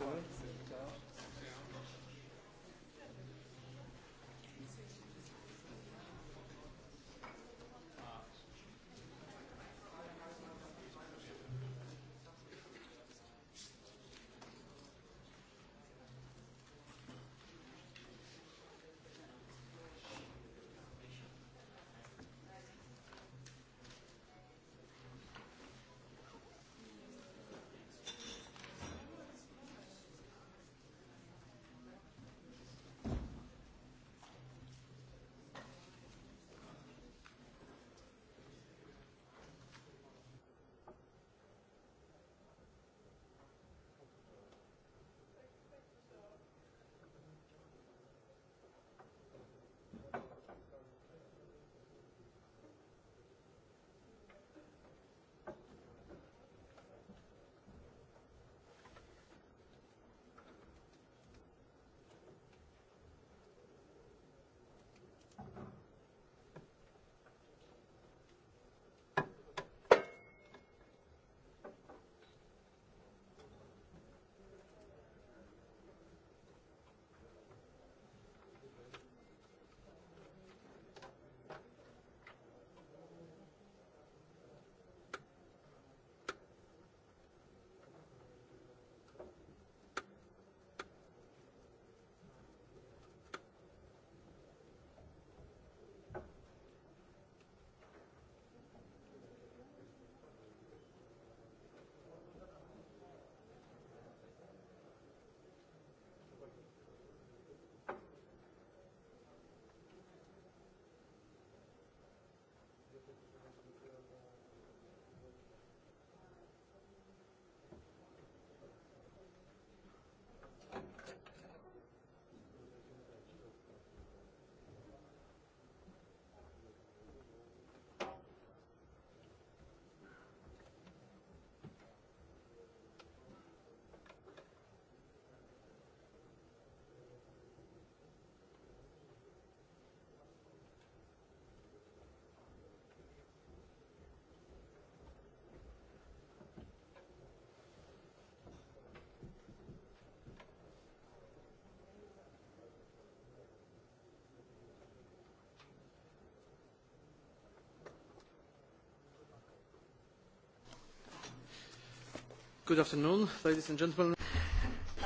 Πάμε.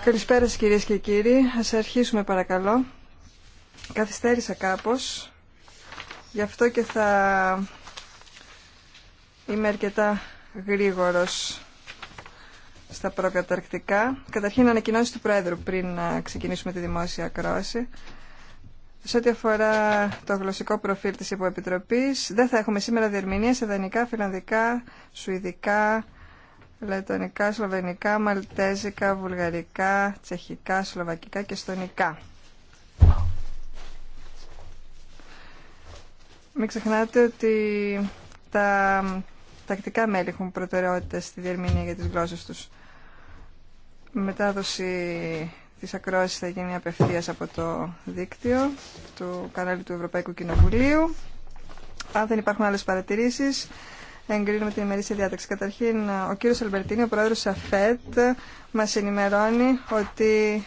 Καλησπέρα σας κυρίες και κύριοι. Ας αρχίσουμε παρακαλώ. Καθυστέρησα κάπως. Γι' αυτό και θα είμαι αρκετά γρήγορος στα προκαταρκτικά. Καταρχήν ανακοινώσει του Πρόεδρου πριν να ξεκινήσουμε τη δημόσια ακρόαση. Σε ό,τι αφορά το γλωσσικό προφίλ της Υποεπιτροπής, δεν θα έχουμε σήμερα διερμηνία σε δανεικά, φιλανδικά, σουηδικά, λετονικά, σλοβενικά, μαλτέζικα, βουλγαρικά, τσεχικά, σλοβακικά και στονικά. Μην ξεχνάτε ότι τα τακτικά μέλη έχουν προτεραιότητα στη διερμηνία για τις γλώσσες τους. Μετάδοση της ακρόασης θα γίνει απευθείας από το δίκτυο του κανάλι του Ευρωπαϊκού Κοινοβουλίου. Αν δεν υπάρχουν άλλες παρατηρήσεις, εγκρίνουμε την ημερήσια διάταξη. Καταρχήν, ο κύριος Αλμπερτίνη, ο πρόεδρος ΑΦΕΤ, μας ενημερώνει ότι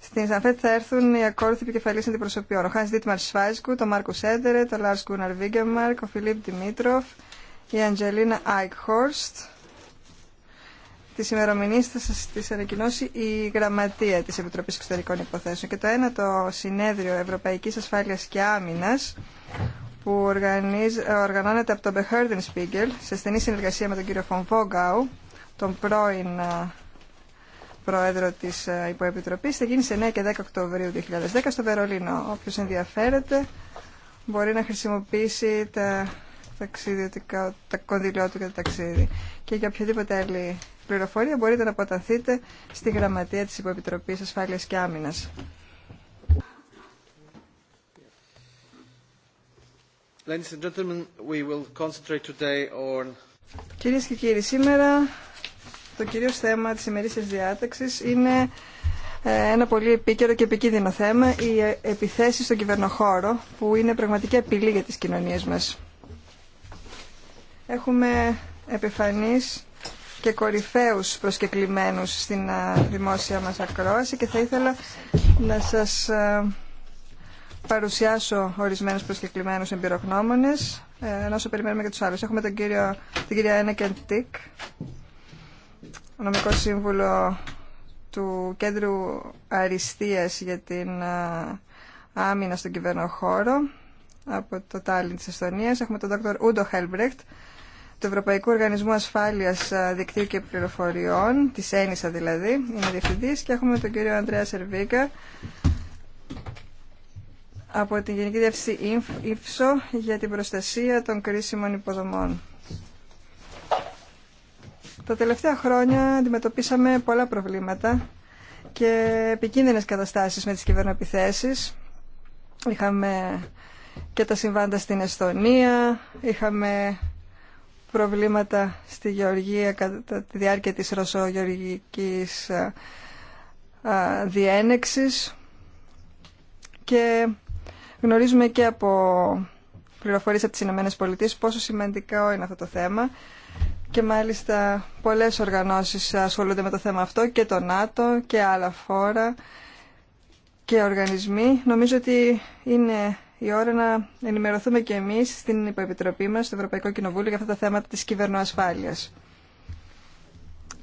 στην ΑΦΕΤ θα έρθουν οι ακόλουθοι επικεφαλεί αντιπροσωπιών. Ο Χάνς Δίτμαρ Σφάισκου, το Μάρκο Σέντερε, το Λάρς Γκούναρ Βίγκεμαρκ, ο Φιλίπ Δημήτροφ, η Αντζελίνα Άικχορστ. Τη ημερομηνία θα σα τη ανακοινώσει η Γραμματεία τη Επιτροπή Εξωτερικών Υποθέσεων. Και το ένα το Συνέδριο Ευρωπαϊκή Ασφάλεια και Άμυνα, που ε, οργανώνεται από τον Behörden Spiegel σε στενή συνεργασία με τον κύριο Φον Βόγκαου, τον πρώην ε, πρόεδρο της ε, Υποεπιτροπής, θα γίνει σε 9 και 10 Οκτωβρίου 2010 στο Βερολίνο. Όποιο ενδιαφέρεται μπορεί να χρησιμοποιήσει τα, ταξιδιωτικά, τα κονδυλιά του για το ταξίδι. Και για οποιαδήποτε άλλη πληροφορία μπορείτε να αποταθείτε στη γραμματεία της Υποεπιτροπής Ασφάλειας και Άμυνας. Κυρίες και κύριοι, σήμερα το κυρίως θέμα της ημερήσιας διάταξης είναι ε, ένα πολύ επίκαιρο και επικίνδυνο θέμα, οι επιθέσεις στον κυβερνοχώρο, που είναι πραγματική απειλή για τις κοινωνίες μας. Έχουμε επιφανείς και κορυφαίους προσκεκλημένους στην ε, δημόσια μας ακρόαση και θα ήθελα να σας ε, παρουσιάσω ορισμένους προσκεκλημένους εμπειρογνώμονες, ε, ενώ όσο περιμένουμε και τους άλλους. Έχουμε τον κύριο, την κυρία Ένα Κεντικ, νομικό σύμβουλο του Κέντρου Αριστείας για την ε, Άμυνα στον Κυβερνοχώρο από το Τάλιν της Εστονίας. Έχουμε τον Δόκτωρ Ούντο Χέλμπρεχτ, του Ευρωπαϊκού Οργανισμού Ασφάλειας ε, Δικτύου και Πληροφοριών, της ΕΝΙΣΑ δηλαδή, είναι διευθυντής, και έχουμε τον κύριο Ανδρέα Σερβίκα, από την Γενική Διεύθυνση ΙΦΣΟ για την προστασία των κρίσιμων υποδομών. Τα τελευταία χρόνια αντιμετωπίσαμε πολλά προβλήματα και επικίνδυνες καταστάσεις με τις κυβερνοεπιθέσεις. Είχαμε και τα συμβάντα στην Εστονία, είχαμε προβλήματα στη Γεωργία κατά τη διάρκεια της ρωσογεωργικής διένεξης και Γνωρίζουμε και από πληροφορίες από τις Ηνωμένε Πολιτείες πόσο σημαντικό είναι αυτό το θέμα και μάλιστα πολλές οργανώσεις ασχολούνται με το θέμα αυτό και το ΝΑΤΟ και άλλα φόρα και οργανισμοί. Νομίζω ότι είναι η ώρα να ενημερωθούμε και εμείς στην υποεπιτροπή μας, στο Ευρωπαϊκό Κοινοβούλιο για αυτά τα θέματα της κυβερνοασφάλειας.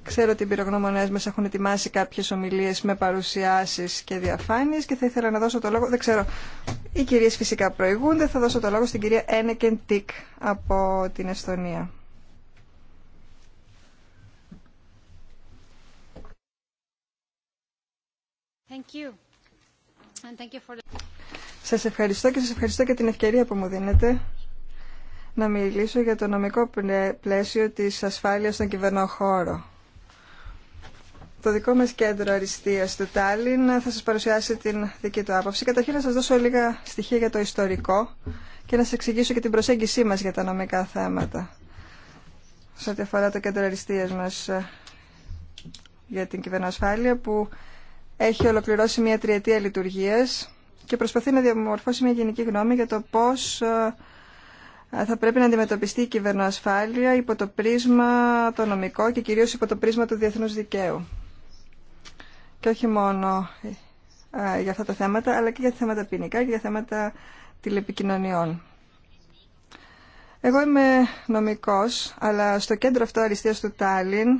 Ξέρω ότι οι πυρογνώμονές μας έχουν ετοιμάσει κάποιες ομιλίες με παρουσιάσεις και διαφάνειες και θα ήθελα να δώσω το λόγο, δεν ξέρω, οι κυρίες φυσικά προηγούνται, θα δώσω το λόγο στην κυρία Ένεκεν Τικ από την Εστονία. Thank Σας ευχαριστώ και σας ευχαριστώ για την ευκαιρία που μου δίνετε να μιλήσω για το νομικό πλαίσιο της ασφάλειας στον κυβερνό χώρο το δικό μας κέντρο αριστείας του Τάλιν θα σας παρουσιάσει την δική του άποψη. Καταρχήν να σας δώσω λίγα στοιχεία για το ιστορικό και να σας εξηγήσω και την προσέγγισή μας για τα νομικά θέματα σε ό,τι αφορά το κέντρο αριστείας μας ε, για την κυβερνοασφάλεια που έχει ολοκληρώσει μια τριετία λειτουργίας και προσπαθεί να διαμορφώσει μια γενική γνώμη για το πώς ε, θα πρέπει να αντιμετωπιστεί η κυβερνοασφάλεια υπό το πρίσμα το νομικό και κυρίως υπό το πρίσμα του διεθνούς δικαίου και όχι μόνο ε, για αυτά τα θέματα, αλλά και για θέματα ποινικά και για θέματα τηλεπικοινωνιών. Εγώ είμαι νομικός, αλλά στο κέντρο αυτό αριστείας του Τάλιν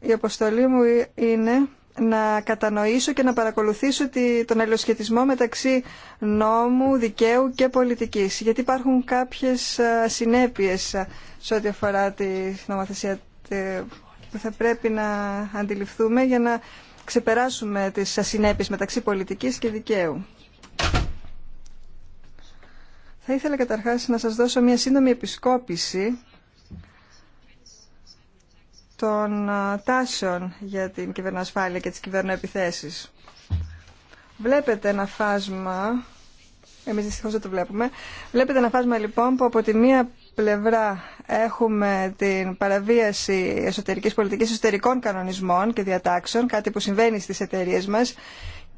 η αποστολή μου ε, είναι να κατανοήσω και να παρακολουθήσω τον αλληλοσχετισμό μεταξύ νόμου, δικαίου και πολιτικής. Γιατί υπάρχουν κάποιες ε, συνέπειες σε ό,τι αφορά τη νομοθεσία που θα πρέπει να αντιληφθούμε για να ξεπεράσουμε τις ασυνέπειες μεταξύ πολιτικής και δικαίου. Θα ήθελα καταρχάς να σας δώσω μια σύντομη επισκόπηση των τάσεων για την κυβερνοασφάλεια και τις κυβερνοεπιθέσεις. Βλέπετε ένα φάσμα, εμείς δυστυχώς δεν το βλέπουμε, βλέπετε ένα φάσμα λοιπόν που από τη μία πλευρά έχουμε την παραβίαση εσωτερικής πολιτικής εσωτερικών κανονισμών και διατάξεων, κάτι που συμβαίνει στις εταιρείε μας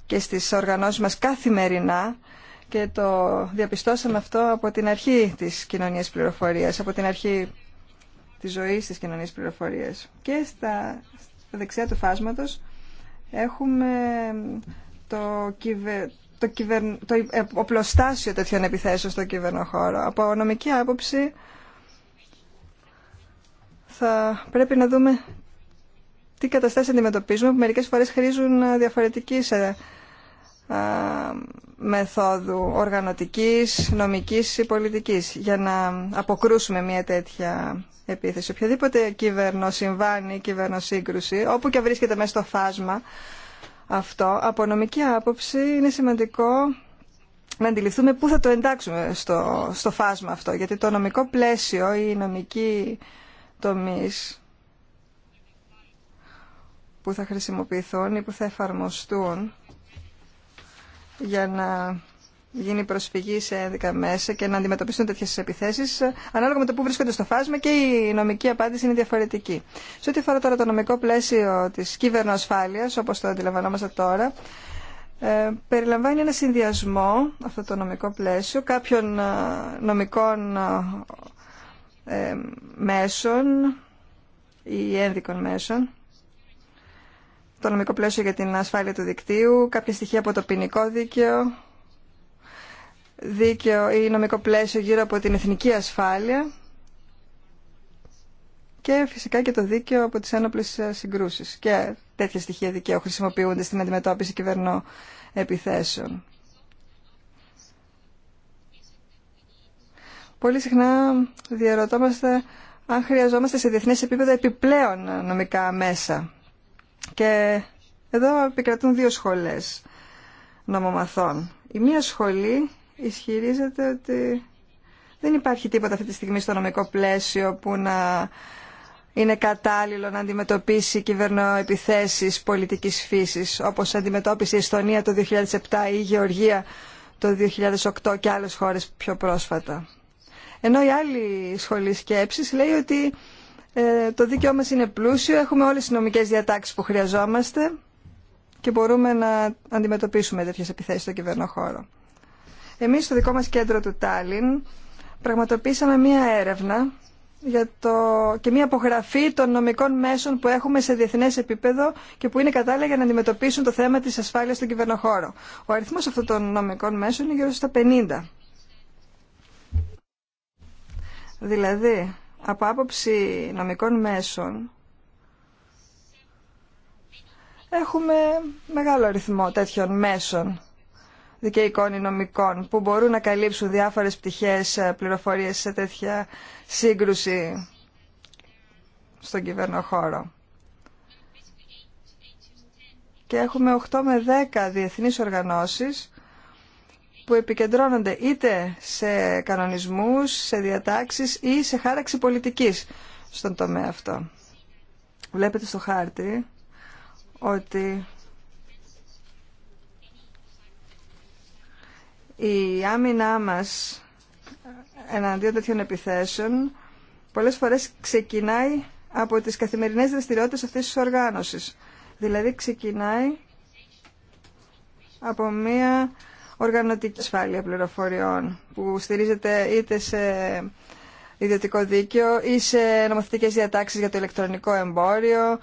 και στις οργανώσεις μας καθημερινά και το διαπιστώσαμε αυτό από την αρχή της κοινωνίας πληροφορίας, από την αρχή της ζωής της κοινωνίας πληροφορίας. Και στα, δεξιά του φάσματος έχουμε το, το, κυβερν... το ε, οπλοστάσιο τέτοιων επιθέσεων στο κυβερνοχώρο. Από νομική άποψη θα πρέπει να δούμε τι καταστάσεις αντιμετωπίζουμε που μερικές φορές χρήζουν ε, διαφορετικής ε, μεθόδου οργανωτικής, νομικής ή πολιτικής για να αποκρούσουμε μια τέτοια επίθεση. Οποιαδήποτε κυβερνοσυμβάνει, κυβερνοσύγκρουση, όπου και βρίσκεται μέσα στο φάσμα, αυτό από νομική άποψη είναι σημαντικό να αντιληφθούμε πού θα το εντάξουμε στο, στο φάσμα αυτό, γιατί το νομικό πλαίσιο ή η νομική τομής που θα χρησιμοποιηθούν το νομικο πλαισιο η οι νομικοι τομης που θα εφαρμοστούν για να γίνει προσφυγή σε ένδικα μέσα και να αντιμετωπιστούν τέτοιε επιθέσει, ανάλογα με το που βρίσκονται στο φάσμα και η νομική απάντηση είναι διαφορετική. Σε ό,τι αφορά τώρα το νομικό πλαίσιο τη κυβερνοασφάλεια, όπω το αντιλαμβανόμαστε τώρα, ε, περιλαμβάνει ένα συνδυασμό αυτό το νομικό πλαίσιο κάποιων ε, νομικών ε, μέσων ή ένδικων μέσων το νομικό πλαίσιο για την ασφάλεια του δικτύου, κάποια στοιχεία από το ποινικό δίκαιο, δίκαιο ή νομικό πλαίσιο γύρω από την εθνική ασφάλεια και φυσικά και το δίκαιο από τις ένοπλες ε, συγκρούσεις. Και τέτοια στοιχεία δικαίου χρησιμοποιούνται στην αντιμετώπιση κυβερνών επιθέσεων. Πολύ συχνά διαρωτόμαστε αν χρειαζόμαστε σε διεθνές επίπεδα επιπλέον νομικά μέσα. Και εδώ επικρατούν δύο σχολές νομομαθών. Η μία σχολή ισχυρίζεται ότι δεν υπάρχει τίποτα αυτή τη στιγμή στο νομικό πλαίσιο που να είναι κατάλληλο να αντιμετωπίσει κυβερνοεπιθέσεις πολιτικής φύσης, όπως αντιμετώπισε η Εστονία το 2007 ή η Γεωργία το 2008 και άλλες χώρες πιο πρόσφατα. Ενώ η άλλη σχολή σκέψη λέει ότι ε, το δίκαιό μας είναι πλούσιο, έχουμε όλες τις νομικές διατάξεις που χρειαζόμαστε και μπορούμε να αντιμετωπίσουμε τέτοιες επιθέσεις στο κυβερνό χώρο. Εμείς στο δικό μας κέντρο του Τάλιν πραγματοποίησαμε μία έρευνα για το... και μία απογραφή των νομικών μέσων που έχουμε σε διεθνές επίπεδο και που είναι κατάλληλα για να αντιμετωπίσουν το θέμα της ασφάλειας στον κυβερνοχώρο. Ο αριθμός αυτών των νομικών μέσων είναι γύρω στα 50. Δηλαδή, από άποψη νομικών μέσων, έχουμε μεγάλο αριθμό τέτοιων μέσων δικαιικών ή νομικών που μπορούν να καλύψουν διάφορες πτυχές ε, πληροφορίες σε τέτοια σύγκρουση στον κυβερνοχώρο. Και έχουμε 8 με 10 διεθνείς οργανώσεις που επικεντρώνονται είτε σε κανονισμούς, σε διατάξεις ή σε χάραξη πολιτικής στον τομέα αυτό. Βλέπετε στο χάρτη ότι Η άμυνά μας εναντίον τέτοιων επιθέσεων πολλές φορές ξεκινάει από τις καθημερινές δραστηριότητες αυτής της οργάνωσης. Δηλαδή ξεκινάει από μια οργανωτική ασφάλεια πληροφοριών που στηρίζεται είτε σε ιδιωτικό δίκαιο ή σε νομοθετικές διατάξεις για το ηλεκτρονικό εμπόριο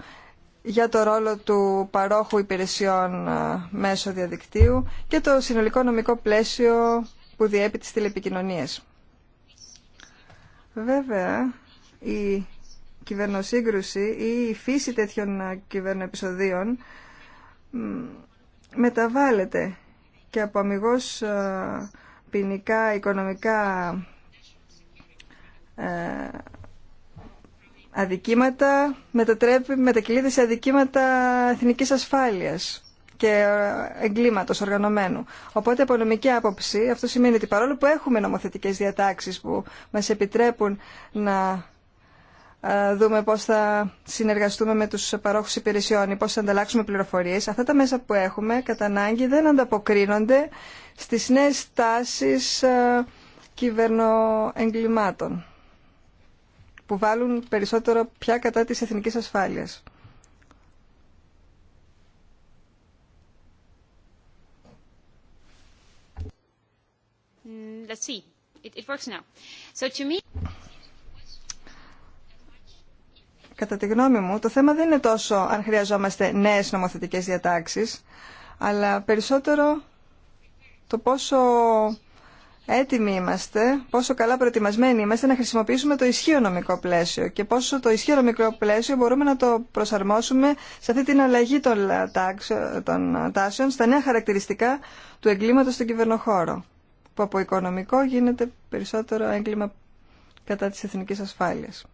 για το ρόλο του παρόχου υπηρεσιών ε, μέσω διαδικτύου και το συνολικό νομικό πλαίσιο που διέπει τις τηλεπικοινωνίες. Βέβαια, η κυβερνοσύγκρουση ή η φύση τέτοιων ε, κυβερνοεπισοδίων μεταβάλλεται και από αμυγός ε, ποινικά, οικονομικά αδικήματα μετατρέπει, μετακυλείται σε αδικήματα εθνικής ασφάλειας και ε, εγκλήματος οργανωμένου. Οπότε από νομική άποψη αυτό σημαίνει ότι παρόλο που έχουμε νομοθετικές διατάξεις που μας επιτρέπουν να ε, δούμε πώς θα συνεργαστούμε με τους παρόχους υπηρεσιών ή πώς θα ανταλλάξουμε πληροφορίες. Αυτά τα μέσα που έχουμε κατά ανάγκη δεν ανταποκρίνονται στις νέες τάσεις ε, κυβερνοεγκλημάτων που βάλουν περισσότερο πια κατά της εθνικής ασφάλειας. Mm, let's see. it works now. So to me... Κατά τη γνώμη μου, το θέμα δεν είναι τόσο αν χρειαζόμαστε νέες νομοθετικές διατάξεις, αλλά περισσότερο το πόσο έτοιμοι είμαστε, πόσο καλά προετοιμασμένοι είμαστε να χρησιμοποιήσουμε το ισχύο νομικό πλαίσιο και πόσο το ισχύο νομικό πλαίσιο μπορούμε να το προσαρμόσουμε σε αυτή την αλλαγή των τάσεων στα νέα χαρακτηριστικά του εγκλήματος στον κυβερνοχώρο που από οικονομικό γίνεται περισσότερο έγκλημα κατά της εθνικής ασφάλειας.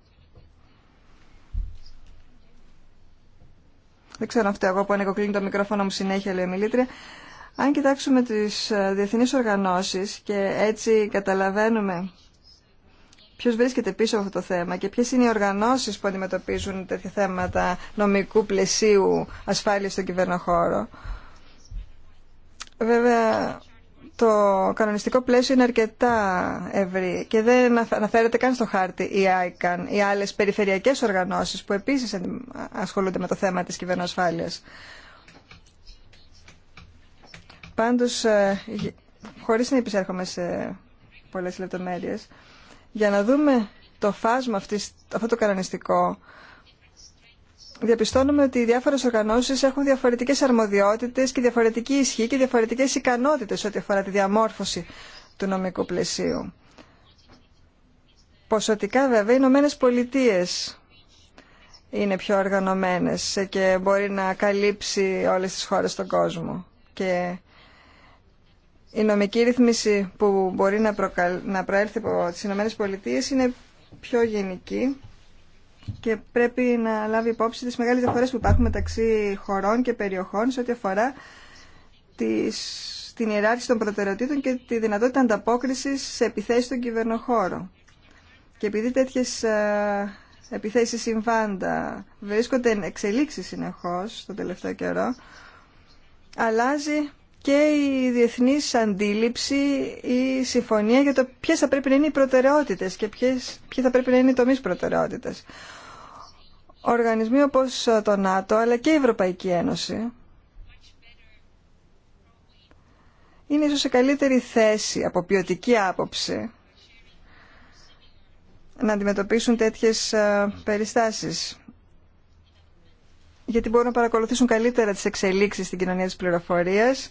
Δεν ξέρω αυτό εγώ που ανεκοκλίνει το μικρόφωνο μου συνέχεια, λέει η μιλήτρια. Αν κοιτάξουμε τις ε, διεθνείς οργανώσεις και έτσι καταλαβαίνουμε ποιος βρίσκεται πίσω από αυτό το θέμα και ποιες είναι οι οργανώσεις που αντιμετωπίζουν τέτοια θέματα νομικού πλαισίου ασφάλειας στον κυβερνοχώρο. Βέβαια, το κανονιστικό πλαίσιο είναι αρκετά ευρύ και δεν αναφέρεται καν στο χάρτη η ICAN ή άλλες περιφερειακές οργανώσεις που επίσης ασχολούνται με το θέμα της κυβερνοασφάλειας. Πάντως, ε, χωρίς να υπησέρχομαι σε πολλές λεπτομέρειες, για να δούμε το φάσμα αυτής, αυτό το κανονιστικό, διαπιστώνουμε ότι οι διάφορες οργανώσεις έχουν διαφορετικές αρμοδιότητες και διαφορετική ισχύ και διαφορετικές ικανότητες ό,τι αφορά τη διαμόρφωση του νομικού πλαισίου. Ποσοτικά βέβαια οι Ηνωμένε Πολιτείε είναι πιο οργανωμένες και μπορεί να καλύψει όλες τις χώρες στον κόσμο. Και η νομική ρύθμιση που μπορεί να, προκαλ... να από τις Ηνωμένες Πολιτείες είναι πιο γενική και πρέπει να λάβει υπόψη τις μεγάλες διαφορές που υπάρχουν μεταξύ χωρών και περιοχών σε ό,τι αφορά την ιεράρχηση των προτεραιοτήτων και τη δυνατότητα ανταπόκρισης σε επιθέσεις στον κυβερνοχώρο. Και επειδή τέτοιες ε, επιθέσεις συμβάντα βρίσκονται εξελίξει συνεχώς τον τελευταίο καιρό, αλλάζει και η διεθνή αντίληψη, η συμφωνία για το ποιε θα πρέπει να είναι οι προτεραιότητες και ποιοι θα πρέπει να είναι οι τομείς προτεραιότητε. Οργανισμοί όπω το ΝΑΤΟ αλλά και η Ευρωπαϊκή Ένωση είναι ίσως σε καλύτερη θέση από ποιοτική άποψη να αντιμετωπίσουν τέτοιες ε, περιστάσεις γιατί μπορούν να παρακολουθήσουν καλύτερα τις εξελίξεις στην κοινωνία της πληροφορίας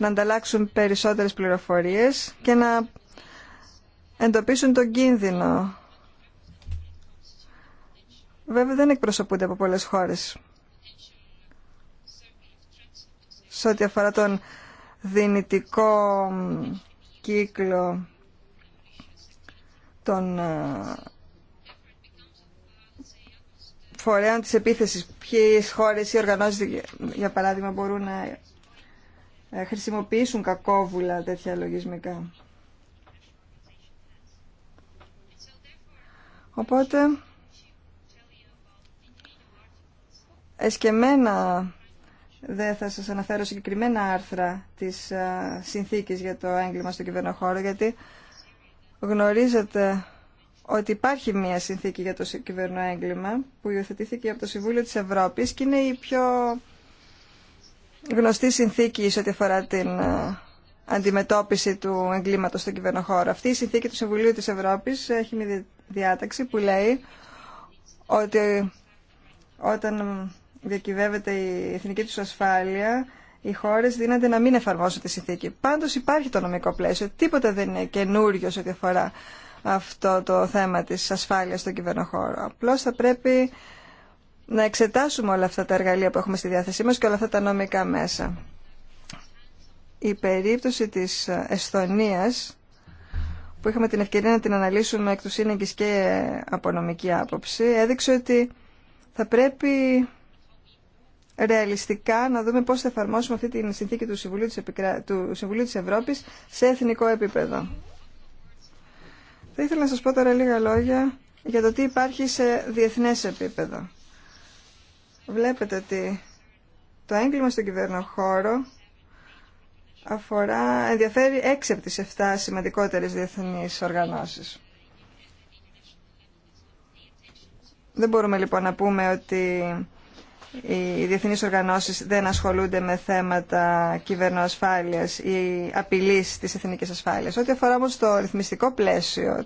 να ανταλλάξουν περισσότερες πληροφορίες και να εντοπίσουν τον κίνδυνο. Βέβαια δεν εκπροσωπούνται από πολλές χώρες. Σε ό,τι αφορά τον δυνητικό κύκλο των ε, φορέων της επίθεσης, ποιες χώρες ή οργανώσεις για παράδειγμα μπορούν να ε, χρησιμοποιήσουν κακόβουλα τέτοια λογισμικά. Οπότε, εσκεμένα δεν θα σας αναφέρω συγκεκριμένα άρθρα της ε, συνθήκης για το έγκλημα στο κυβερνοχώρο, γιατί γνωρίζετε ότι υπάρχει μια συνθήκη για το κυβερνοέγκλημα που υιοθετήθηκε από το Συμβούλιο της Ευρώπης και είναι η πιο γνωστή συνθήκη σε ό,τι αφορά την ε, αντιμετώπιση του εγκλήματος στον κυβερνοχώρο. Αυτή η συνθήκη του Συμβουλίου της Ευρώπης έχει μια διάταξη που λέει ότι όταν διακυβεύεται η εθνική τους ασφάλεια, οι χώρες δίνονται να μην εφαρμόσουν τη συνθήκη. Πάντως υπάρχει το νομικό πλαίσιο, τίποτα δεν είναι καινούριο σε ό,τι αφορά αυτό το θέμα της ασφάλειας στον κυβερνοχώρο. Απλώς θα πρέπει να εξετάσουμε όλα αυτά τα εργαλεία που έχουμε στη διάθεσή μας και όλα αυτά τα νομικά μέσα. Η περίπτωση της Εσθονίας που είχαμε την ευκαιρία να την αναλύσουμε εκ του σύνεγγης και από νομική άποψη έδειξε ότι θα πρέπει ρεαλιστικά να δούμε πώς θα εφαρμόσουμε αυτή την συνθήκη του Συμβουλίου της, Επικρα... του Συμβουλίου της Ευρώπης σε εθνικό επίπεδο. Θα ήθελα να σας πω τώρα λίγα λόγια για το τι υπάρχει σε διεθνές επίπεδο βλέπετε ότι το έγκλημα στον κυβερνοχώρο αφορά, ενδιαφέρει έξι από τις εφτά σημαντικότερες διεθνείς οργανώσεις. Δεν μπορούμε λοιπόν να πούμε ότι οι διεθνείς οργανώσεις δεν ασχολούνται με θέματα κυβερνοασφάλειας ή απειλής της εθνικής ασφάλειας. Ό,τι αφορά όμως το ρυθμιστικό πλαίσιο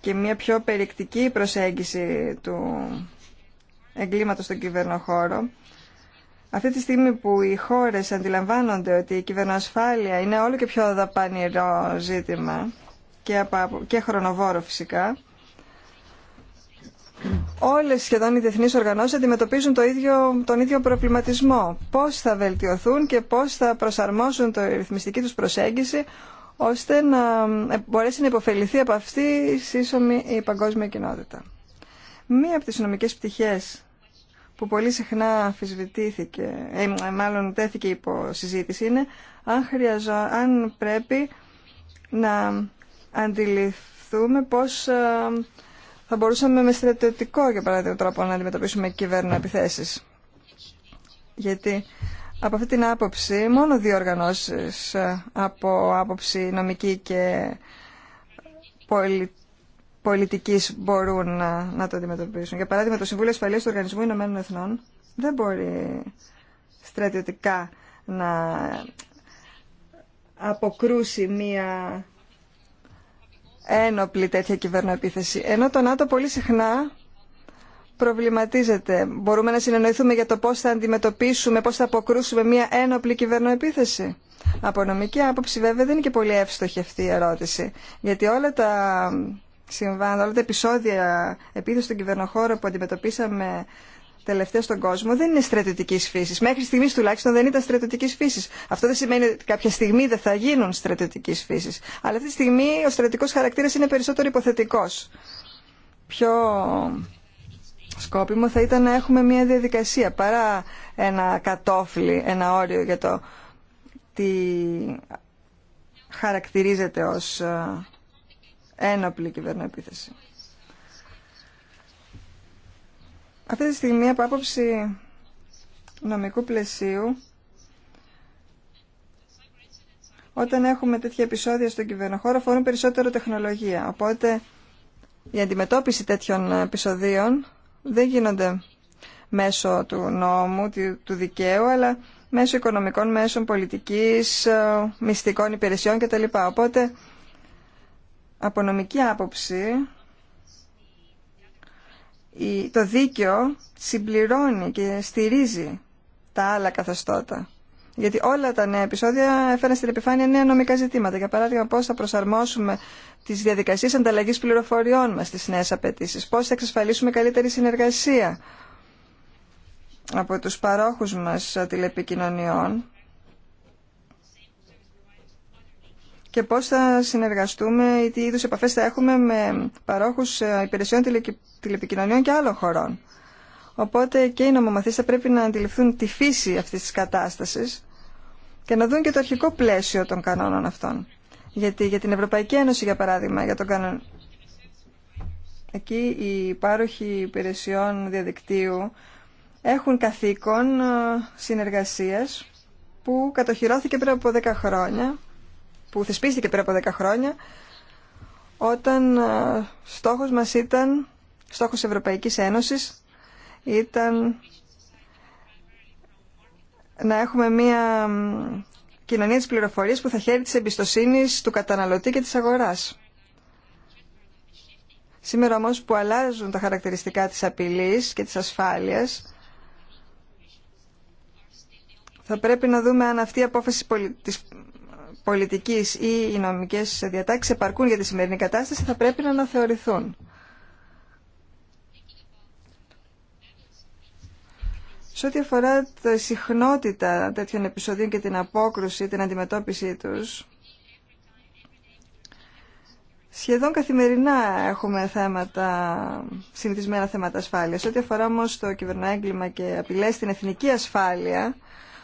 και μια πιο περιεκτική προσέγγιση του εγκλήματος στον κυβερνοχώρο. Αυτή τη στιγμή που οι χώρες αντιλαμβάνονται ότι η κυβερνοασφάλεια είναι όλο και πιο δαπανηρό ζήτημα και χρονοβόρο φυσικά, όλες σχεδόν οι διεθνείς οργανώσεις αντιμετωπίζουν το ίδιο, τον ίδιο προβληματισμό. Πώς θα βελτιωθούν και πώς θα προσαρμόσουν το ρυθμιστική τους προσέγγιση ώστε να μπορέσει να υποφεληθεί από αυτή η σύσσωμη η παγκόσμια κοινότητα. Μία από τις νομικές πτυχές που πολύ συχνά αμφισβητήθηκε, ε, μάλλον τέθηκε υπό συζήτηση, είναι αν, χρειαζό, αν πρέπει να αντιληφθούμε πώς ε, θα μπορούσαμε με στρατιωτικό, για παράδειγμα, τρόπο να αντιμετωπίσουμε κυβέρνα επιθέσεις. Γιατί από αυτή την άποψη, μόνο δύο οργανώσεις ε, από άποψη νομική και πολιτική πολιτικής μπορούν να, ε, να το αντιμετωπίσουν. Για παράδειγμα, το Συμβούλιο Ασφαλείας του Οργανισμού Ηνωμένων Εθνών δεν μπορεί στρατιωτικά να αποκρούσει μία ένοπλη τέτοια κυβερνοεπίθεση. Ενώ το ΝΑΤΟ πολύ συχνά προβληματίζεται. Μπορούμε να συνεννοηθούμε για το πώς θα αντιμετωπίσουμε, πώς θα αποκρούσουμε μια ένοπλη κυβερνοεπίθεση. Από νομική άποψη βέβαια δεν είναι και πολύ εύστοχη αυτή η ερώτηση. Γιατί όλα τα συμβάντα, όλα τα επεισόδια επίθεση στον κυβερνοχώρο που αντιμετωπίσαμε τελευταία στον κόσμο δεν είναι στρατιωτική φύση. Μέχρι στιγμή τουλάχιστον δεν ήταν στρατιωτική φύση. Αυτό δεν σημαίνει ότι κάποια στιγμή δεν θα γίνουν στρατιωτική φύση. Αλλά αυτή τη στιγμή ο στρατιωτικό χαρακτήρα είναι περισσότερο υποθετικό. Πιο σκόπιμο θα ήταν να έχουμε μια διαδικασία παρά ένα κατόφλι, ένα όριο για το τι χαρακτηρίζεται ως ε, ένοπλη κυβερνοεπίθεση. Αυτή τη στιγμή από άποψη νομικού πλαισίου όταν έχουμε τέτοια επεισόδια στον κυβερνοχώρο φορούν περισσότερο τεχνολογία. Οπότε η αντιμετώπιση τέτοιων επεισοδίων δεν γίνονται μέσω του νόμου, του δικαίου, αλλά μέσω οικονομικών μέσων πολιτικής, ε, μυστικών υπηρεσιών κτλ. Οπότε, από νομική άποψη, το δίκαιο συμπληρώνει και στηρίζει τα άλλα καθεστώτα. Γιατί όλα τα νέα επεισόδια έφεραν στην επιφάνεια νέα νομικά ζητήματα. Για παράδειγμα, πώ θα προσαρμόσουμε τι διαδικασίε ανταλλαγή πληροφοριών μα στι νέε απαιτήσει, πώ θα εξασφαλίσουμε καλύτερη συνεργασία από τους παρόχους μας τηλεπικοινωνιών και πώς θα συνεργαστούμε ή τι είδους επαφές θα έχουμε με παρόχους ε, υπηρεσιών τηλεπικοινωνιών και άλλων χωρών. Οπότε και οι νομομαθείς θα πρέπει να αντιληφθούν τη φύση αυτής της κατάστασης και να δουν και το αρχικό πλαίσιο των κανόνων αυτών. Γιατί για την Ευρωπαϊκή Ένωση, για παράδειγμα, για τον εκεί οι πάροχοι υπηρεσιών διαδικτύου έχουν καθήκον ε, συνεργασίας που κατοχυρώθηκε πριν από 10 χρόνια, που θεσπίστηκε πριν από 10 χρόνια, όταν ε, στόχος μας ήταν, στόχος Ευρωπαϊκής Ένωσης, ήταν να έχουμε μια κοινωνία της πληροφορίας που θα χαίρει της εμπιστοσύνης του καταναλωτή και της αγοράς. Σήμερα όμως που αλλάζουν τα χαρακτηριστικά της απειλής και της ασφάλειας, θα πρέπει να δούμε αν αυτή η απόφαση της πολιτικής ή οι νομικές διατάξεις επαρκούν για τη σημερινή κατάσταση, θα πρέπει να αναθεωρηθούν. Σε ό,τι αφορά τη συχνότητα τέτοιων επεισοδίων και την απόκρουση, την αντιμετώπιση τους, σχεδόν καθημερινά έχουμε θέματα, συνηθισμένα θέματα ασφάλειας. Σε ό,τι αφορά όμω το κυβερνάγκλημα και απειλές στην εθνική ασφάλεια,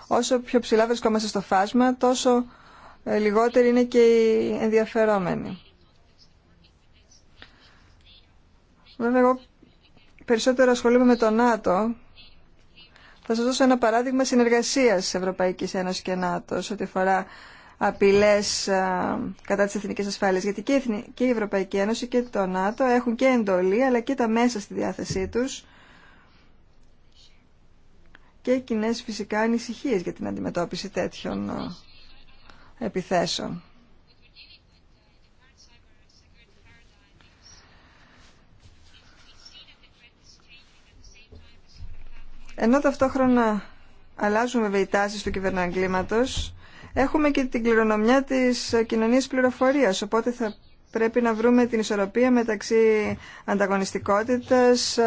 όσο πιο ψηλά βρισκόμαστε στο φάσμα, τόσο ε, λιγότεροι είναι και οι ενδιαφερόμενοι. Βέβαια, εγώ περισσότερο ασχολούμαι με το ΝΑΤΟ θα σας δώσω ένα παράδειγμα συνεργασίας Ευρωπαϊκής Ένωσης και ΝΑΤΟ ό,τι αφορά απειλές κατά της εθνικής ασφάλειας. Γιατί και η Ευρωπαϊκή Ένωση και το ΝΑΤΟ έχουν και εντολή αλλά και τα μέσα στη διάθεσή τους και κοινέ φυσικά ανησυχίες για την αντιμετώπιση τέτοιων επιθέσεων. Ενώ ταυτόχρονα αλλάζουμε βεϊτάσεις του κυβερναγκλήματος, έχουμε και την κληρονομιά της κοινωνίας πληροφορίας, οπότε θα πρέπει να βρούμε την ισορροπία μεταξύ ανταγωνιστικότητας,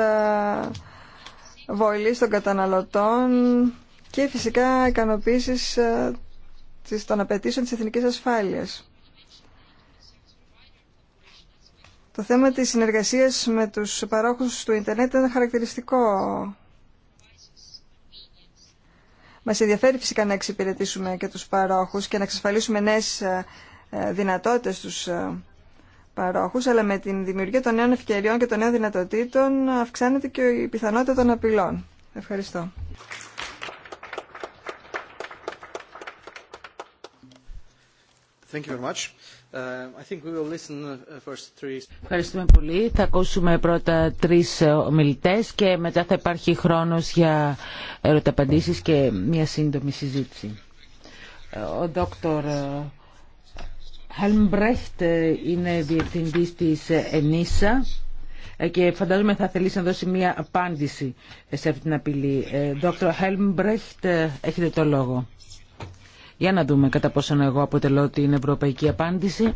βολής των καταναλωτών και φυσικά ικανοποίησης των απαιτήσεων της εθνικής ασφάλειας. Το θέμα της συνεργασίας με τους παρόχους του ίντερνετ ήταν χαρακτηριστικό μας ενδιαφέρει φυσικά να εξυπηρετήσουμε και τους παρόχους και να εξασφαλίσουμε νέε ε, δυνατότητε στου ε, παρόχους, αλλά με την δημιουργία των νέων ευκαιριών και των νέων δυνατοτήτων αυξάνεται και η πιθανότητα των απειλών. Ευχαριστώ. Thank you very much. Uh, uh, Ευχαριστούμε πολύ. Θα ακούσουμε πρώτα τρεις ε, ομιλητές και μετά θα υπάρχει χρόνος για ερωταπαντήσεις και μια σύντομη συζήτηση. Ε, ο Δόκτωρ ε, Χαλμπρέχτ είναι διευθυντής της ΕΝΙΣΑ και φαντάζομαι θα θελήσει να δώσει μια απάντηση σε αυτή την απειλή. Δόκτωρ Χαλμπρέχτ, έχετε το λόγο. Για να δούμε κατά πόσον εγώ αποτελώ την ευρωπαϊκή απάντηση.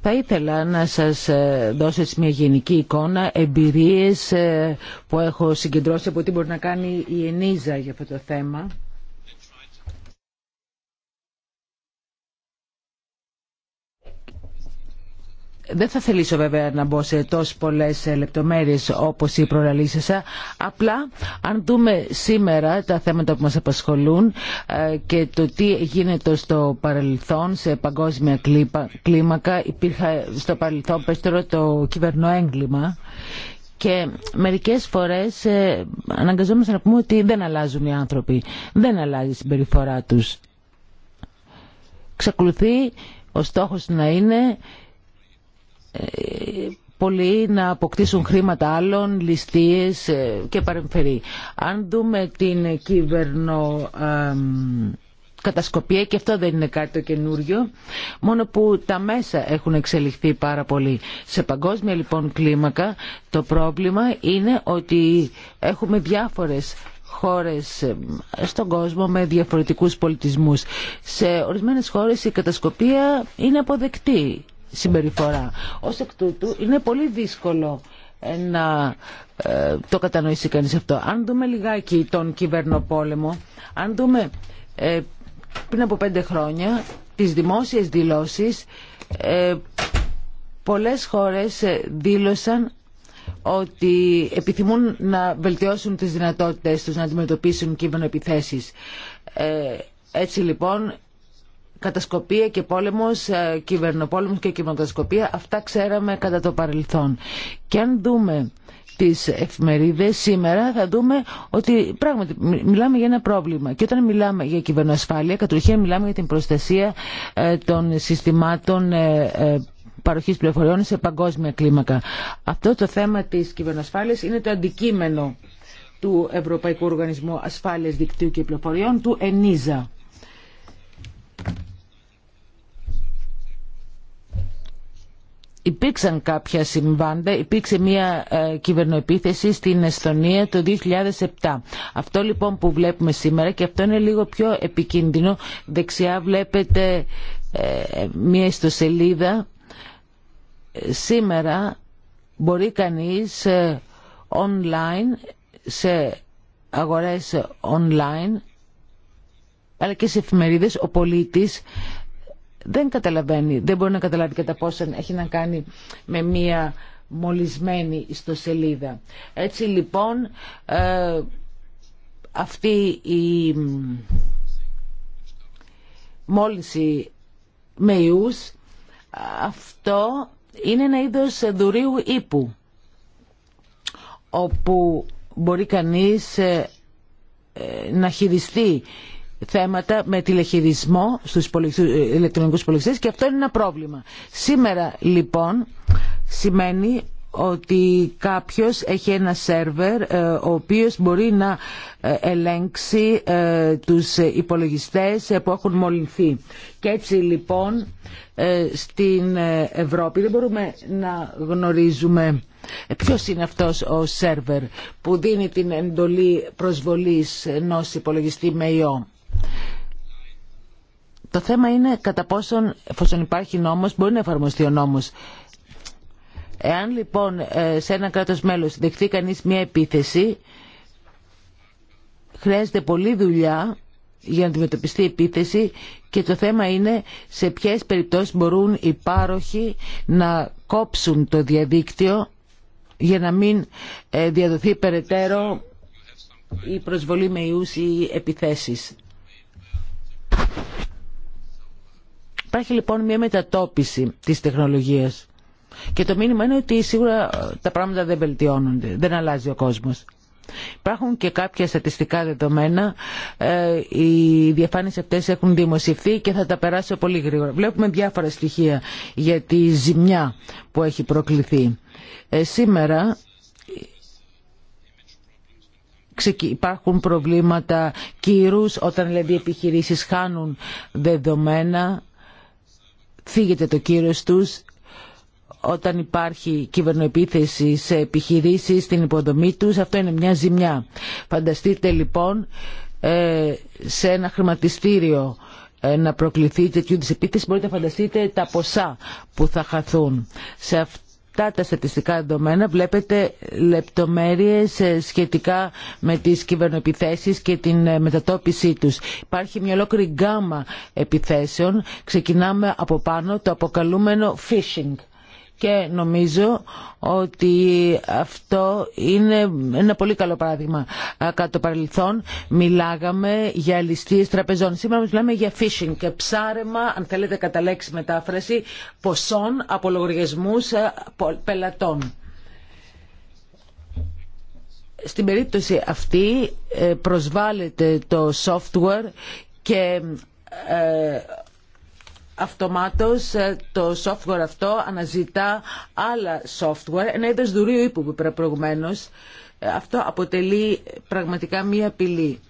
Θα ήθελα να σας ε, δώσω μια γενική εικόνα, εμπειρίες ε, που έχω συγκεντρώσει από τι μπορεί να κάνει η Ενίζα για αυτό το θέμα. Δεν θα θελήσω βέβαια να μπω σε τόσες πολλές ε, λεπτομέρειες όπως η προλαλήσασα. Απλά αν δούμε σήμερα τα θέματα που μας απασχολούν ε, και το τι γίνεται στο παρελθόν σε παγκόσμια κλίμακα. Υπήρχε στο παρελθόν περισσότερο το κυβερνοέγκλημα και μερικές φορές ε, αναγκαζόμαστε να πούμε ότι δεν αλλάζουν οι άνθρωποι. Δεν αλλάζει η συμπεριφορά τους. Ξεκολουθεί ο στόχος να είναι πολλοί να αποκτήσουν χρήματα άλλων, ληστείες ε, και παρεμφερεί. Αν δούμε την κυβερνο κατασκοπία και αυτό δεν είναι κάτι το καινούριο, μόνο που τα μέσα έχουν εξελιχθεί πάρα πολύ. Σε παγκόσμια λοιπόν κλίμακα το πρόβλημα είναι ότι έχουμε διάφορες χώρες ε, στον κόσμο με διαφορετικούς πολιτισμούς. Σε ορισμένες χώρες η κατασκοπία είναι αποδεκτή συμπεριφορά. Ως εκ τούτου είναι πολύ δύσκολο ε, να ε, το κατανοήσει κανείς αυτό. Αν δούμε λιγάκι τον κυβερνοπόλεμο, αν δούμε ε, πριν από πέντε χρόνια τις δημόσιες δηλώσεις, πολλές χώρες δήλωσαν ότι επιθυμούν να βελτιώσουν τις δυνατότητες τους να αντιμετωπίσουν κύβερνο επιθέσεις. Έτσι λοιπόν κατασκοπία και πόλεμος, ε, κυβερνοπόλεμος και κυβερνοκατασκοπία, αυτά ξέραμε κατά το παρελθόν. Και αν δούμε τις εφημερίδες σήμερα θα δούμε ότι πράγματι μιλάμε για ένα πρόβλημα και όταν μιλάμε για κυβερνοασφάλεια κατ' μιλάμε για την προστασία ε, των συστημάτων ε, παροχής πληροφοριών σε παγκόσμια κλίμακα. Αυτό το θέμα της κυβερνοασφάλειας είναι το αντικείμενο του Ευρωπαϊκού Οργανισμού Ασφάλειας Δικτύου και Πληροφοριών, του ΕΝΙΖΑ. υπήρξαν κάποια συμβάντα, υπήρξε μια ε, κυβερνοεπίθεση στην Εστονία το 2007. Αυτό λοιπόν που βλέπουμε σήμερα και αυτό είναι λίγο πιο επικίνδυνο, δεξιά βλέπετε ε, μια ιστοσελίδα. Σήμερα μπορεί κανείς ε, online, σε αγορές online, αλλά και σε εφημερίδες, ο πολίτης δεν καταλαβαίνει, δεν μπορεί να καταλάβει κατά πόσο έχει να κάνει με μία μολυσμένη ιστοσελίδα. Έτσι λοιπόν ε, αυτή η μόλυνση με ιούς, αυτό είναι ένα είδος δουρίου ύπου όπου μπορεί κανείς ε, να χειριστεί θέματα με τηλεχειρισμό στους ηλεκτρονικούς υπολογιστές και αυτό είναι ένα πρόβλημα. Σήμερα λοιπόν σημαίνει ότι κάποιος έχει ένα σερβερ ε, ο οποίος μπορεί να ε, ελέγξει ε, τους υπολογιστές που έχουν μολυνθεί. Και έτσι λοιπόν στην Ευρώπη δεν μπορούμε να γνωρίζουμε ποιος είναι αυτός ο σερβερ που δίνει την εντολή προσβολής ενός υπολογιστή με ιό. Το θέμα είναι κατά πόσον, εφόσον υπάρχει νόμος, μπορεί να εφαρμοστεί ο νόμος. Εάν λοιπόν ε, σε ένα κράτος μέλος δεχθεί κανείς μια επίθεση, χρειάζεται πολλή δουλειά για να αντιμετωπιστεί η επίθεση και το θέμα είναι σε ποιες περιπτώσεις μπορούν οι πάροχοι να κόψουν το διαδίκτυο για να μην ε, διαδοθεί περαιτέρω η προσβολή με ιούς ή επιθέσεις. Υπάρχει λοιπόν μια μετατόπιση της τεχνολογίας και το μήνυμα είναι ότι σίγουρα ε, τα πράγματα δεν βελτιώνονται, δεν αλλάζει ο κόσμος. Υπάρχουν και κάποια στατιστικά δεδομένα, ε, οι διαφάνειες αυτές έχουν δημοσιευθεί και θα τα περάσω πολύ γρήγορα. Βλέπουμε διάφορα στοιχεία για τη ζημιά που έχει προκληθεί. Ε, σήμερα υπάρχουν προβλήματα κύρους, όταν δηλαδή οι επιχειρήσεις χάνουν δεδομένα, Φύγεται το κύρος τους, όταν υπάρχει κυβερνοεπίθεση σε επιχειρήσεις, στην υποδομή τους, αυτό είναι μια ζημιά. Φανταστείτε λοιπόν ε, σε ένα χρηματιστήριο ε, να προκληθεί τέτοιου της επίθεση μπορείτε να φανταστείτε τα ποσά που θα χαθούν. Σε αυτό αυτά τα στατιστικά δεδομένα βλέπετε λεπτομέρειες ε, σχετικά με τις κυβερνοεπιθέσεις και την ε, μετατόπιση τους. Υπάρχει μια ολόκληρη γκάμα επιθέσεων. Ξεκινάμε από πάνω το αποκαλούμενο phishing και νομίζω ότι αυτό είναι ένα πολύ καλό παράδειγμα. Κατά το παρελθόν μιλάγαμε για ληστείες τραπεζών. Σήμερα μιλάμε για phishing και ψάρεμα, αν θέλετε κατά λέξη μετάφραση, ποσών από λογαριασμούς πελατών. Στην περίπτωση αυτή ε, προσβάλλεται το software και ε, αυτομάτως ε, το software αυτό αναζητά άλλα software, ένα είδος δουρίου ύπου που προηγουμένως. Ε, αυτό αποτελεί πραγματικά μία απειλή.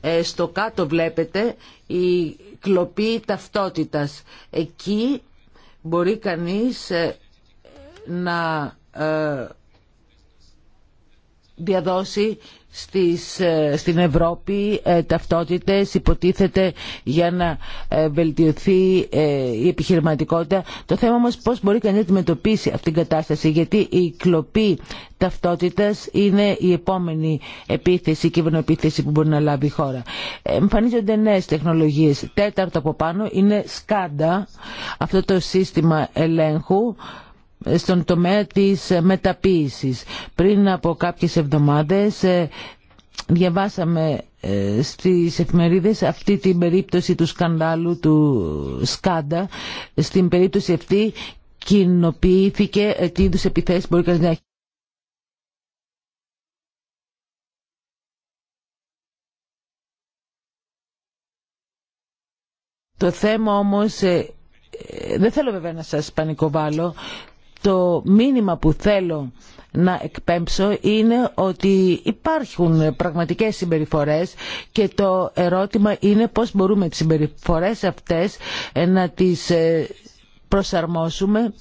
Ε, στο κάτω βλέπετε η κλοπή ταυτότητας. Εκεί μπορεί κανείς να διαδώσει στις, ε, στην Ευρώπη ε, ταυτότητες υποτίθεται για να ε, βελτιωθεί η επιχειρηματικότητα. Το θέμα όμως πώς μπορεί κανείς να αντιμετωπίσει αυτήν την κατάσταση γιατί η κλοπή ταυτότητας είναι η επόμενη επίθεση, η κυβερνοεπίθεση που μπορεί να λάβει η χώρα. Εμφανίζονται νέες τεχνολογίες. Τέταρτο από πάνω είναι σκάντα, αυτό το σύστημα ελέγχου στον τομέα της μεταποίησης. Πριν από κάποιες εβδομάδες ε, διαβάσαμε ε, στις εφημερίδες αυτή την περίπτωση του σκανδάλου του Σκάντα. Στην περίπτωση αυτή κοινοποιήθηκε τι είδους επιθέσεις μπορεί να έχει. Το θέμα όμως, ε, δεν θέλω βέβαια να σας πανικοβάλλω, το μήνυμα που θέλω να εκπέμψω είναι ότι υπάρχουν πραγματικές συμπεριφορές και το ερώτημα είναι πώς μπορούμε τις συμπεριφορές αυτές ε, να τις ε, προσαρμόσουμε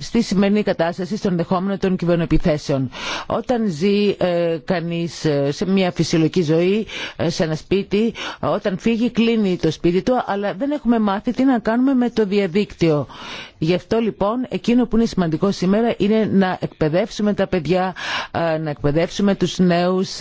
στη σημερινή κατάσταση στον ενδεχόμενο των κυβερνοεπιθέσεων. Όταν ζει ε, κανείς ε, σε μια φυσιολογική ζωή, ε, σε ένα σπίτι, όταν φύγει κλείνει το σπίτι του, αλλά δεν έχουμε μάθει τι να κάνουμε με το διαδίκτυο. Γι' αυτό λοιπόν εκείνο που είναι σημαντικό σήμερα είναι να εκπαιδεύσουμε τα παιδιά, ε, να εκπαιδεύσουμε τους νέους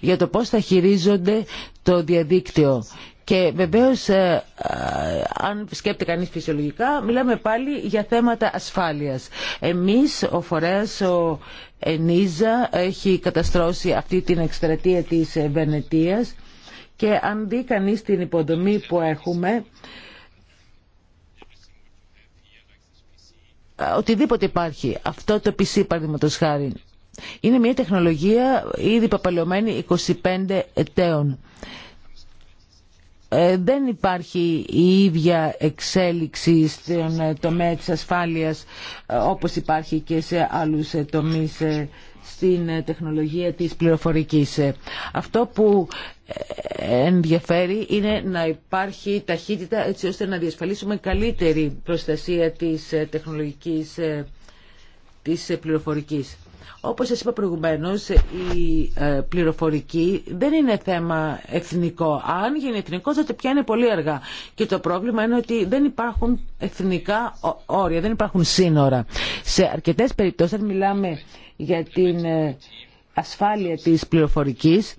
για το πώς θα χειρίζονται το διαδίκτυο και βεβαίως ε, ε, αν σκέπτεται κανεί φυσιολογικά μιλάμε πάλι για θέματα ασφάλειας. Εμείς ο φορέας ο Ενίζα έχει καταστρώσει αυτή την εκστρατεία της βενετία και αν δει κανεί την υποδομή που έχουμε οτιδήποτε υπάρχει αυτό το PC παραδείγματο χάρη είναι μια τεχνολογία ήδη παπαλαιωμένη 25 ετών. Ε, δεν υπάρχει η ίδια εξέλιξη στον ε, τομέα της ασφάλειας ε, όπως υπάρχει και σε άλλους τομείς στην τεχνολογία της πληροφορικής. Αυτό που ενδιαφέρει είναι να υπάρχει ταχύτητα έτσι ώστε να διασφαλίσουμε καλύτερη προστασία της τεχνολογικής της πληροφορικής. Όπως σας είπα προηγουμένως, η ε, πληροφορική δεν είναι θέμα εθνικό. Αν γίνει εθνικό, τότε πια είναι πολύ αργά. Και το πρόβλημα είναι ότι δεν υπάρχουν εθνικά όρια, δεν υπάρχουν σύνορα. Σε αρκετές περιπτώσεις, αν μιλάμε για την ε, ασφάλεια της πληροφορικής,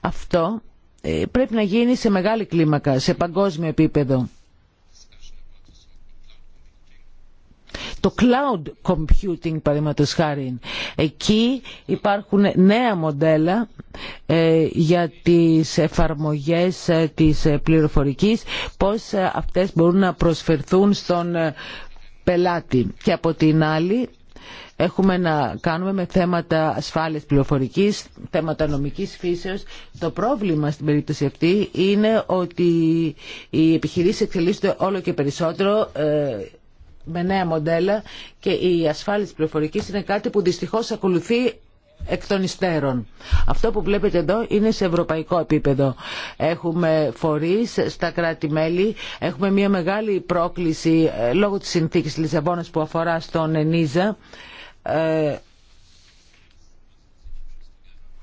αυτό ε, πρέπει να γίνει σε μεγάλη κλίμακα, σε παγκόσμιο επίπεδο. το cloud computing παραδείγματο χάρη. Εκεί υπάρχουν νέα μοντέλα ε, για τις εφαρμογές ε, της ε, πληροφορικής, πώς αυτές μπορούν να προσφερθούν στον πελάτη. Και από την άλλη έχουμε να κάνουμε με θέματα ασφάλειας πληροφορικής, θέματα νομικής φύσεως. Το πρόβλημα στην περίπτωση αυτή είναι ότι οι επιχειρήσεις εξελίσσονται όλο και περισσότερο με νέα μοντέλα και η ασφάλεια πληροφορική είναι κάτι που δυστυχώ ακολουθεί εκ των υστέρων. Αυτό που βλέπετε εδώ είναι σε ευρωπαϊκό επίπεδο. Έχουμε φορείς στα κράτη-μέλη, έχουμε μια μεγάλη πρόκληση ε, λόγω της συνθήκης Λισαβόνας που αφορά στον ΕΝΙΖΑ ε,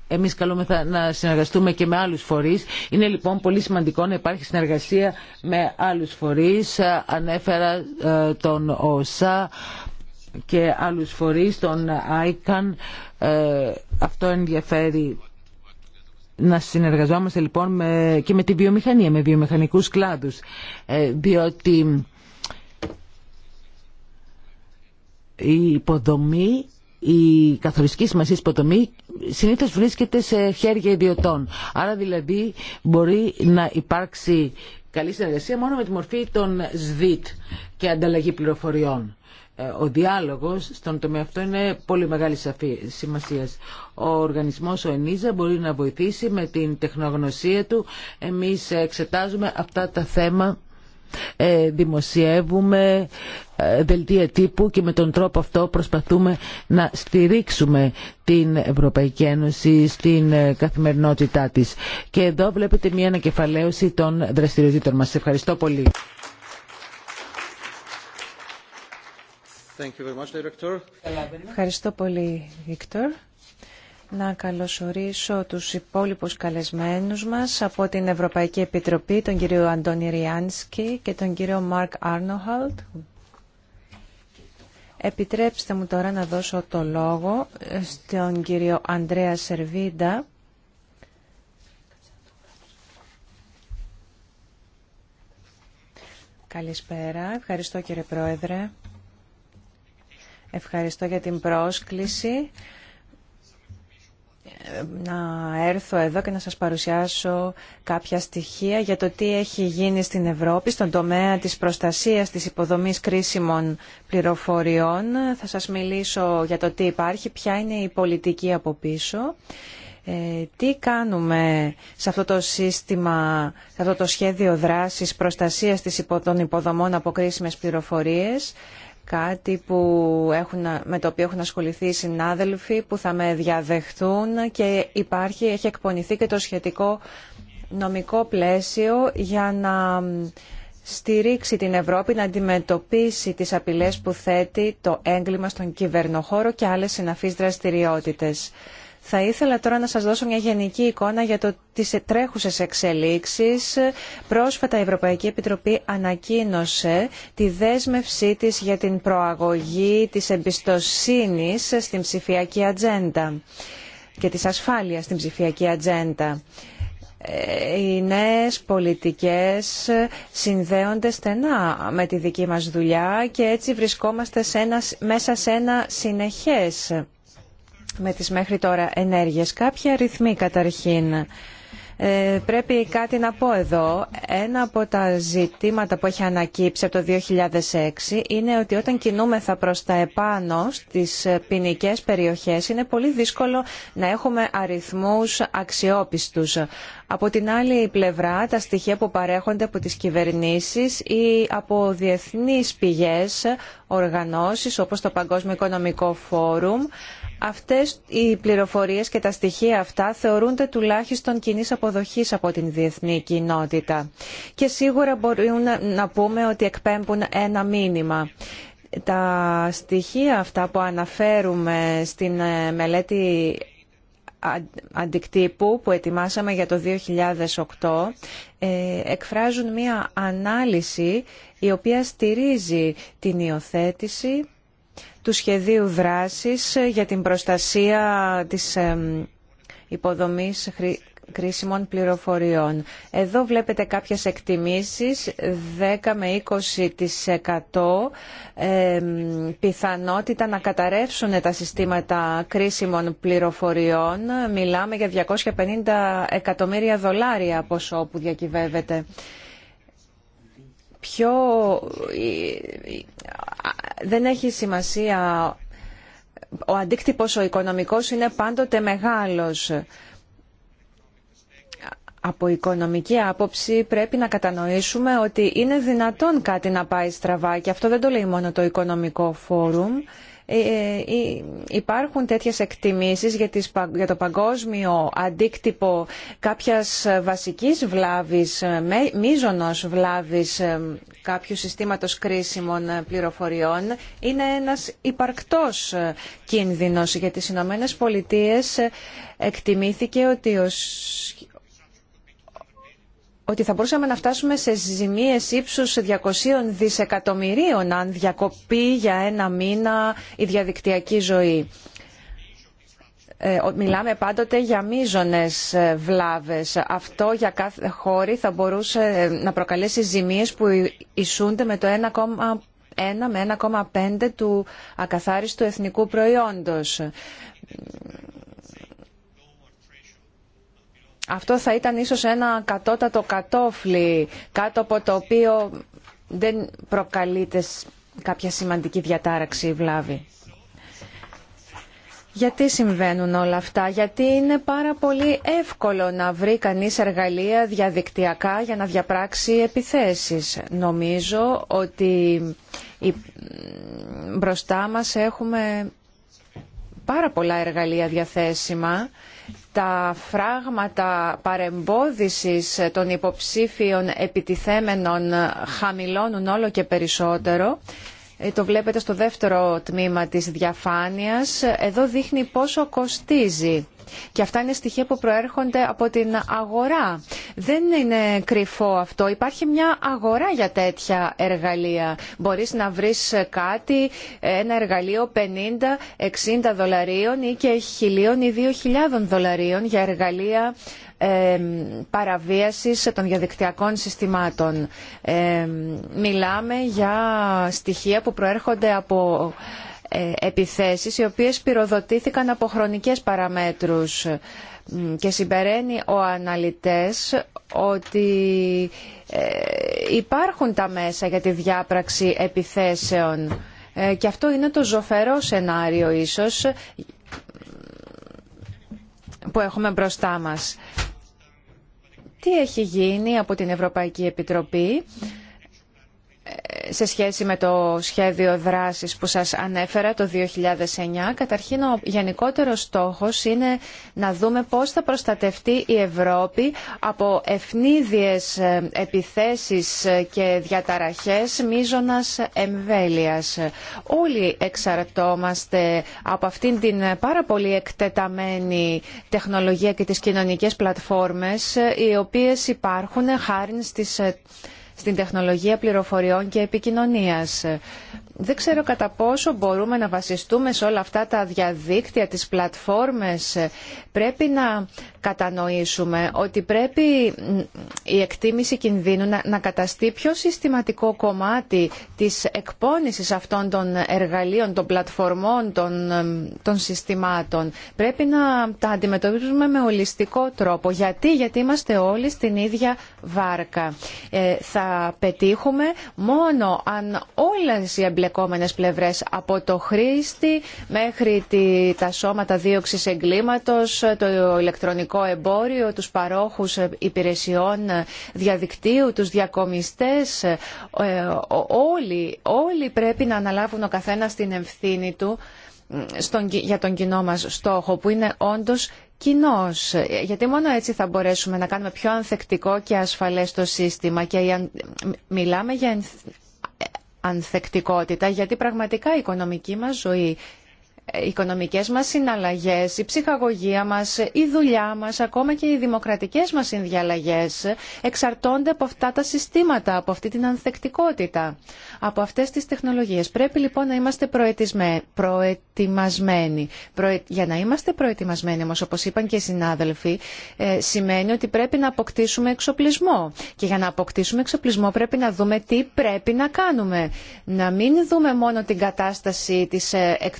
εμείς καλούμε να συνεργαστούμε και με άλλους φορείς. Είναι λοιπόν πολύ σημαντικό να υπάρχει συνεργασία με άλλους φορείς. Ανέφερα ε, τον ΟΣΑ και άλλους φορείς, τον ΆΙΚΑΝ. Ε, αυτό ενδιαφέρει να συνεργαζόμαστε λοιπόν με, και με τη βιομηχανία, με βιομηχανικούς κλάδους, ε, διότι η υποδομή η καθοριστική σημασία υποτομή συνήθως βρίσκεται σε χέρια ιδιωτών. Άρα δηλαδή μπορεί να υπάρξει καλή συνεργασία μόνο με τη μορφή των ΣΔΙΤ και ανταλλαγή πληροφοριών. Ε, ο διάλογος στον τομέα αυτό είναι πολύ μεγάλη σημασία. Ο οργανισμός ο ΕΝΙΖΑ μπορεί να βοηθήσει με την τεχνογνωσία του. Εμείς εξετάζουμε αυτά τα θέματα ε, δημοσιεύουμε ε, δελτία τύπου και με τον τρόπο αυτό προσπαθούμε να στηρίξουμε την Ευρωπαϊκή Ένωση στην ε, καθημερινότητά της. Και εδώ βλέπετε μια ανακεφαλαίωση των δραστηριοτήτων μας. ευχαριστώ πολύ. Thank you very much, Ευχαριστώ πολύ, Βίκτορ να καλωσορίσω τους υπόλοιπους καλεσμένους μας από την Ευρωπαϊκή Επιτροπή, τον κύριο Αντώνη Ριάνσκι και τον κύριο Μάρκ Άρνοχαλτ. Επιτρέψτε μου τώρα να δώσω το λόγο ε, στον κύριο Αντρέα Σερβίντα, Καλησπέρα. Ευχαριστώ κύριε Πρόεδρε. Ευχαριστώ για την πρόσκληση να έρθω εδώ και να σας παρουσιάσω κάποια στοιχεία για το τι έχει γίνει στην Ευρώπη στον τομέα της προστασίας της υποδομής κρίσιμων πληροφοριών. Θα σας μιλήσω για το τι υπάρχει, ποια είναι η πολιτική από πίσω, ε, τι κάνουμε σε αυτό το σύστημα, σε αυτό το σχέδιο δράσης προστασίας των υποδομών από κρίσιμες πληροφορίες, κάτι που έχουν, με το οποίο έχουν ασχοληθεί οι συνάδελφοι που θα με διαδεχθούν και υπάρχει, έχει εκπονηθεί και το σχετικό νομικό πλαίσιο για να στηρίξει την Ευρώπη να αντιμετωπίσει τις απειλές που θέτει το έγκλημα στον κυβερνοχώρο και άλλες συναφείς δραστηριότητες. Θα ήθελα τώρα να σας δώσω μια γενική εικόνα για το, τις τρέχουσες εξελίξεις. Πρόσφατα η Ευρωπαϊκή Επιτροπή ανακοίνωσε τη δέσμευσή της για την προαγωγή της εμπιστοσύνης στην ψηφιακή ατζέντα και της ασφάλειας στην ψηφιακή ατζέντα ε, οι νέες πολιτικές συνδέονται στενά με τη δική μας δουλειά και έτσι βρισκόμαστε σε μέσα σε ένα συνεχές με τις μέχρι τώρα ενέργειες. Κάποια αριθμοί καταρχήν. Ε, πρέπει κάτι να πω εδώ. Ένα από τα ζητήματα που έχει ανακύψει από το 2006 είναι ότι όταν κινούμεθα προς τα επάνω στις ποινικέ περιοχές είναι πολύ δύσκολο να έχουμε αριθμούς αξιόπιστους. Από την άλλη πλευρά τα στοιχεία που παρέχονται από τις κυβερνήσεις ή από διεθνείς πηγές, οργανώσεις όπως το Παγκόσμιο Οικονομικό Φόρουμ Αυτές οι πληροφορίες και τα στοιχεία αυτά θεωρούνται τουλάχιστον κοινή αποδοχής από την διεθνή κοινότητα. Και σίγουρα μπορούμε να πούμε ότι εκπέμπουν ένα μήνυμα. Τα στοιχεία αυτά που αναφέρουμε στην ε, μελέτη αντικτύπου που ετοιμάσαμε για το 2008 ε, εκφράζουν μία ανάλυση η οποία στηρίζει την υιοθέτηση του σχεδίου δράσης ε, για την προστασία της υποδομής κρίσιμων πληροφοριών. Εδώ βλέπετε κάποιες εκτιμήσεις 10 με 20% πιθανότητα να καταρρεύσουν τα συστήματα κρίσιμων πληροφοριών. Μιλάμε για 250 εκατομμύρια δολάρια ποσό που διακυβεύεται πιο δεν έχει σημασία, ο αντίκτυπος ο οικονομικός είναι πάντοτε μεγάλος. Από οικονομική άποψη πρέπει να κατανοήσουμε ότι είναι δυνατόν κάτι να πάει στραβά και αυτό δεν το λέει μόνο το Οικονομικό Φόρουμ. Ε, ε, υπάρχουν τέτοιες εκτιμήσεις για το παγκόσμιο αντίκτυπο κάποιας βασικής βλάβης, ε, μίζωνος βλάβης κάποιου συστήματος κρίσιμων πληροφοριών. Είναι ένας υπαρκτός κίνδυνος για τις Ηνωμένες Πολιτείες εκτιμήθηκε ότι ότι θα μπορούσαμε να φτάσουμε σε ζημίες ύψους 200 δισεκατομμυρίων αν διακοπεί για ένα μήνα η διαδικτυακή ζωή. Ε, μιλάμε πάντοτε για μείζονε ε, βλάβες. Αυτό για κάθε χώρη θα μπορούσε ε, να προκαλέσει ζημίες που ισούνται με το 1,5 1 με 1,5 του ακαθάριστου εθνικού προϊόντος. Αυτό θα ήταν ίσως ένα κατώτατο κατόφλι, κάτω από το οποίο δεν προκαλείται κάποια σημαντική διατάραξη ή βλάβη. Γιατί συμβαίνουν όλα αυτά, γιατί είναι πάρα πολύ εύκολο να βρει κανείς εργαλεία διαδικτυακά για να διαπράξει επιθέσεις. Νομίζω ότι μπροστά μας έχουμε πάρα πολλά εργαλεία διαθέσιμα τα φράγματα παρεμπόδισης των υποψήφιων επιτιθέμενων χαμηλώνουν όλο και περισσότερο ε, το βλέπετε στο δεύτερο τμήμα της διαφάνειας. Εδώ δείχνει πόσο κοστίζει. Και αυτά είναι στοιχεία που προέρχονται από την αγορά. Δεν είναι κρυφό αυτό. Υπάρχει μια αγορά για τέτοια εργαλεία. Μπορείς να βρεις κάτι, ένα εργαλείο 50, 60 δολαρίων ή και χιλίων ή 2.000 δολαρίων για εργαλεία παραβίασης των διαδικτυακών συστημάτων. Μιλάμε για στοιχεία που προέρχονται από ε, επιθέσεις οι οποίες πυροδοτήθηκαν από χρονικές παραμέτρους και συμπεραίνει ο αναλυτές ότι ε, υπάρχουν τα μέσα για τη διάπραξη επιθέσεων ε, και αυτό είναι το ζωφερό σενάριο ίσως που έχουμε μπροστά μας τι έχει γίνει από την Ευρωπαϊκή Επιτροπή σε σχέση με το σχέδιο δράσης που σας ανέφερα το 2009. Καταρχήν ο γενικότερος στόχος είναι να δούμε πώς θα προστατευτεί η Ευρώπη από ευνίδιες ε, επιθέσεις ε, και διαταραχές μίζωνας εμβέλειας. Όλοι εξαρτώμαστε από αυτήν την πάρα πολύ εκτεταμένη τεχνολογία και τις κοινωνικές πλατφόρμες ε, οι οποίες υπάρχουν χάρη στις στην τεχνολογία πληροφοριών και επικοινωνίας. Δεν ξέρω κατά πόσο μπορούμε να βασιστούμε σε όλα αυτά τα διαδίκτυα, τις πλατφόρμες. Πρέπει να κατανοήσουμε ότι πρέπει η εκτίμηση κινδύνου να καταστεί πιο συστηματικό κομμάτι της εκπόνησης αυτών των εργαλείων, των πλατφορμών, των, συστημάτων. Πρέπει να τα αντιμετωπίζουμε με ολιστικό τρόπο. Γιατί, Γιατί είμαστε όλοι στην ίδια βάρκα. Ε, θα πετύχουμε μόνο αν όλες οι εμπλεκόμενες πλευρές από το χρήστη μέχρι τα σώματα δίωξης εγκλήματος, το ηλεκτρονικό εμπόριο, τους παρόχους υπηρεσιών διαδικτύου, τους διακομιστές, ε, όλοι, όλοι πρέπει να αναλάβουν ο καθένας την ευθύνη του για τον κοινό μας στόχο που είναι όντως κοινό. Γιατί μόνο έτσι θα μπορέσουμε να κάνουμε πιο ανθεκτικό και ασφαλές το σύστημα. Και μιλάμε για ανθεκτικότητα γιατί πραγματικά η οικονομική μας ζωή ε, οι οικονομικές μας συναλλαγές, η ψυχαγωγία μας, η δουλειά μας, ακόμα και οι δημοκρατικές μας συνδιαλλαγές εξαρτώνται από αυτά τα συστήματα, από αυτή την ανθεκτικότητα, από αυτές τις τεχνολογίες. Πρέπει λοιπόν να είμαστε προετοιμασμένοι. Για να είμαστε προετοιμασμένοι όμω όπως είπαν και οι συνάδελφοι, ε, σημαίνει ότι πρέπει να αποκτήσουμε εξοπλισμό. Και για να αποκτήσουμε εξοπλισμό πρέπει να δούμε τι πρέπει να κάνουμε. Να μην δούμε μόνο την κατάσταση ε, εκ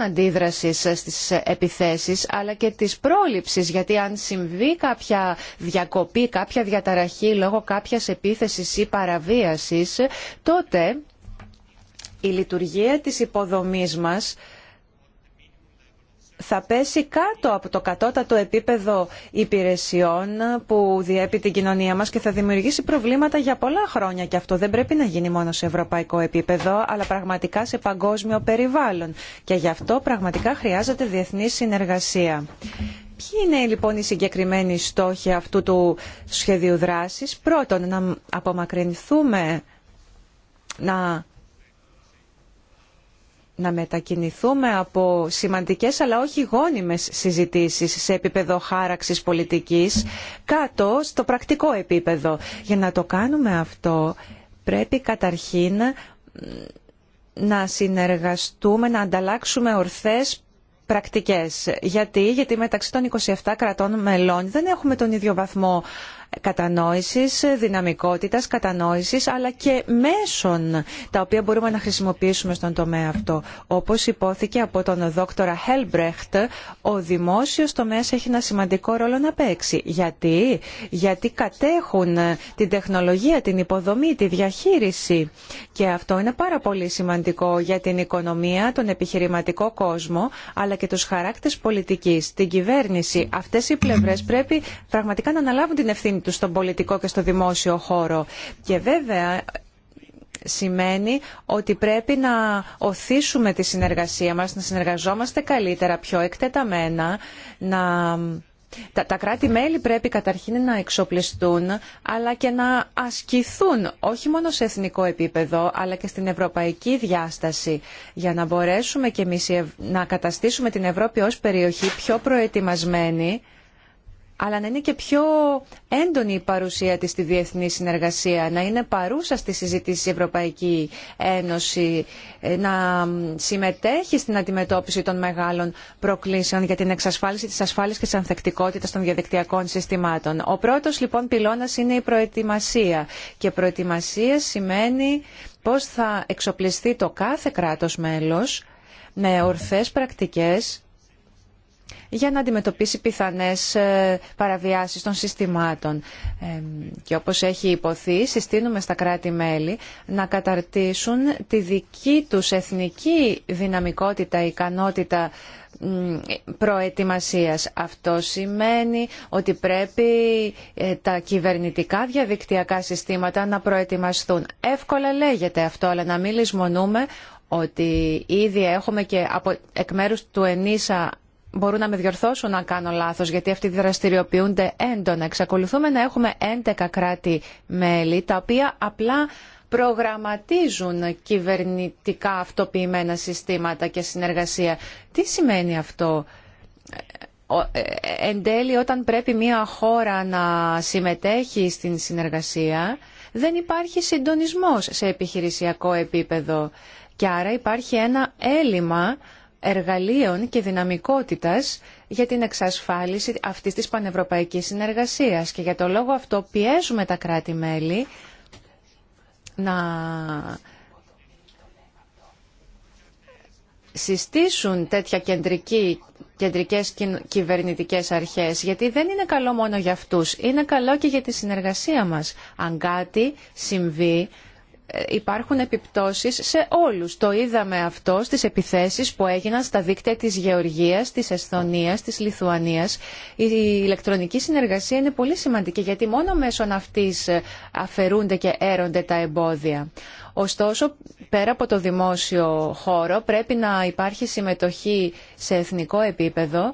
Αντίδραση αντίδρασης στις επιθέσεις αλλά και της πρόληψης γιατί αν συμβεί κάποια διακοπή, κάποια διαταραχή λόγω κάποιας επίθεσης ή παραβίασης τότε η λειτουργία της υποδομής μας θα πέσει κάτω από το κατώτατο επίπεδο υπηρεσιών που διέπει την κοινωνία μας και θα δημιουργήσει προβλήματα για πολλά χρόνια και αυτό δεν πρέπει να γίνει μόνο σε ευρωπαϊκό επίπεδο αλλά πραγματικά σε παγκόσμιο περιβάλλον και γι' αυτό πραγματικά χρειάζεται διεθνή συνεργασία. Ποιοι είναι λοιπόν οι συγκεκριμένοι στόχοι αυτού του σχεδίου δράσης. Πρώτον, να απομακρυνθούμε να να μετακινηθούμε από σημαντικές αλλά όχι γόνιμες συζητήσεις σε επίπεδο χάραξης πολιτικής κάτω στο πρακτικό επίπεδο. Για να το κάνουμε αυτό πρέπει καταρχήν να συνεργαστούμε, να ανταλλάξουμε ορθές πρακτικές. Γιατί, Γιατί μεταξύ των 27 κρατών μελών δεν έχουμε τον ίδιο βαθμό κατανόησης, δυναμικότητας, κατανόησης, αλλά και μέσων τα οποία μπορούμε να χρησιμοποιήσουμε στον τομέα αυτό. Όπως υπόθηκε από τον δόκτορα Χέλμπρεχτ, ο δημόσιος τομέας έχει ένα σημαντικό ρόλο να παίξει. Γιατί? Γιατί κατέχουν την τεχνολογία, την υποδομή, τη διαχείριση. Και αυτό είναι πάρα πολύ σημαντικό για την οικονομία, τον επιχειρηματικό κόσμο, αλλά και τους χαράκτες πολιτικής, την κυβέρνηση. Αυτές οι πλευρές πρέπει πραγματικά να αναλάβουν την ευθύνη τους στον πολιτικό και στο δημόσιο χώρο. Και βέβαια σημαίνει ότι πρέπει να οθήσουμε τη συνεργασία μας, να συνεργαζόμαστε καλύτερα, πιο εκτεταμένα, να... Τα, τα κράτη-μέλη πρέπει καταρχήν να εξοπλιστούν, αλλά και να ασκηθούν, όχι μόνο σε εθνικό επίπεδο, αλλά και στην ευρωπαϊκή διάσταση, για να μπορέσουμε και εμείς να καταστήσουμε την Ευρώπη ως περιοχή πιο προετοιμασμένη αλλά να είναι και πιο έντονη η παρουσία της στη διεθνή συνεργασία, να είναι παρούσα στη συζήτηση η Ευρωπαϊκή Ένωση, ε, να συμμετέχει στην αντιμετώπιση των μεγάλων προκλήσεων για την εξασφάλιση της ασφάλειας και της ανθεκτικότητας των διαδικτυακών συστημάτων. Ο πρώτος λοιπόν πυλώνας είναι η προετοιμασία και προετοιμασία σημαίνει πώς θα εξοπλιστεί το κάθε κράτος μέλος με ορθές πρακτικές για να αντιμετωπίσει πιθανές ε, παραβιάσεις των συστημάτων. Ε, και όπως έχει υποθεί, συστήνουμε στα κράτη-μέλη να καταρτήσουν τη δική τους εθνική δυναμικότητα, ικανότητα προετοιμασίας. Αυτό σημαίνει ότι πρέπει ε, τα κυβερνητικά διαδικτυακά συστήματα να προετοιμαστούν. Εύκολα λέγεται αυτό, αλλά να μην λησμονούμε ότι ήδη έχουμε και εκ μέρους του ΕΝΙΣΑ μπορούν να με διορθώσουν να κάνω λάθος, γιατί αυτοί δραστηριοποιούνται έντονα. Εξακολουθούμε να έχουμε 11 κράτη-μέλη, τα οποία απλά προγραμματίζουν κυβερνητικά αυτοποιημένα συστήματα και συνεργασία. Τι σημαίνει αυτό ε, εν τέλει όταν πρέπει μια χώρα να συμμετέχει στην συνεργασία δεν υπάρχει συντονισμός σε επιχειρησιακό επίπεδο και άρα υπάρχει ένα έλλειμμα εργαλείων και δυναμικότητας για την εξασφάλιση αυτής της πανευρωπαϊκής συνεργασίας και για το λόγο αυτό πιέζουμε τα κράτη-μέλη να συστήσουν τέτοια κεντρική, κεντρικές κυβερνητικές αρχές, γιατί δεν είναι καλό μόνο για αυτούς, είναι καλό και για τη συνεργασία μας. Αν κάτι συμβεί, ε, υπάρχουν επιπτώσεις σε όλους. Το είδαμε αυτό στις επιθέσεις που έγιναν στα δίκτυα της Γεωργίας, της Εσθονίας, της Λιθουανίας. Η ηλεκτρονική συνεργασία είναι πολύ σημαντική γιατί μόνο μέσω αυτής αφαιρούνται και έρονται τα εμπόδια. Ωστόσο, πέρα από το δημόσιο χώρο πρέπει να υπάρχει συμμετοχή σε εθνικό επίπεδο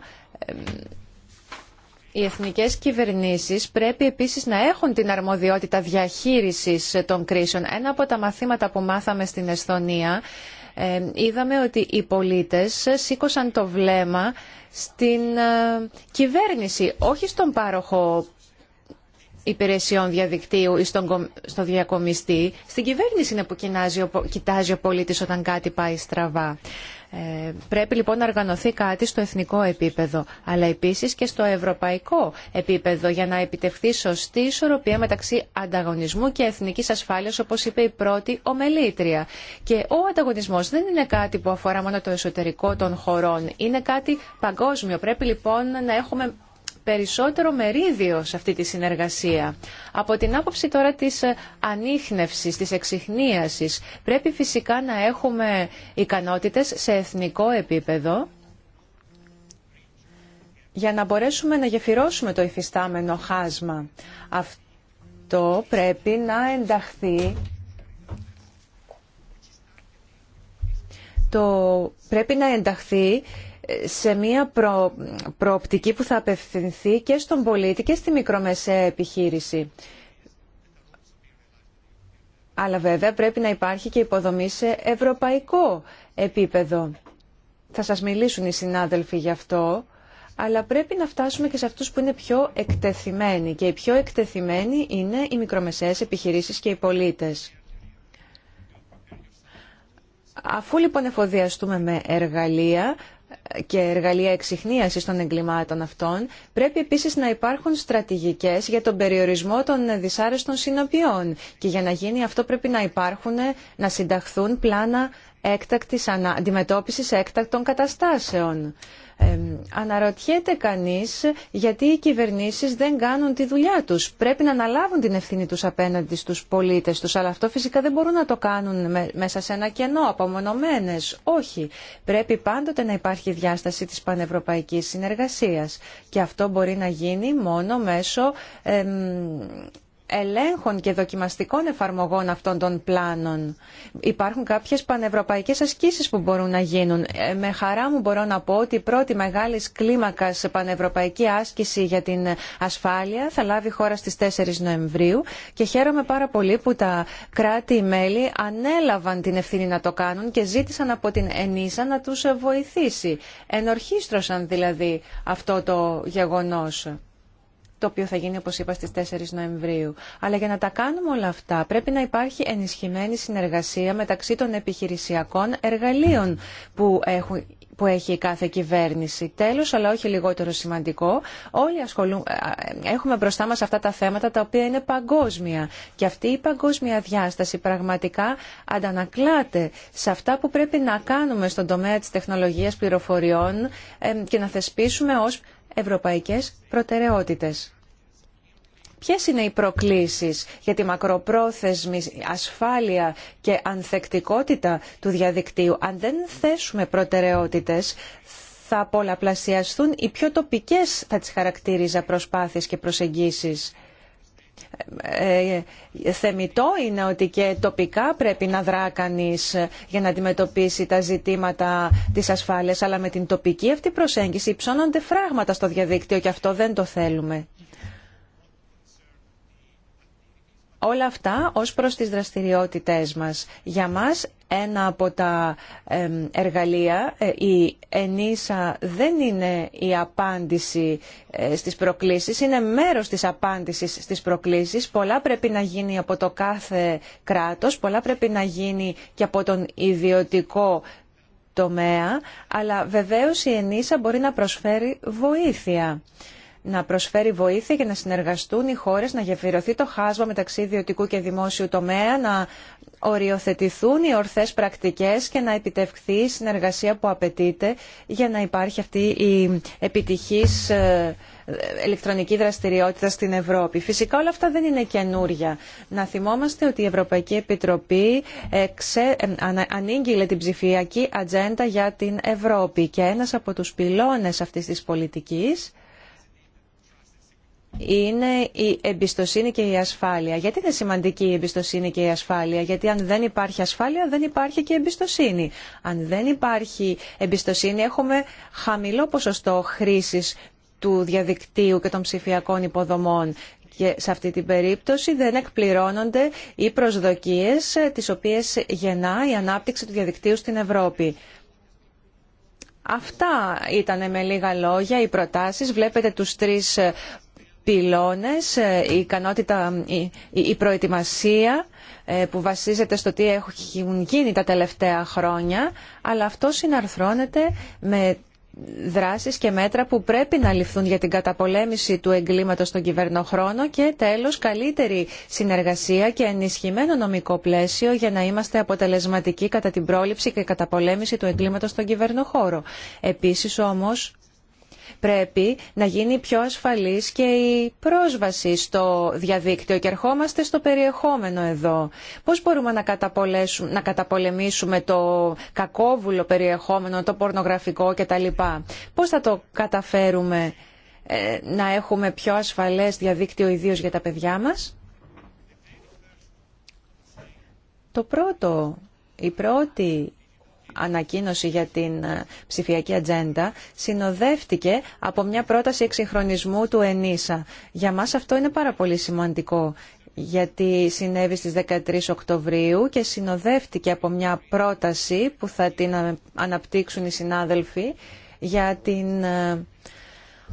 οι εθνικέ κυβερνήσεις πρέπει επίσης να έχουν την αρμοδιότητα διαχείρισης των κρίσεων. Ένα από τα μαθήματα που μάθαμε στην Εσθονία ε, είδαμε ότι οι πολίτες σήκωσαν το βλέμμα στην ε, κυβέρνηση, όχι στον πάροχο υπηρεσιών διαδικτύου ή στον διακομιστή. Στην κυβέρνηση είναι που κοιτάζει ο πολίτη όταν κάτι πάει στραβά. Ε, πρέπει λοιπόν να οργανωθεί κάτι στο εθνικό επίπεδο, αλλά επίσης και στο ευρωπαϊκό επίπεδο για να επιτευχθεί σωστή ισορροπία μεταξύ ανταγωνισμού και εθνικής ασφάλειας, όπως είπε η πρώτη ομελήτρια. Και ο ανταγωνισμός δεν είναι κάτι που αφορά μόνο το εσωτερικό των χωρών, είναι κάτι παγκόσμιο. Πρέπει λοιπόν να έχουμε περισσότερο μερίδιο σε αυτή τη συνεργασία. Από την άποψη τώρα της ε, ανείχνευσης, της εξυχνίασης, πρέπει φυσικά να έχουμε ικανότητες σε εθνικό επίπεδο για να μπορέσουμε να γεφυρώσουμε το υφιστάμενο χάσμα. Αυτό πρέπει να ενταχθεί το πρέπει να ενταχθεί σε μια προ, προοπτική που θα απευθυνθεί και στον πολίτη και στη μικρομεσαία επιχείρηση. Αλλά βέβαια πρέπει να υπάρχει και υποδομή σε ευρωπαϊκό επίπεδο. Θα σας μιλήσουν οι συνάδελφοι γι' αυτό, αλλά πρέπει να φτάσουμε και σε αυτούς που είναι πιο εκτεθειμένοι. Και οι πιο εκτεθειμένοι είναι οι μικρομεσαίες επιχειρήσεις και οι πολίτες. Αφού λοιπόν εφοδιαστούμε με εργαλεία, και εργαλεία εξυχνίασης των εγκλημάτων αυτών, πρέπει επίσης να υπάρχουν στρατηγικές για τον περιορισμό των δυσάρεστων συνοπιών. Και για να γίνει αυτό πρέπει να υπάρχουν, να συνταχθούν πλάνα έκτακτης αντιμετώπισης έκτακτων καταστάσεων. Ε, αναρωτιέται κανείς γιατί οι κυβερνήσεις δεν κάνουν τη δουλειά τους. Πρέπει να αναλάβουν την ευθύνη τους απέναντι στους πολίτες τους, αλλά αυτό φυσικά δεν μπορούν να το κάνουν μέσα σε ένα κενό, απομονωμένες. Όχι. Πρέπει πάντοτε να υπάρχει διάσταση της πανευρωπαϊκής συνεργασίας. Και αυτό μπορεί να γίνει μόνο μέσω ελέγχων και δοκιμαστικών εφαρμογών αυτών των πλάνων. Υπάρχουν κάποιες πανευρωπαϊκές ασκήσεις που μπορούν να γίνουν. Ε, με χαρά μου μπορώ να πω ότι η πρώτη μεγάλης κλίμακας πανευρωπαϊκή άσκηση για την ασφάλεια θα λάβει χώρα στις 4 Νοεμβρίου και χαίρομαι πάρα πολύ που τα κράτη-μέλη ανέλαβαν την ευθύνη να το κάνουν και ζήτησαν από την ΕΝΙΣΑ να τους βοηθήσει. Ενορχίστρωσαν δηλαδή αυτό το γεγονός το οποίο θα γίνει όπως είπα στις 4 Νοεμβρίου. Αλλά για να τα κάνουμε όλα αυτά πρέπει να υπάρχει ενισχυμένη συνεργασία μεταξύ των επιχειρησιακών εργαλείων που έχουν που έχει η κάθε κυβέρνηση. Τέλος, αλλά όχι λιγότερο σημαντικό, όλοι ασχολούν, ε, ε, έχουμε μπροστά μας αυτά τα θέματα τα οποία είναι παγκόσμια. Και αυτή η παγκόσμια διάσταση πραγματικά αντανακλάται σε αυτά που πρέπει να κάνουμε στον τομέα της τεχνολογίας πληροφοριών ε, και να θεσπίσουμε ως ευρωπαϊκές προτεραιότητες. Ποιες είναι οι προκλήσεις για τη μακροπρόθεσμη ασφάλεια και ανθεκτικότητα του διαδικτύου. Αν δεν θέσουμε προτεραιότητες, θα πολλαπλασιαστούν οι πιο τοπικές, θα τις χαρακτήριζα, προσπάθειες και προσεγγίσεις. Ε, ε, θεμητό είναι ότι και τοπικά πρέπει να δρά κανεί για να αντιμετωπίσει τα ζητήματα τη ασφάλεια, αλλά με την τοπική αυτή προσέγγιση υψώνονται φράγματα στο διαδίκτυο και αυτό δεν το θέλουμε. Όλα αυτά ως προς τις δραστηριότητές μας. Για μας ένα από τα εργαλεία, ε, η ενίσα δεν είναι η απάντηση ε, στις προκλήσεις, είναι μέρος της απάντησης στις προκλήσεις. Πολλά πρέπει να γίνει από το κάθε κράτος, πολλά πρέπει να γίνει και από τον ιδιωτικό τομέα, αλλά βεβαίως η ενίσα μπορεί να προσφέρει βοήθεια να προσφέρει βοήθεια για να συνεργαστούν οι χώρες, να γεφυρωθεί το χάσμα μεταξύ ιδιωτικού και δημόσιου τομέα, να οριοθετηθούν οι ορθές πρακτικές και να επιτευχθεί η συνεργασία που απαιτείται για να υπάρχει αυτή η επιτυχής ε, ηλεκτρονική δραστηριότητα στην Ευρώπη. Φυσικά όλα αυτά δεν είναι καινούρια. Να θυμόμαστε ότι η Ευρωπαϊκή Επιτροπή εξε... Ε, ανήγγειλε την ψηφιακή ατζέντα για την Ευρώπη και ένας από τους πυλώνες αυτής της πολιτικής είναι η εμπιστοσύνη και η ασφάλεια. Γιατί είναι σημαντική η εμπιστοσύνη και η ασφάλεια, γιατί αν δεν υπάρχει ασφάλεια δεν υπάρχει και εμπιστοσύνη. Αν δεν υπάρχει εμπιστοσύνη έχουμε χαμηλό ποσοστό χρήσης του διαδικτύου και των ψηφιακών υποδομών και σε αυτή την περίπτωση δεν εκπληρώνονται οι προσδοκίες ε, τις οποίες γεννά η ανάπτυξη του διαδικτύου στην Ευρώπη. Αυτά ήταν με λίγα λόγια οι προτάσεις. Βλέπετε τους τρεις ε, πυλώνες, ε, η ικανότητα, η προετοιμασία ε, που βασίζεται στο τι έχουν γίνει τα τελευταία χρόνια, αλλά αυτό συναρθρώνεται με δράσεις και μέτρα που πρέπει να ληφθούν για την καταπολέμηση του εγκλήματος στον κυβερνοχρόνο και τέλος καλύτερη συνεργασία και ενισχυμένο νομικό πλαίσιο για να είμαστε αποτελεσματικοί κατά την πρόληψη και καταπολέμηση του εγκλήματος στον κυβερνοχώρο. Επίσης όμως Πρέπει να γίνει πιο ασφαλής και η πρόσβαση στο διαδίκτυο και ερχόμαστε στο περιεχόμενο εδώ. Πώς μπορούμε να, να καταπολεμήσουμε το κακόβουλο περιεχόμενο, το πορνογραφικό κτλ. Πώς θα το καταφέρουμε ε, να έχουμε πιο ασφαλές διαδίκτυο ιδίως για τα παιδιά μας. Το πρώτο, η πρώτη ανακοίνωση για την ε, ψηφιακή ατζέντα συνοδεύτηκε από μια πρόταση εξυγχρονισμού του ΕΝΙΣΑ. Για μας αυτό είναι πάρα πολύ σημαντικό γιατί συνέβη στις 13 Οκτωβρίου και συνοδεύτηκε από μια πρόταση που θα την αναπτύξουν οι συνάδελφοι για την ε,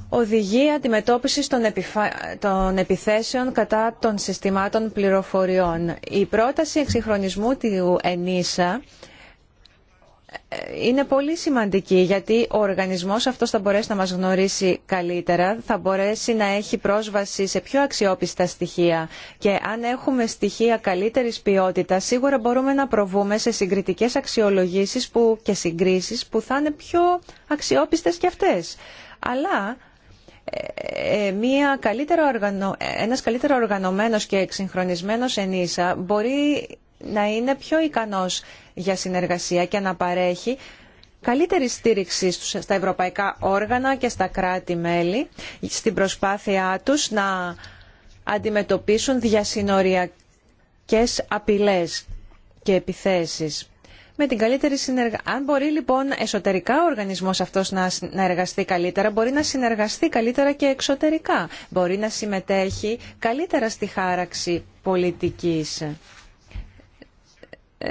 οδηγία αντιμετώπισης των, των επιθέσεων κατά των συστημάτων πληροφοριών. Η πρόταση εξυγχρονισμού του ΕΝΙΣΑ είναι πολύ σημαντική γιατί ο οργανισμός αυτός θα μπορέσει να μας γνωρίσει καλύτερα, θα μπορέσει να έχει πρόσβαση σε πιο αξιόπιστα στοιχεία και αν έχουμε στοιχεία καλύτερης ποιότητας σίγουρα μπορούμε να προβούμε σε συγκριτικές αξιολογήσεις που, και συγκρίσεις που θα είναι πιο αξιόπιστες και αυτές. Αλλά ε, ε, μια καλύτερο οργανω... ένας καλύτερα οργανωμένος και εξυγχρονισμένος ενίσα μπορεί να είναι πιο ικανός για συνεργασία και να παρέχει καλύτερη στήριξη στα ευρωπαϊκά όργανα και στα κράτη-μέλη στην προσπάθειά τους να αντιμετωπίσουν διασυνοριακές απειλές και επιθέσεις. Με την καλύτερη συνεργα... Αν μπορεί λοιπόν εσωτερικά ο οργανισμός αυτός να, να εργαστεί καλύτερα, μπορεί να συνεργαστεί καλύτερα και εξωτερικά. Μπορεί να συμμετέχει καλύτερα στη χάραξη πολιτικής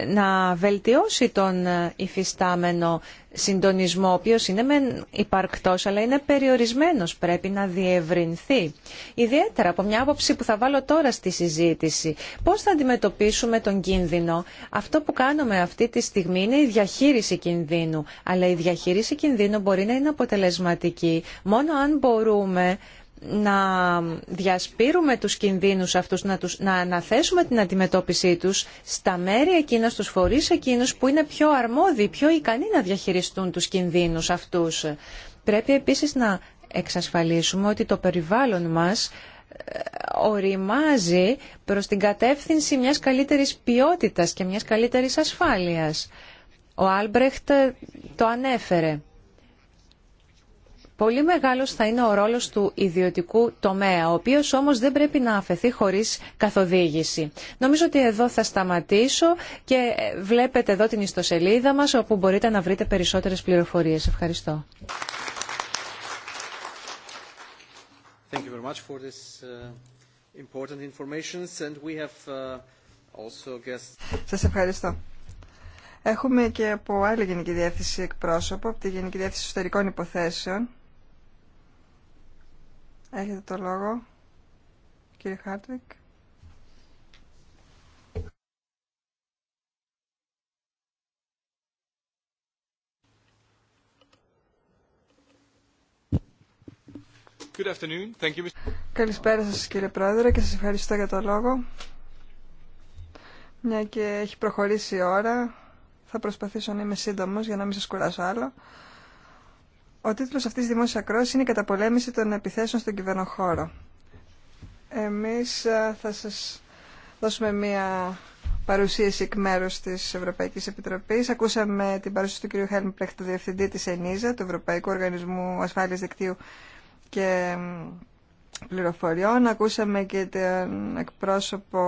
να βελτιώσει τον ε, υφιστάμενο συντονισμό, ο οποίος είναι μεν υπαρκτός, αλλά είναι περιορισμένος, πρέπει να διευρυνθεί. Ιδιαίτερα από μια άποψη που θα βάλω τώρα στη συζήτηση, πώς θα αντιμετωπίσουμε τον κίνδυνο. Αυτό που κάνουμε αυτή τη στιγμή είναι η διαχείριση κινδύνου, αλλά η διαχείριση κινδύνου μπορεί να είναι αποτελεσματική μόνο αν μπορούμε να διασπείρουμε τους κινδύνους αυτούς, να, τους, να αναθέσουμε την αντιμετώπιση τους στα μέρη εκείνα, στους φορείς εκείνους που είναι πιο αρμόδιοι, πιο ικανοί να διαχειριστούν τους κινδύνους αυτούς. Πρέπει επίσης να εξασφαλίσουμε ότι το περιβάλλον μας ε, οριμάζει προς την κατεύθυνση μιας καλύτερης ποιότητας και μιας καλύτερης ασφάλειας. Ο Άλμπρεχτ ε, το ανέφερε πολύ μεγάλος θα είναι ο ρόλος του ιδιωτικού τομέα, ο οποίος όμως δεν πρέπει να αφαιθεί χωρίς καθοδήγηση. Νομίζω ότι εδώ θα σταματήσω και βλέπετε εδώ την ιστοσελίδα μας όπου μπορείτε να βρείτε περισσότερες πληροφορίες. Ευχαριστώ. Thank Σας ευχαριστώ. Έχουμε και από άλλη Γενική Διεύθυνση εκπρόσωπο, από τη Γενική Διεύθυνση Εσωτερικών Υποθέσεων. Έχετε το λόγο, κύριε Χάρτβικ. Καλησπέρα σας κύριε Πρόεδρε και σας ευχαριστώ για το λόγο. Μια και έχει προχωρήσει η ώρα, θα προσπαθήσω να είμαι σύντομος για να μην σας κουράσω άλλο. Ο τίτλο αυτή τη δημόσια ακρόαση είναι «Η καταπολέμηση των επιθέσεων στον κυβερνοχώρο». Εμείς ε, θα σας δώσουμε μία παρουσίαση εκ μέρου τη Ευρωπαϊκή Επιτροπή. Ακούσαμε την παρουσίαση του κ. Χέλμπρεχτ, του Διευθυντή τη ΕΝΙΖΑ, του Ευρωπαϊκού Οργανισμού Ασφάλεια Δικτύου και Πληροφοριών. Ακούσαμε και τον εκπρόσωπο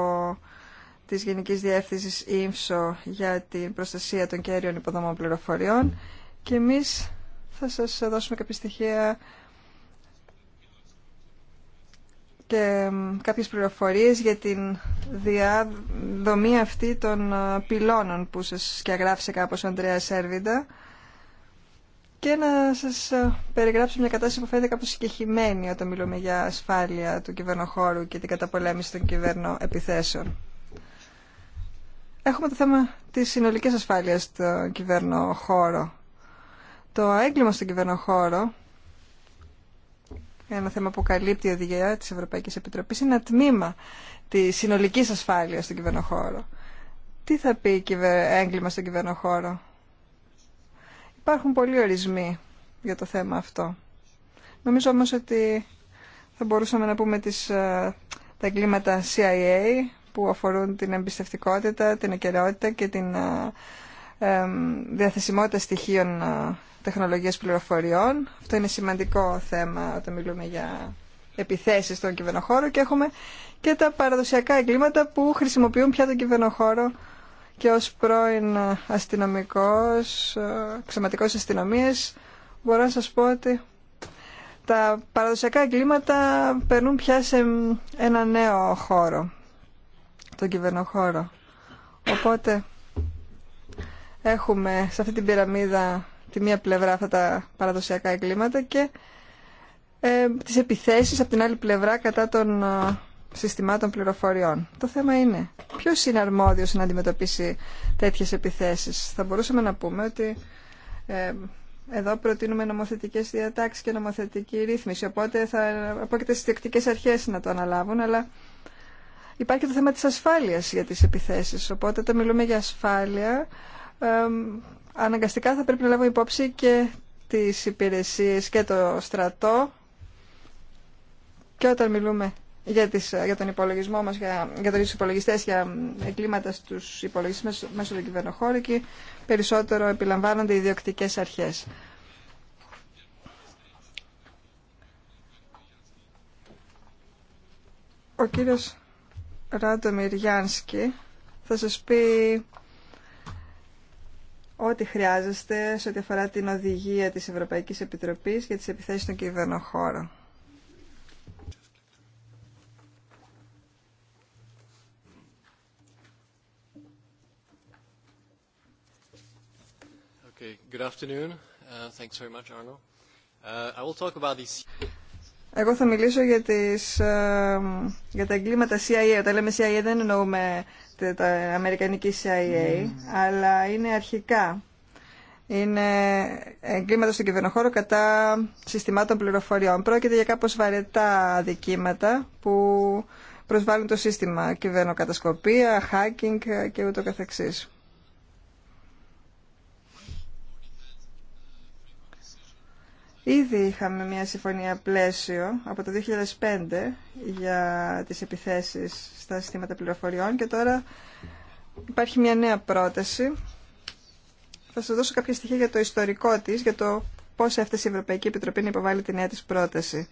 της Γενικής Διεύθυνσης ΙΜΣΟ για την προστασία των κέριων υποδομών πληροφοριών. Και εμείς θα σας δώσουμε κάποια στοιχεία και κάποιες πληροφορίες για την διαδομή αυτή των ε, πυλώνων που σας σκιαγράφησε κάπως ο Αντρέας Σέρβιντα και να σας ε, περιγράψω μια κατάσταση που φαίνεται κάπως συγκεχημένη όταν μιλούμε για ασφάλεια του κυβερνοχώρου και την καταπολέμηση των κυβερνοεπιθέσεων. Έχουμε το θέμα της συνολικής ασφάλειας στον κυβερνοχώρο το έγκλημα στον κυβερνοχώρο, ένα θέμα που καλύπτει η οδηγία της Ευρωπαϊκής Επιτροπής, είναι ένα τμήμα της συνολικής ασφάλειας στον κυβερνοχώρο. Τι θα πει έγκλημα στον κυβερνοχώρο. Υπάρχουν πολλοί ορισμοί για το θέμα αυτό. Νομίζω όμως ότι θα μπορούσαμε να πούμε τις, ε, τα εγκλήματα CIA που αφορούν την εμπιστευτικότητα, την ακεραιότητα και την ε, διαθεσιμότητα στοιχείων ε, τεχνολογίας πληροφοριών. Αυτό είναι σημαντικό θέμα όταν μιλούμε για επιθέσεις στον κυβερνοχώρο και έχουμε και τα παραδοσιακά εγκλήματα που χρησιμοποιούν πια τον κυβερνοχώρο και ως πρώην ε, αστυνομικός, ε, ξεματικός αστυνομίας μπορώ να σας πω ότι τα παραδοσιακά εγκλήματα περνούν πια σε ένα νέο χώρο, τον κυβερνοχώρο. Οπότε έχουμε σε αυτή την πυραμίδα τη μία πλευρά αυτά τα παραδοσιακά εγκλήματα και ε, τις επιθέσεις από την άλλη πλευρά κατά των ε, συστημάτων πληροφοριών. Το θέμα είναι ποιος είναι αρμόδιος να αντιμετωπίσει τέτοιες επιθέσεις. Θα μπορούσαμε να πούμε ότι ε, εδώ προτείνουμε νομοθετικές διατάξεις και νομοθετική ρύθμιση, οπότε θα απόκειται στις διεκτικές αρχές να το αναλάβουν, αλλά υπάρχει και το θέμα της ασφάλειας για τις επιθέσεις. Οπότε όταν μιλούμε για ασφάλεια, αναγκαστικά θα πρέπει να λάβουμε υπόψη και τις υπηρεσίες και το στρατό και όταν μιλούμε για, τις, για τον υπολογισμό μας, για, για τους υπολογιστές, για εγκλήματα στους υπολογιστές μέσω του κυβερνοχώρου και περισσότερο επιλαμβάνονται οι διοκτικές αρχές. Ο κύριος Ράντο Μυριάνσκι θα σας πει ό,τι χρειάζεστε σε ό,τι αφορά την οδηγία της Ευρωπαϊκής Επιτροπής για τις επιθέσεις των κυβερνοχώρο. Okay, good afternoon. Uh, thanks very much, Arno. Uh, I will talk about these... Εγώ θα μιλήσω για, τις, ε, για τα εγκλήματα CIA. Όταν λέμε CIA δεν εννοούμε ε, τα Αμερικανική CIA, ναι. αλλά είναι αρχικά. Είναι εγκλήματα στον κυβερνοχώρο κατά συστημάτων πληροφοριών. Πρόκειται για κάπως βαρετά δικήματα που προσβάλλουν το σύστημα κυβερνοκατασκοπία, hacking και ούτω καθεξής. Ήδη είχαμε μια συμφωνία πλαίσιο από το 2005 για τις επιθέσεις στα συστήματα πληροφοριών και τώρα υπάρχει μια νέα πρόταση. Θα σας δώσω κάποια στοιχεία για το ιστορικό της, για το πώς έφτασε η Ευρωπαϊκή Επιτροπή να υποβάλει τη νέα της πρόταση.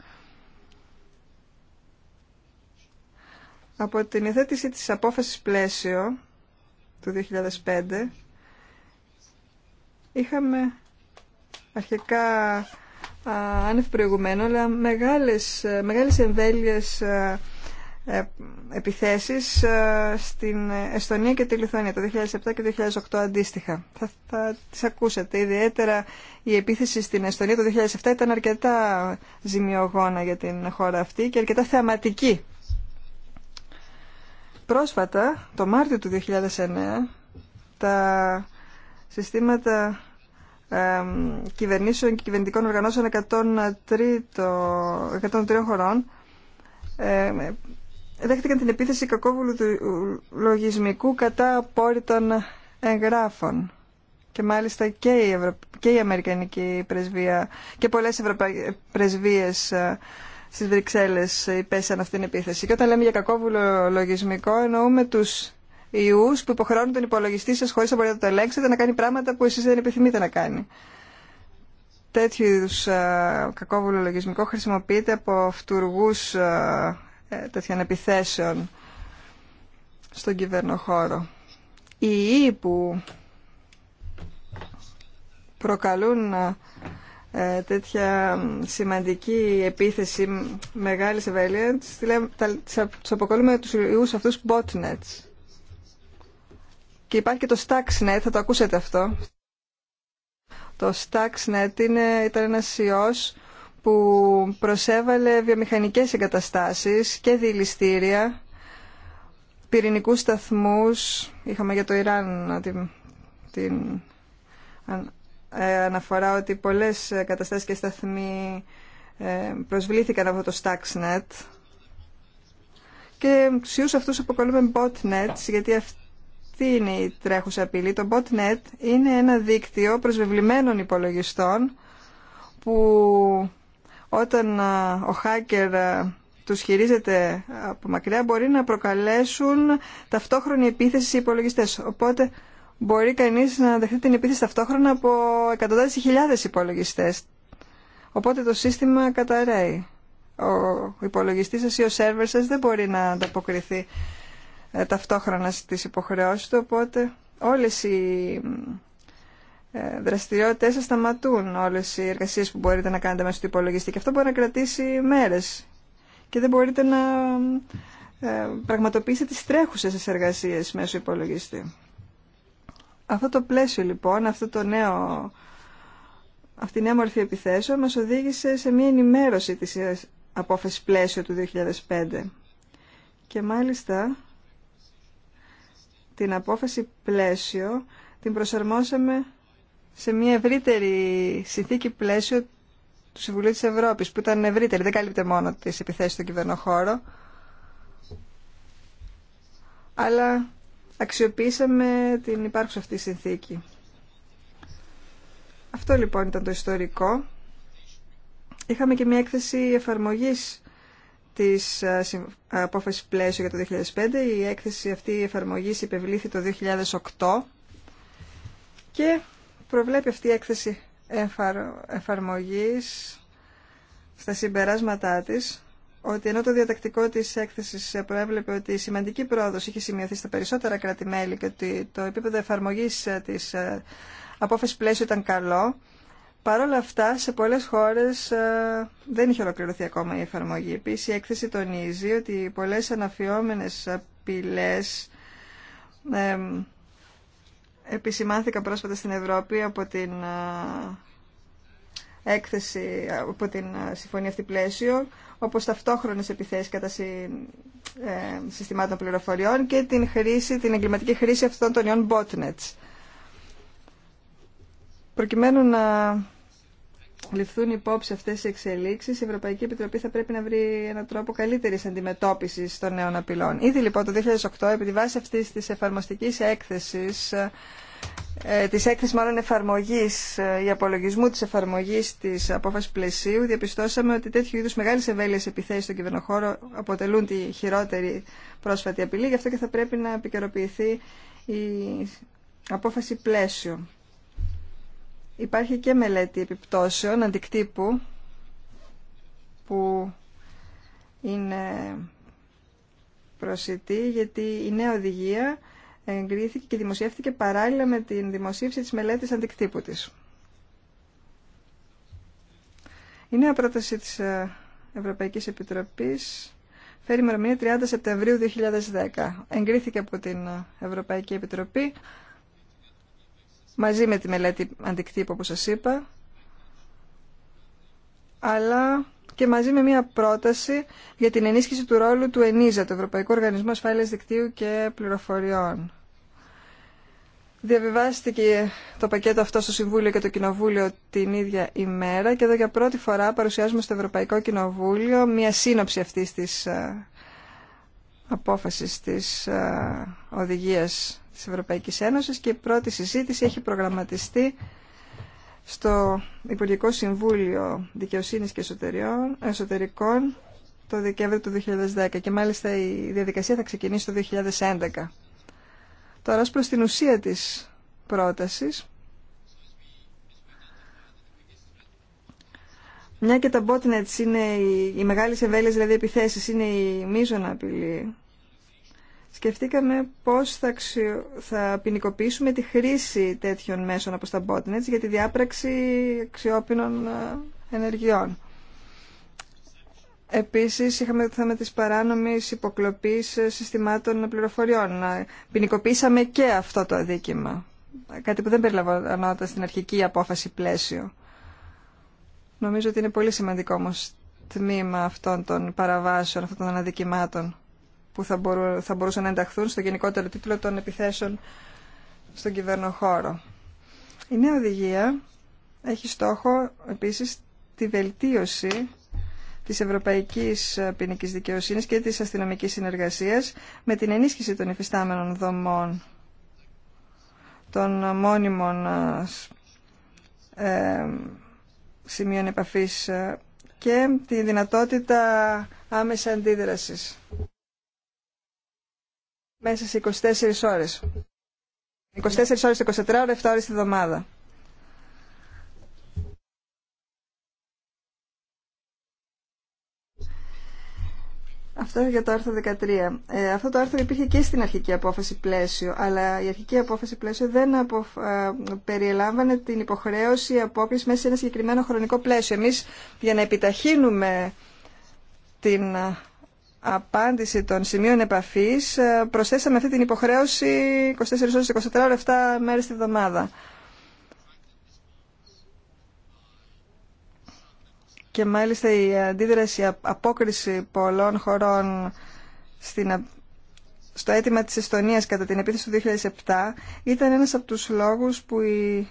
Από την υθέτηση της απόφασης πλαίσιο του 2005 είχαμε αρχικά άνευ προηγουμένου, αλλά μεγάλες, μεγάλες εμβέλειες ε, ε, επιθέσεις ε, στην Εστονία και τη Λιθουανία το 2007 και το 2008 αντίστοιχα. Θα, θα τις ακούσετε. Ιδιαίτερα η επίθεση στην Εστονία το 2007 ήταν αρκετά ζημιογόνα για την χώρα αυτή και αρκετά θεαματική. Πρόσφατα, το Μάρτιο του 2009, τα συστήματα κυβερνήσεων και κυβερνητικών οργανώσεων 103, 103 χωρών δέχτηκαν την επίθεση κακόβουλου λογισμικού κατά απόρριτων εγγράφων. Και μάλιστα και η, και η Αμερικανική πρεσβεία και πολλές Ευρωπαϊκές πρεσβείες ε, στις Βρυξέλλες υπέσαν αυτήν την επίθεση. Και όταν λέμε για κακόβουλο λογισμικό εννοούμε τους Ιού που υποχρεώνουν τον υπολογιστή σας χωρίς να μπορείτε να το ελέγξετε να κάνει πράγματα που εσείς δεν επιθυμείτε να κάνει. Τέτοιου είδου ε, κακόβουλο λογισμικό χρησιμοποιείται από φτουργού ε, ε, τέτοιων επιθέσεων στον κυβερνοχώρο. Οι ιοί που προκαλούν τέτοια σημαντική επίθεση μεγάλης ευέλειας, τις αποκαλούμε τους ιούς αυτούς botnets. Και υπάρχει και το Stuxnet, θα το ακούσετε αυτό. Το Stuxnet είναι, ήταν ένας ιός που προσέβαλε βιομηχανικές εγκαταστάσεις και δηληστήρια πυρηνικού σταθμούς, είχαμε για το Ιράν την, την ε, αναφορά ότι πολλές εγκαταστάσεις και σταθμοί ε, προσβλήθηκαν από το Stuxnet και στους αυτούς αποκαλούμε botnets γιατί αυτοί τι είναι η τρέχουσα απειλή. Το botnet είναι ένα δίκτυο προσβεβλημένων υπολογιστών που όταν ο hacker τους χειρίζεται από μακριά μπορεί να προκαλέσουν ταυτόχρονη επίθεση σε υπολογιστές. Οπότε μπορεί κανείς να δεχτεί την επίθεση ταυτόχρονα από εκατοντάδες χιλιάδες υπολογιστές. Οπότε το σύστημα καταραίει. Ο υπολογιστής σας ή ο σερβερ σας δεν μπορεί να ανταποκριθεί ε, ταυτόχρονα στις υποχρεώσεις του, οπότε όλες οι ε, δραστηριότητες σας σταματούν, όλες οι εργασίες που μπορείτε να κάνετε μέσω του υπολογιστή και αυτό μπορεί να κρατήσει μέρες και δεν μπορείτε να ε, πραγματοποιήσετε τις τρέχουσες σας εργασίες μέσω υπολογιστή. Αυτό το πλαίσιο λοιπόν, αυτό το νέο, αυτή η νέα μορφή επιθέσεων μας οδήγησε σε μια ενημέρωση της απόφαση πλαίσιο του 2005. Και μάλιστα την απόφαση πλαίσιο την προσαρμόσαμε σε μια ευρύτερη συνθήκη πλαίσιο του Συμβουλίου της Ευρώπης που ήταν ευρύτερη, δεν κάλυπτε μόνο τις επιθέσεις στον κυβερνοχώρο αλλά αξιοποιήσαμε την υπάρχουσα αυτή συνθήκη. Αυτό λοιπόν ήταν το ιστορικό. Είχαμε και μια έκθεση εφαρμογής της ε, ε, απόφασης πλαίσιο για το 2005. Η έκθεση αυτή η εφαρμογής υπευλήθη το 2008 και προβλέπει αυτή η έκθεση εφαρμογής στα συμπεράσματά της ότι ενώ το διατακτικό της έκθεσης ε, προέβλεπε ότι η σημαντική πρόοδος είχε σημειωθεί στα περισσότερα κράτη-μέλη και ότι το επίπεδο εφαρμογής της απόφασης πλαίσιο ήταν καλό, Παρ' όλα αυτά, σε πολλές χώρες ε, δεν είχε ολοκληρωθεί ακόμα η εφαρμογή. Επίσης, η έκθεση τονίζει ότι πολλές αναφιόμενες απειλές ε, επισημάνθηκαν πρόσφατα στην Ευρώπη από την ε, έκθεση, από την συμφωνία αυτή πλαίσιο, όπως ταυτόχρονες επιθέσεις κατά συστημάτων πληροφοριών και την, χρήση, την εγκληματική χρήση αυτών των ιών botnets. Προκειμένου να ληφθούν υπόψη αυτέ οι εξελίξει, η Ευρωπαϊκή Επιτροπή θα πρέπει να βρει έναν τρόπο καλύτερη αντιμετώπιση των νέων απειλών. Ήδη λοιπόν το 2008, επί τη βάση αυτής της έκθεση έκθεσης, ε, τη έκθεση μάλλον εφαρμογή η ε, απολογισμού τη εφαρμογή τη απόφαση πλαισίου, διαπιστώσαμε ότι τέτοιου είδου μεγάλε ευέλειε επιθέσει στον κυβερνοχώρο αποτελούν τη χειρότερη πρόσφατη απειλή, γι' αυτό και θα πρέπει να επικαιροποιηθεί η απόφαση πλαίσιο. Υπάρχει και μελέτη επιπτώσεων αντικτύπου που είναι προσιτή γιατί η νέα οδηγία εγκρίθηκε και δημοσιεύτηκε παράλληλα με την δημοσίευση της μελέτης αντικτύπου της. Η νέα πρόταση της ε, Ευρωπαϊκής Επιτροπής φέρει ημερομηνία 30 Σεπτεμβρίου 2010. Εγκρίθηκε από την ε, Ευρωπαϊκή Επιτροπή μαζί με τη μελέτη αντικτύπου που σας είπα, αλλά και μαζί με μια πρόταση για την ενίσχυση του ρόλου του ΕΝΙΖΑ, του Ευρωπαϊκού Οργανισμού Ασφάλειας Δικτύου και Πληροφοριών. Διαβιβάστηκε το πακέτο αυτό στο Συμβούλιο και το Κοινοβούλιο την ίδια ημέρα και εδώ για πρώτη φορά παρουσιάζουμε στο Ευρωπαϊκό Κοινοβούλιο μια σύνοψη αυτής της ε, απόφασης της ε, οδηγίας της Ευρωπαϊκής Ένωσης και η πρώτη συζήτηση έχει προγραμματιστεί στο Υπουργικό Συμβούλιο Δικαιοσύνης και Εσωτερικών το Δεκέμβριο του 2010 και μάλιστα η διαδικασία θα ξεκινήσει το 2011. Τώρα, ως προς την ουσία της πρότασης, μια και τα botnets είναι οι, οι μεγάλες δηλαδή επιθέσεις, είναι η μείζωνα απειλή σκεφτήκαμε πώς θα, θα ποινικοποιήσουμε τη χρήση τέτοιων μέσων από τα botnets για τη διάπραξη αξιόπινων ε, ενεργειών. Επίσης είχαμε το θέμα της παράνομης υποκλοπής ε, συστημάτων πληροφοριών. Ποινικοποίησαμε και αυτό το αδίκημα. Κάτι που δεν περιλαμβανόταν στην αρχική απόφαση πλαίσιο. Νομίζω ότι είναι πολύ σημαντικό όμως τμήμα αυτών των παραβάσεων, αυτών των αδικημάτων που θα, θα μπορούσαν να ενταχθούν στο γενικότερο τίτλο των επιθέσεων στον κυβερνοχώρο. Η νέα οδηγία έχει στόχο επίσης τη βελτίωση της Ευρωπαϊκής Ποινικής Δικαιοσύνης και της αστυνομικής συνεργασίας με την ενίσχυση των υφιστάμενων δομών των μόνιμων ε, ε σημείων επαφής ε, και τη δυνατότητα άμεσα αντίδρασης μέσα σε 24 ώρες. 24 ώρες, 24 ώρες, 7 ώρες τη εβδομάδα. Αυτό για το άρθρο 13. Ε, αυτό το άρθρο υπήρχε και στην αρχική απόφαση πλαίσιο, αλλά η αρχική απόφαση πλαίσιο δεν απο, ε, περιελάμβανε την υποχρέωση απόκληση μέσα σε ένα συγκεκριμένο χρονικό πλαίσιο. Εμείς για να επιταχύνουμε την απάντηση των σημείων επαφής ε, προσθέσαμε αυτή την υποχρέωση 24 ώρες, 24 ώρες, 7 μέρες τη βδομάδα. Και μάλιστα η αντίδραση, η απόκριση πολλών χωρών στην, στο αίτημα της Εστονίας κατά την επίθεση του 2007 ήταν ένας από τους λόγους που η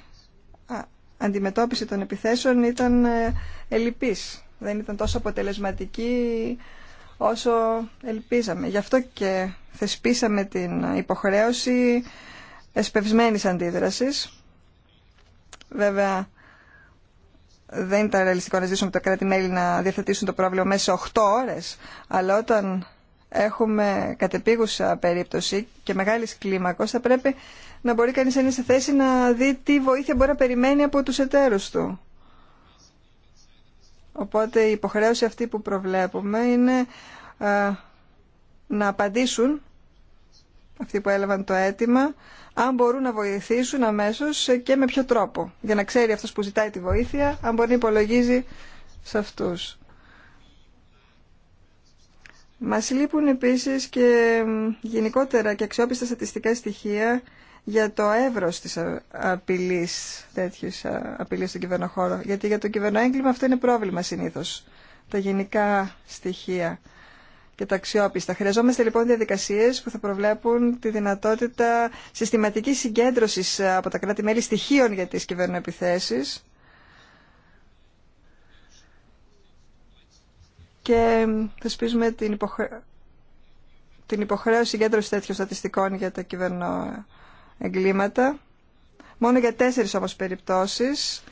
αντιμετώπιση των επιθέσεων ήταν ε, ελλειπής. Δεν ήταν τόσο αποτελεσματική όσο ελπίζαμε. Γι' αυτό και θεσπίσαμε την υποχρέωση εσπευσμένης αντίδρασης. Βέβαια, δεν ήταν ρεαλιστικό να ζήσουμε το τα κράτη-μέλη να διαθετήσουν το πρόβλημα μέσα σε 8 ώρες, αλλά όταν έχουμε κατεπίγουσα περίπτωση και μεγάλης κλίμακος, θα πρέπει να μπορεί κανείς να είναι σε θέση να δει τι βοήθεια μπορεί να περιμένει από τους εταίρους του. Οπότε η υποχρέωση αυτή που προβλέπουμε είναι ε, να απαντήσουν αυτοί που έλαβαν το αίτημα, αν μπορούν να βοηθήσουν αμέσως και με ποιο τρόπο. Για να ξέρει αυτός που ζητάει τη βοήθεια, αν μπορεί να υπολογίζει σε αυτούς. Μας λείπουν επίσης και γενικότερα και αξιόπιστα στατιστικά στοιχεία για το εύρος της απειλής, τέτοιου απειλής στον κυβερνοχώρο. Γιατί για το κυβερνοέγκλημα αυτό είναι πρόβλημα συνήθως. Τα γενικά στοιχεία και τα αξιόπιστα. Χρειαζόμαστε λοιπόν διαδικασίες που θα προβλέπουν τη δυνατότητα συστηματικής συγκέντρωσης από τα κράτη-μέλη στοιχείων για τις κυβερνοεπιθέσεις και θεσπίζουμε την, υποχρέ... την υποχρέωση συγκέντρωση τέτοιων στατιστικών για τα κυβερνό εγκλήματα. Μόνο για τέσσερις όμως περιπτώσεις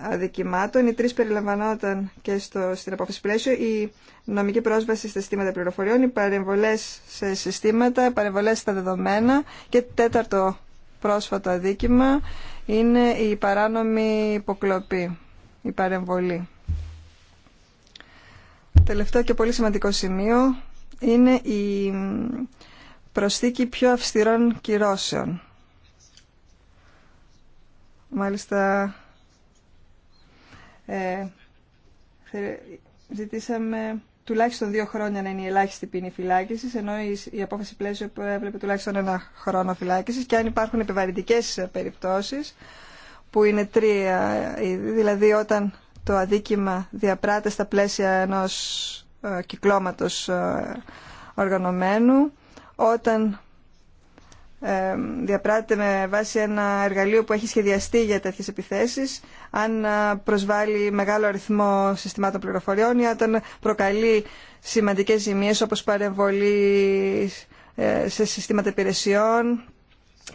αδικημάτων. Οι τρει περιλαμβανόταν και στο, στην απόφαση πλαίσιο. Η νομική πρόσβαση στα συστήματα πληροφοριών, οι παρεμβολέ σε συστήματα, οι παρεμβολέ στα δεδομένα και τέταρτο πρόσφατο αδίκημα είναι η παράνομη υποκλοπή, η παρεμβολή. Τελευταίο και πολύ σημαντικό σημείο είναι η προσθήκη πιο αυστηρών κυρώσεων. Μάλιστα, ε, ζητήσαμε τουλάχιστον δύο χρόνια να είναι η ελάχιστη ποινή φυλάκιση, ενώ η, απόφαση πλαίσιο έβλεπε τουλάχιστον ένα χρόνο φυλάκιση. Και αν υπάρχουν επιβαρυντικές περιπτώσεις, που είναι τρία, ε, δηλαδή όταν το αδίκημα διαπράττει στα πλαίσια ενός ε, κυκλώματος ε, οργανωμένου, όταν διαπράττεται με βάση ένα εργαλείο που έχει σχεδιαστεί για τέτοιες επιθέσεις, αν προσβάλλει μεγάλο αριθμό συστημάτων πληροφοριών ή όταν προκαλεί σημαντικές ζημίες όπως παρεμβολή ε, σε συστήματα υπηρεσιών,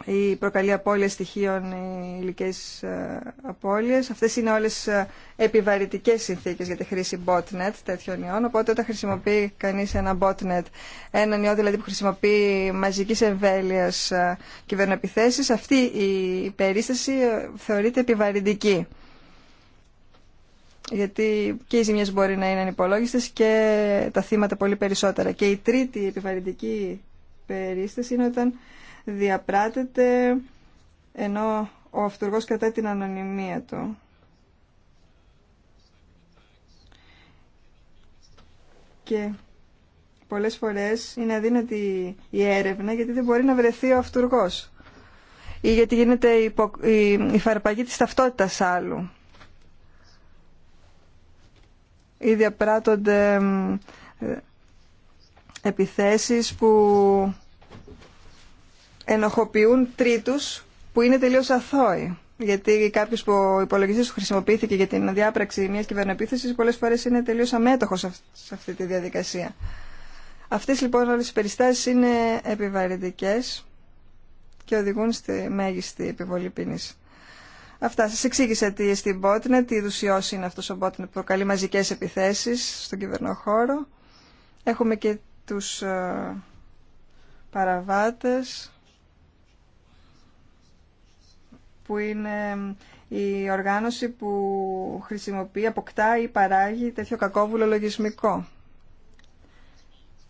η προκαλεί απώλεια στοιχείων, ή υλικές ε, απώλειες. Αυτές είναι όλες ε, επιβαρυτικές συνθήκες για τη χρήση botnet τέτοιων ιών, οπότε όταν χρησιμοποιεί κανείς ένα botnet, έναν ιό δηλαδή που χρησιμοποιεί μαζικής εμβέλειας ε, κυβερνοεπιθέσεις, αυτή η περίσταση θεωρείται επιβαρυντική. Γιατί και οι ζημιές μπορεί να είναι ανυπολόγιστες και τα θύματα πολύ περισσότερα. Και η τρίτη επιβαρυντική περίσταση είναι όταν διαπράτεται ενώ ο αυτούργος κατά την ανωνυμία του. Και πολλές φορές είναι αδύνατη η έρευνα γιατί δεν μπορεί να βρεθεί ο αυτούργος ή γιατί γίνεται η φαρπαγή της ταυτότητας άλλου ή διαπράττονται ε, επιθέσεις που ενοχοποιούν τρίτου που είναι τελείω αθώοι. Γιατί κάποιο που ο υπολογιστή του χρησιμοποιήθηκε για την διάπραξη μια κυβερνοεπίθεση πολλέ φορέ είναι τελείω αμέτωχο σε αυτή τη διαδικασία. Αυτέ λοιπόν όλε οι περιστάσει είναι επιβαρυντικές και οδηγούν στη μέγιστη επιβολή ποινής. Αυτά. Σα εξήγησα τι είναι στην Πότνε, τι δουσιός είναι αυτό ο Πότνε που προκαλεί μαζικέ επιθέσει στον κυβερνοχώρο. Έχουμε και του ε, παραβάτε που είναι η οργάνωση που χρησιμοποιεί, αποκτά ή παράγει τέτοιο κακόβουλο λογισμικό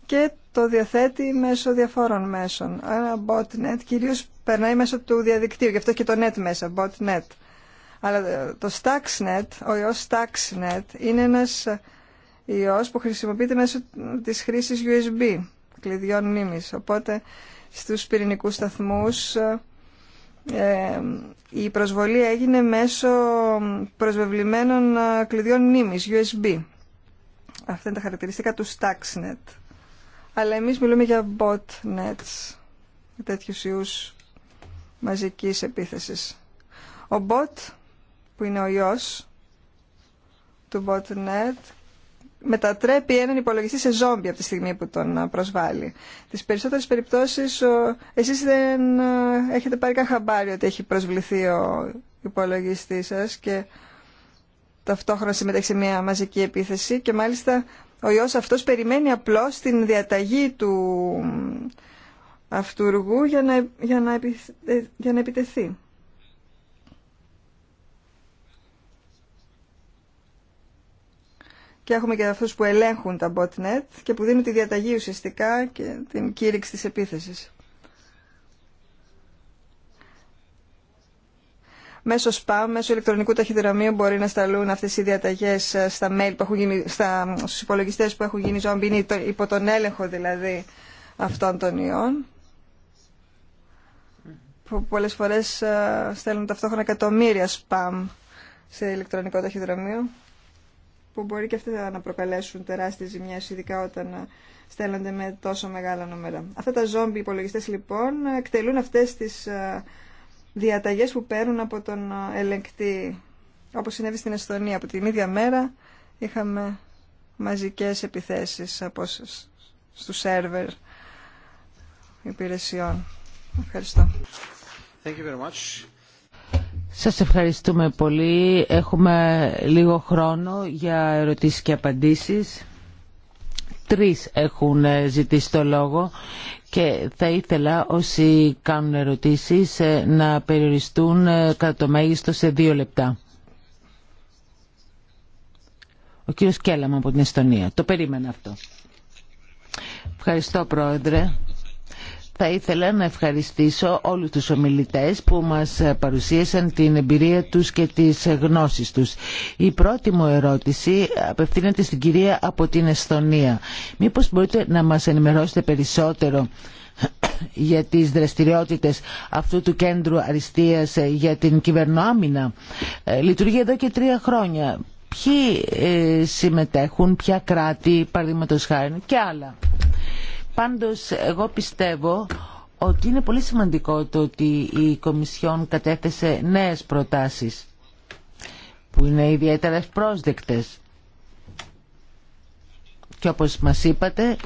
και το διαθέτει μέσω διαφόρων μέσων. Ένα botnet κυρίως περνάει μέσω του διαδικτύου, γι' αυτό και το net μέσα, botnet. Αλλά ε, το stuxnet, ο ιός stuxnet, είναι ένας ε, ιός που χρησιμοποιείται μέσω της χρήσης USB, κλειδιών μνήμης. Οπότε στους πυρηνικούς σταθμούς ε, ε, η προσβολή έγινε μέσω προσβεβλημένων ε, κλειδιών μνήμης, USB. Αυτά είναι τα χαρακτηριστικά του Stuxnet. Αλλά εμείς μιλούμε για botnets, τέτοιους ιούς μαζικής επίθεσης. Ο bot, που είναι ο ιός του botnet μετατρέπει έναν υπολογιστή σε ζόμπι από τη στιγμή που τον ε, προσβάλλει. Τις περισσότερες περιπτώσεις εσείς δεν ε, έχετε πάρει καν χαμπάρι ότι έχει προσβληθεί ο υπολογιστή σας και ταυτόχρονα συμμετέχει σε μια μαζική επίθεση και μάλιστα ο ιός αυτός περιμένει απλώς την διαταγή του αυτούργου για να, για να, ε, για να επιτεθεί. και έχουμε και αυτούς που ελέγχουν τα botnet και που δίνουν τη διαταγή ουσιαστικά και την κήρυξη της επίθεσης. Μέσω spam, μέσω ηλεκτρονικού ταχυδρομείου, μπορεί να σταλούν αυτές οι διαταγές ε, στα mail που έχουν γίνει, στα, στους υπολογιστές που έχουν γίνει ζόμπι, υπό τον έλεγχο δηλαδή αυτών των ιών που πολλές φορές ε, στέλνουν ταυτόχρονα εκατομμύρια spam σε ηλεκτρονικό ταχυδρομείο που μπορεί και αυτά να προκαλέσουν τεράστιες ζημιές, ειδικά όταν ε, στέλνονται με τόσο μεγάλα νούμερα. Αυτά τα ζόμπι υπολογιστέ λοιπόν εκτελούν αυτές τις ε, διαταγές που παίρνουν από τον ε, ελεγκτή. Όπως συνέβη στην Εσθονία. από την ίδια μέρα είχαμε μαζικές επιθέσεις από στους σερβερ υπηρεσιών. Ευχαριστώ. Thank you very much. Σας ευχαριστούμε πολύ. Έχουμε λίγο χρόνο για ερωτήσεις και απαντήσεις. Τρεις έχουν ε, ζητήσει το λόγο και θα ήθελα όσοι κάνουν ερωτήσεις ε, να περιοριστούν ε, κατά το μέγιστο σε δύο λεπτά. Ο κύριος Κέλαμα από την Εστονία. Το περίμενα αυτό. Ευχαριστώ πρόεδρε. Θα ήθελα να ευχαριστήσω όλους τους ομιλητές που μας παρουσίασαν την εμπειρία τους και τις γνώσεις τους. Η πρώτη μου ερώτηση απευθύνεται στην κυρία από την Εσθονία. Μήπως μπορείτε να μας ενημερώσετε περισσότερο για τις δραστηριότητες αυτού του κέντρου αριστείας για την κυβερνοάμυνα. Ε, λειτουργεί εδώ και τρία χρόνια. Ποιοι ε, συμμετέχουν, ποια κράτη, παραδείγματος χάρη και άλλα. Πάντως εγώ πιστεύω ότι είναι πολύ σημαντικό το ότι η Κομισιόν κατέθεσε νέες προτάσεις που είναι ιδιαίτερα ευπρόσδεκτες. Και όπως μας είπατε,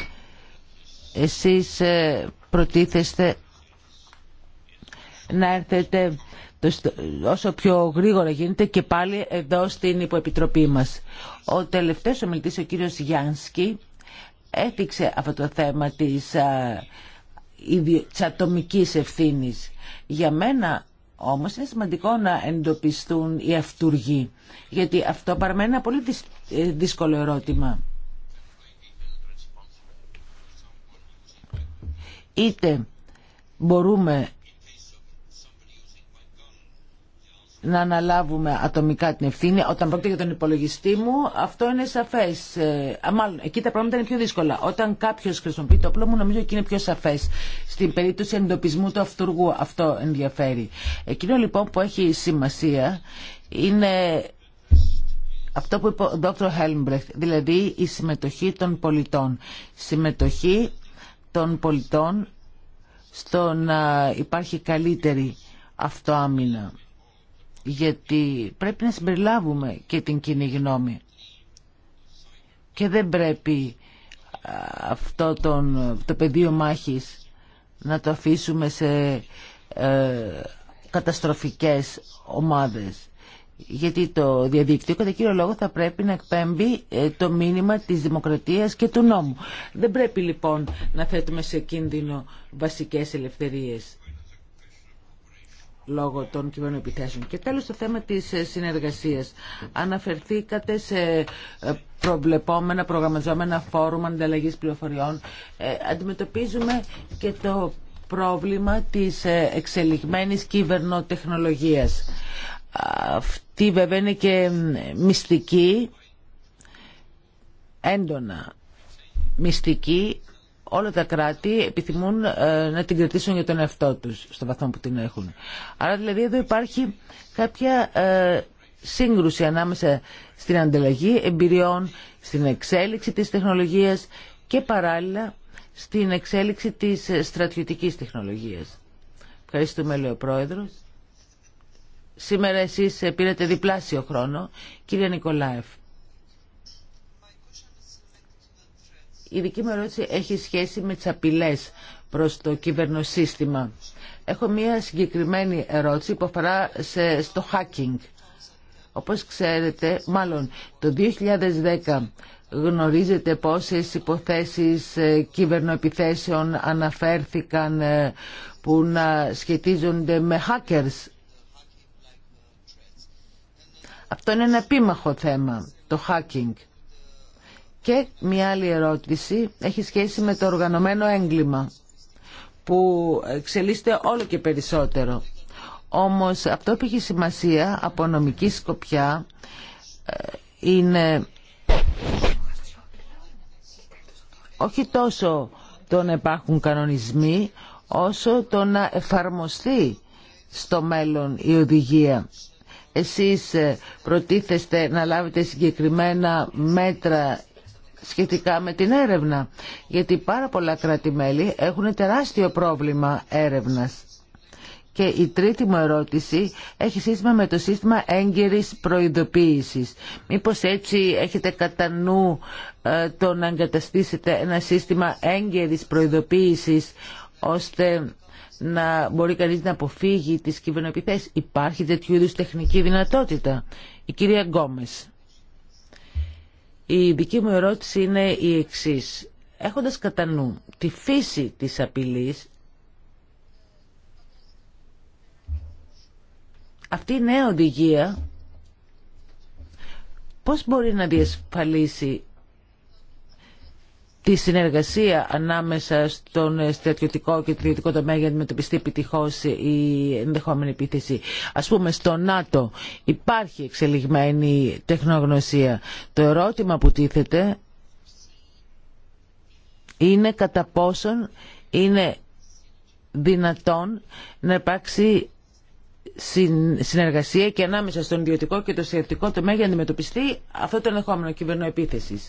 εσείς ε, προτίθεστε να έρθετε όσο πιο γρήγορα γίνεται και πάλι εδώ στην υποεπιτροπή μας. Ο τελευταίος ομιλητής, ο κύριος Γιάνσκι, έδειξε αυτό το θέμα της, της ατομικής ευθύνης. Για μένα όμως είναι σημαντικό να εντοπιστούν οι αυτούργοι, γιατί αυτό παραμένει ένα πολύ ε, δύσκολο ερώτημα. Είτε μπορούμε να αναλάβουμε ατομικά την ευθύνη. Όταν πρόκειται για τον υπολογιστή μου, αυτό είναι σαφέ. Ε, μάλλον, εκεί τα πράγματα είναι πιο δύσκολα. Όταν κάποιο χρησιμοποιεί το όπλο μου, νομίζω εκεί είναι πιο σαφέ. Στην περίπτωση εντοπισμού του αυτούργου, αυτό ενδιαφέρει. Εκείνο λοιπόν που έχει σημασία είναι αυτό που είπε ο Δ. Χέλμπρεχτ, δηλαδή η συμμετοχή των πολιτών. Συμμετοχή των πολιτών στο να υπάρχει καλύτερη αυτοάμυνα γιατί πρέπει να συμπεριλάβουμε και την κοινή γνώμη και δεν πρέπει αυτό τον, το πεδίο μάχης να το αφήσουμε σε ε, καταστροφικές ομάδες γιατί το διαδίκτυο κατά κύριο λόγο θα πρέπει να εκπέμπει ε, το μήνυμα της δημοκρατίας και του νόμου. Δεν πρέπει λοιπόν να θέτουμε σε κίνδυνο βασικές ελευθερίες λόγω των κυβέρνων επιθέσεων. Και τέλος το θέμα της ε, συνεργασίας. Αναφερθήκατε σε ε, προβλεπόμενα, προγραμμαζόμενα φόρουμ ανταλλαγής πληροφοριών. Ε, αντιμετωπίζουμε και το πρόβλημα της εξελιγμένης κυβερνοτεχνολογίας. Αυτή βέβαια είναι και μυστική, έντονα μυστική όλα τα κράτη επιθυμούν ε, να την κρατήσουν για τον εαυτό τους στο βαθμό που την έχουν. Άρα δηλαδή εδώ υπάρχει κάποια ε, σύγκρουση ανάμεσα στην ανταλλαγή εμπειριών, στην εξέλιξη της τεχνολογίας και παράλληλα στην εξέλιξη της στρατιωτικής τεχνολογίας. Ευχαριστούμε, λέει ο Πρόεδρος. Σήμερα εσείς πήρατε διπλάσιο χρόνο. Κύριε Νικολάεφ. Η δική μου ερώτηση έχει σχέση με τις απειλές προς το κυβερνοσύστημα. Έχω μία συγκεκριμένη ερώτηση που αφορά σε, στο hacking. Όπως ξέρετε, μάλλον το 2010 γνωρίζετε πόσες υποθέσεις ε, κυβερνοεπιθέσεων αναφέρθηκαν ε, που να σχετίζονται με hackers. Αυτό είναι ένα επίμαχο θέμα, το hacking. Και μια άλλη ερώτηση έχει σχέση με το οργανωμένο έγκλημα που εξελίσσεται όλο και περισσότερο. Όμως αυτό που έχει σημασία από νομική σκοπιά ε, είναι όχι τόσο το να υπάρχουν κανονισμοί όσο το να εφαρμοστεί στο μέλλον η οδηγία. Εσείς ε, προτίθεστε να λάβετε συγκεκριμένα μέτρα σχετικά με την έρευνα. Γιατί πάρα πολλά κράτη-μέλη έχουν τεράστιο πρόβλημα έρευνας. Και η τρίτη μου ερώτηση έχει σύστημα με το σύστημα έγκαιρης προειδοποίησης. Μήπως έτσι έχετε κατά νου ε, το να εγκαταστήσετε ένα σύστημα έγκαιρης προειδοποίησης ώστε να μπορεί κανείς να αποφύγει τις κυβερνοεπιθέσεις. Υπάρχει τέτοιου είδους τεχνική δυνατότητα. Η κυρία Γκόμες. Η δική μου ερώτηση είναι η εξής. Έχοντας κατά νου τη φύση της απειλής, αυτή η νέα οδηγία πώς μπορεί να διασφαλίσει τη συνεργασία ανάμεσα στον στρατιωτικό και το ιδιωτικό τομέα για να αντιμετωπιστεί επιτυχώ η ενδεχόμενη επίθεση. Α πούμε, στο ΝΑΤΟ υπάρχει εξελιγμένη τεχνογνωσία. Το ερώτημα που τίθεται είναι κατά πόσον είναι δυνατόν να υπάρξει συνεργασία και ανάμεσα στον ιδιωτικό και το στρατιωτικό τομέα για να αντιμετωπιστεί αυτό το ενδεχόμενο κυβερνοεπίθεση.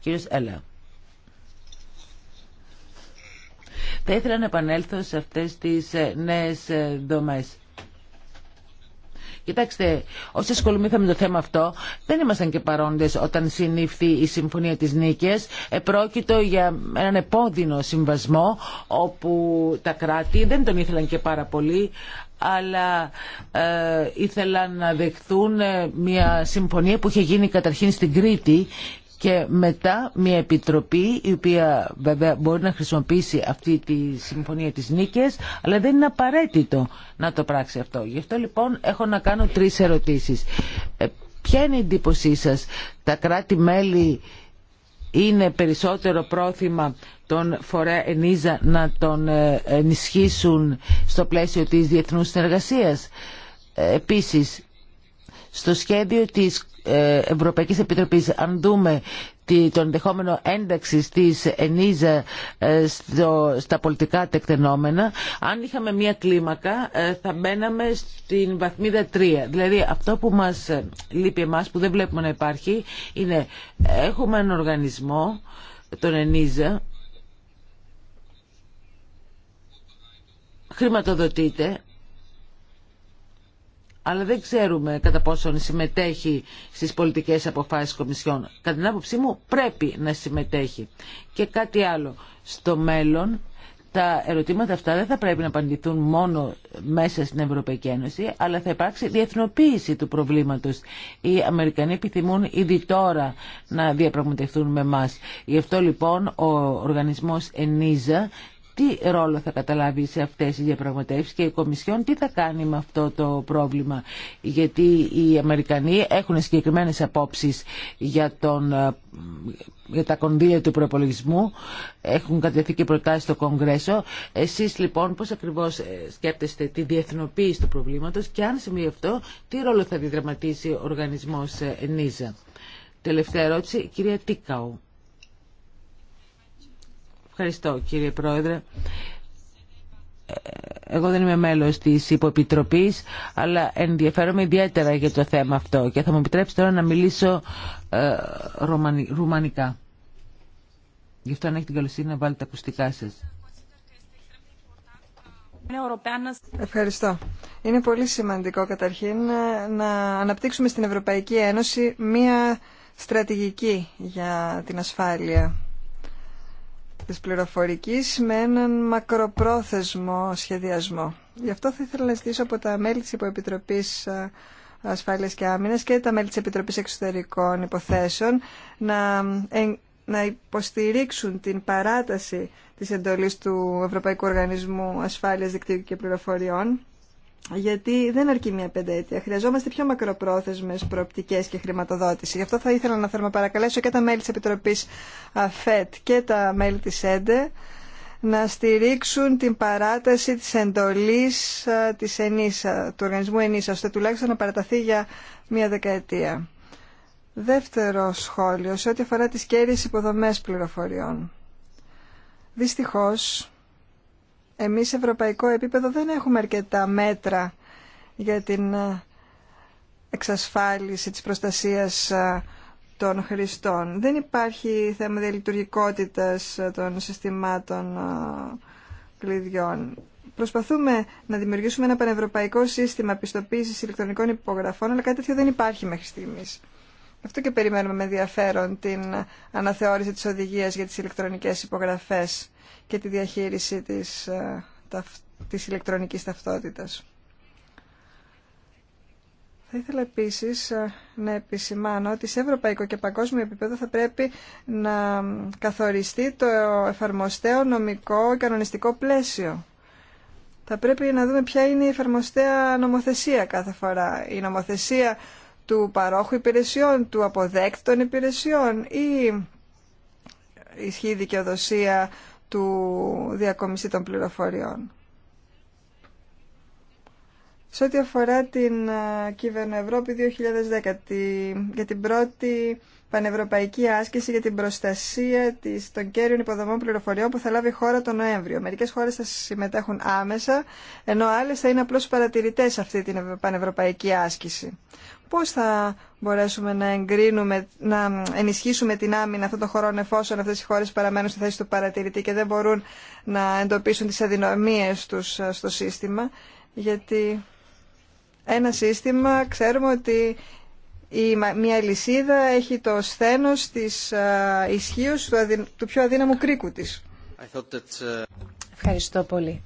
Κύριος Έλα. Θα ήθελα να επανέλθω σε αυτές τις ε, νέες ε, δομές. Κοιτάξτε, όσοι ασχολούμεθαμε με το θέμα αυτό, δεν ήμασταν και παρόντε όταν συνήφθη η Συμφωνία τη Νίκη. Επρόκειτο για έναν επώδυνο συμβασμό, όπου τα κράτη δεν τον ήθελαν και πάρα πολύ, αλλά ε, ήθελαν να δεχθούν μια συμφωνία που είχε γίνει καταρχήν στην Κρήτη και μετά μια επιτροπή η οποία βέβαια μπορεί να χρησιμοποιήσει αυτή τη συμφωνία της νίκης αλλά δεν είναι απαραίτητο να το πράξει αυτό. Γι' αυτό λοιπόν έχω να κάνω τρεις ερωτήσεις. Ε, ποια είναι η εντύπωσή σας, τα κράτη-μέλη είναι περισσότερο πρόθυμα τον φορέα ενίζα να τον ε, ενισχύσουν στο πλαίσιο της διεθνούς συνεργασίας. Ε, επίσης, στο σχέδιο της ε, Ευρωπαϊκής Επιτροπής, αν δούμε τον ενδεχόμενο ένταξη της ΕΝΙΖΑ ε, στα πολιτικά τεκτενόμενα, αν είχαμε μία κλίμακα ε, θα μπαίναμε στην βαθμίδα 3. Δηλαδή αυτό που μας λείπει εμάς, που δεν βλέπουμε να υπάρχει, είναι έχουμε έναν οργανισμό, τον ΕΝΙΖΑ, χρηματοδοτείται, αλλά δεν ξέρουμε κατά πόσον συμμετέχει στις πολιτικές αποφάσεις Κομισιόν. Κατά την άποψή μου πρέπει να συμμετέχει. Και κάτι άλλο, στο μέλλον τα ερωτήματα αυτά δεν θα πρέπει να απαντηθούν μόνο μέσα στην Ευρωπαϊκή Ένωση, αλλά θα υπάρξει διεθνοποίηση του προβλήματος. Οι Αμερικανοί επιθυμούν ήδη τώρα να διαπραγματευτούν με εμά. Γι' αυτό λοιπόν ο οργανισμός ΕΝΙΖΑ τι ρόλο θα καταλάβει σε αυτές οι διαπραγματεύσεις και η Κομισιόν τι θα κάνει με αυτό το πρόβλημα. Γιατί οι Αμερικανοί έχουν συγκεκριμένες απόψεις για, τον, ε, για τα κονδύλια του προπολογισμού, έχουν κατευθεί και προτάσεις στο Κογκρέσο. Εσείς λοιπόν πώς ακριβώς ε, σκέπτεστε τη διεθνοποίηση του προβλήματος και αν σημαίνει αυτό τι ρόλο θα διδραματίσει ο οργανισμός ε, ΝΙΖΑ. Τελευταία ερώτηση, κυρία Τίκαου. Ευχαριστώ κύριε Πρόεδρε. Ε, εγώ δεν είμαι μέλος της Υποπιτροπής, αλλά ενδιαφέρομαι ιδιαίτερα για το θέμα αυτό και θα μου επιτρέψει τώρα να μιλήσω ε, ρουμανικά. Γι' αυτό αν έχετε την καλοσύνη να βάλετε τα ακουστικά σας. Ευχαριστώ. Είναι πολύ σημαντικό καταρχήν να αναπτύξουμε στην Ευρωπαϊκή Ένωση μία στρατηγική για την ασφάλεια της πληροφορικής με έναν μακροπρόθεσμο σχεδιασμό. Γι' αυτό θα ήθελα να ζητήσω από τα μέλη της Υποεπιτροπής ε, Ασφάλειας και Άμυνας και τα μέλη της Επιτροπής Εξωτερικών Υποθέσεων να, ε, να υποστηρίξουν την παράταση της εντολής του Ευρωπαϊκού Οργανισμού Ασφάλειας Δικτύου και Πληροφοριών γιατί δεν αρκεί μια πενταετία. Χρειαζόμαστε πιο μακροπρόθεσμες προοπτικές και χρηματοδότηση. Γι' αυτό θα ήθελα να παρακαλέσω και τα μέλη τη Επιτροπής ΑΦΕΤ και τα μέλη της ΕΝΤΕ να στηρίξουν την παράταση της εντολής της ΕΝΙΣΑ, του οργανισμού ΕΝΙΣΑ, ώστε τουλάχιστον να παραταθεί για μια δεκαετία. Δεύτερο σχόλιο, σε ό,τι αφορά τις κέρδες υποδομές πληροφοριών. Δυστυχώς, εμείς σε ευρωπαϊκό επίπεδο δεν έχουμε αρκετά μέτρα για την ε, εξασφάλιση της προστασίας ε, των χρηστών. Δεν υπάρχει θέμα διαλειτουργικότητας ε, των συστημάτων κλειδιών. Προσπαθούμε να δημιουργήσουμε ένα πανευρωπαϊκό σύστημα πιστοποίησης ηλεκτρονικών υπογραφών, αλλά κάτι τέτοιο δεν υπάρχει μέχρι στιγμής. Αυτό και περιμένουμε με ενδιαφέρον την αναθεώρηση τη οδηγία για τι ηλεκτρονικέ υπογραφέ και τη διαχείριση της, ε, της ηλεκτρονικής ταυτότητας. Θα ήθελα επίσης ε, να επισημάνω ότι σε ευρωπαϊκό και παγκόσμιο επίπεδο θα πρέπει να καθοριστεί το εφαρμοστέο νομικό και κανονιστικό πλαίσιο. Θα πρέπει να δούμε ποια είναι η εφαρμοστέα νομοθεσία κάθε φορά. Η νομοθεσία του παρόχου υπηρεσιών, του αποδέκτων υπηρεσιών ή ισχύει δικαιοδοσία του διακομιστή των πληροφοριών. Σε ό,τι αφορά την ε, Κυβερνοευρώπη 2010, για την πρώτη πανευρωπαϊκή άσκηση για την προστασία της, των κέριων υποδομών πληροφοριών που θα λάβει η χώρα τον Νοέμβριο. Μερικέ χώρε θα συμμετέχουν άμεσα, ενώ άλλε θα είναι απλώς παρατηρητές αυτή την πανευρωπαϊκή άσκηση. Πώ θα μπορέσουμε να εγκρίνουμε, να ενισχύσουμε την άμυνα αυτών των χωρών εφόσον αυτέ οι χώρε παραμένουν στη θέση του παρατηρητή και δεν μπορούν να εντοπίσουν τι αδυναμίε του ε, στο σύστημα, γιατί ένα σύστημα ξέρουμε ότι μια λυσίδα έχει το σθένος της ισχύω του, του, πιο αδύναμου κρίκου της. Uh, Ευχαριστώ πολύ.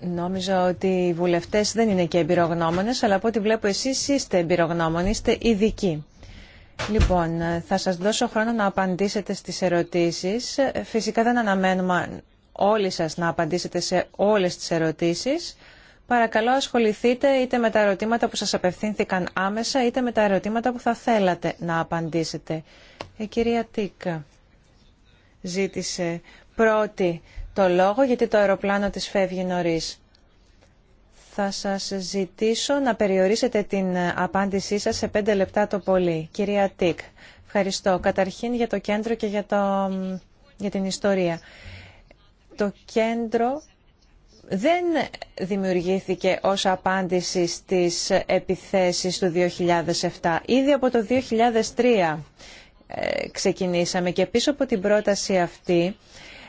Νόμιζα ότι οι βουλευτές δεν είναι και εμπειρογνώμονες, αλλά από ό,τι βλέπω εσείς είστε εμπειρογνώμονες, είστε ειδικοί. Λοιπόν, θα σας δώσω χρόνο να απαντήσετε στις ερωτήσεις. Φυσικά δεν αναμένουμε όλοι σας να απαντήσετε σε όλες τις ερωτήσεις. Παρακαλώ ασχοληθείτε είτε με τα ερωτήματα που σας απευθύνθηκαν άμεσα είτε με τα ερωτήματα που θα θέλατε να απαντήσετε. Η κυρία Τίκα ζήτησε πρώτη το λόγο γιατί το αεροπλάνο της φεύγει νωρίς. Θα σας ζητήσω να περιορίσετε την απάντησή σας σε πέντε λεπτά το πολύ. Κυρία Τίκ, ευχαριστώ. Καταρχήν για το κέντρο και για, για την ιστορία. Το κέντρο δεν δημιουργήθηκε ως απάντηση στις επιθέσεις του 2007. Ήδη από το 2003 ε, ξεκινήσαμε και πίσω από την πρόταση αυτή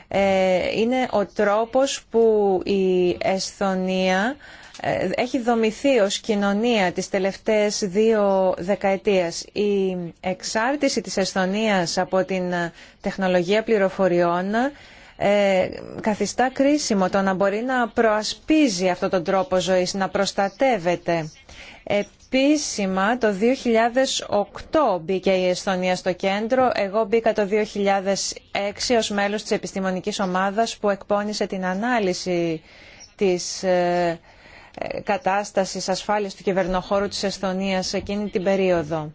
ε, είναι ο τρόπος που η Εσθονία ε, έχει δομηθεί ως κοινωνία τις τελευταίες δύο δεκαετίες. Η εξάρτηση της Εσθονίας από την τεχνολογία πληροφοριών ε, καθιστά κρίσιμο το να μπορεί να προασπίζει αυτό τον τρόπο ζωής, να προστατεύεται. Επίσημα το 2008 μπήκε η Εσθονία στο κέντρο. Εγώ μπήκα το 2006 ως μέλος της επιστημονικής ομάδας που εκπώνησε την ανάλυση της ε, ε κατάστασης ασφάλειας του κυβερνοχώρου της Εσθονίας εκείνη την περίοδο.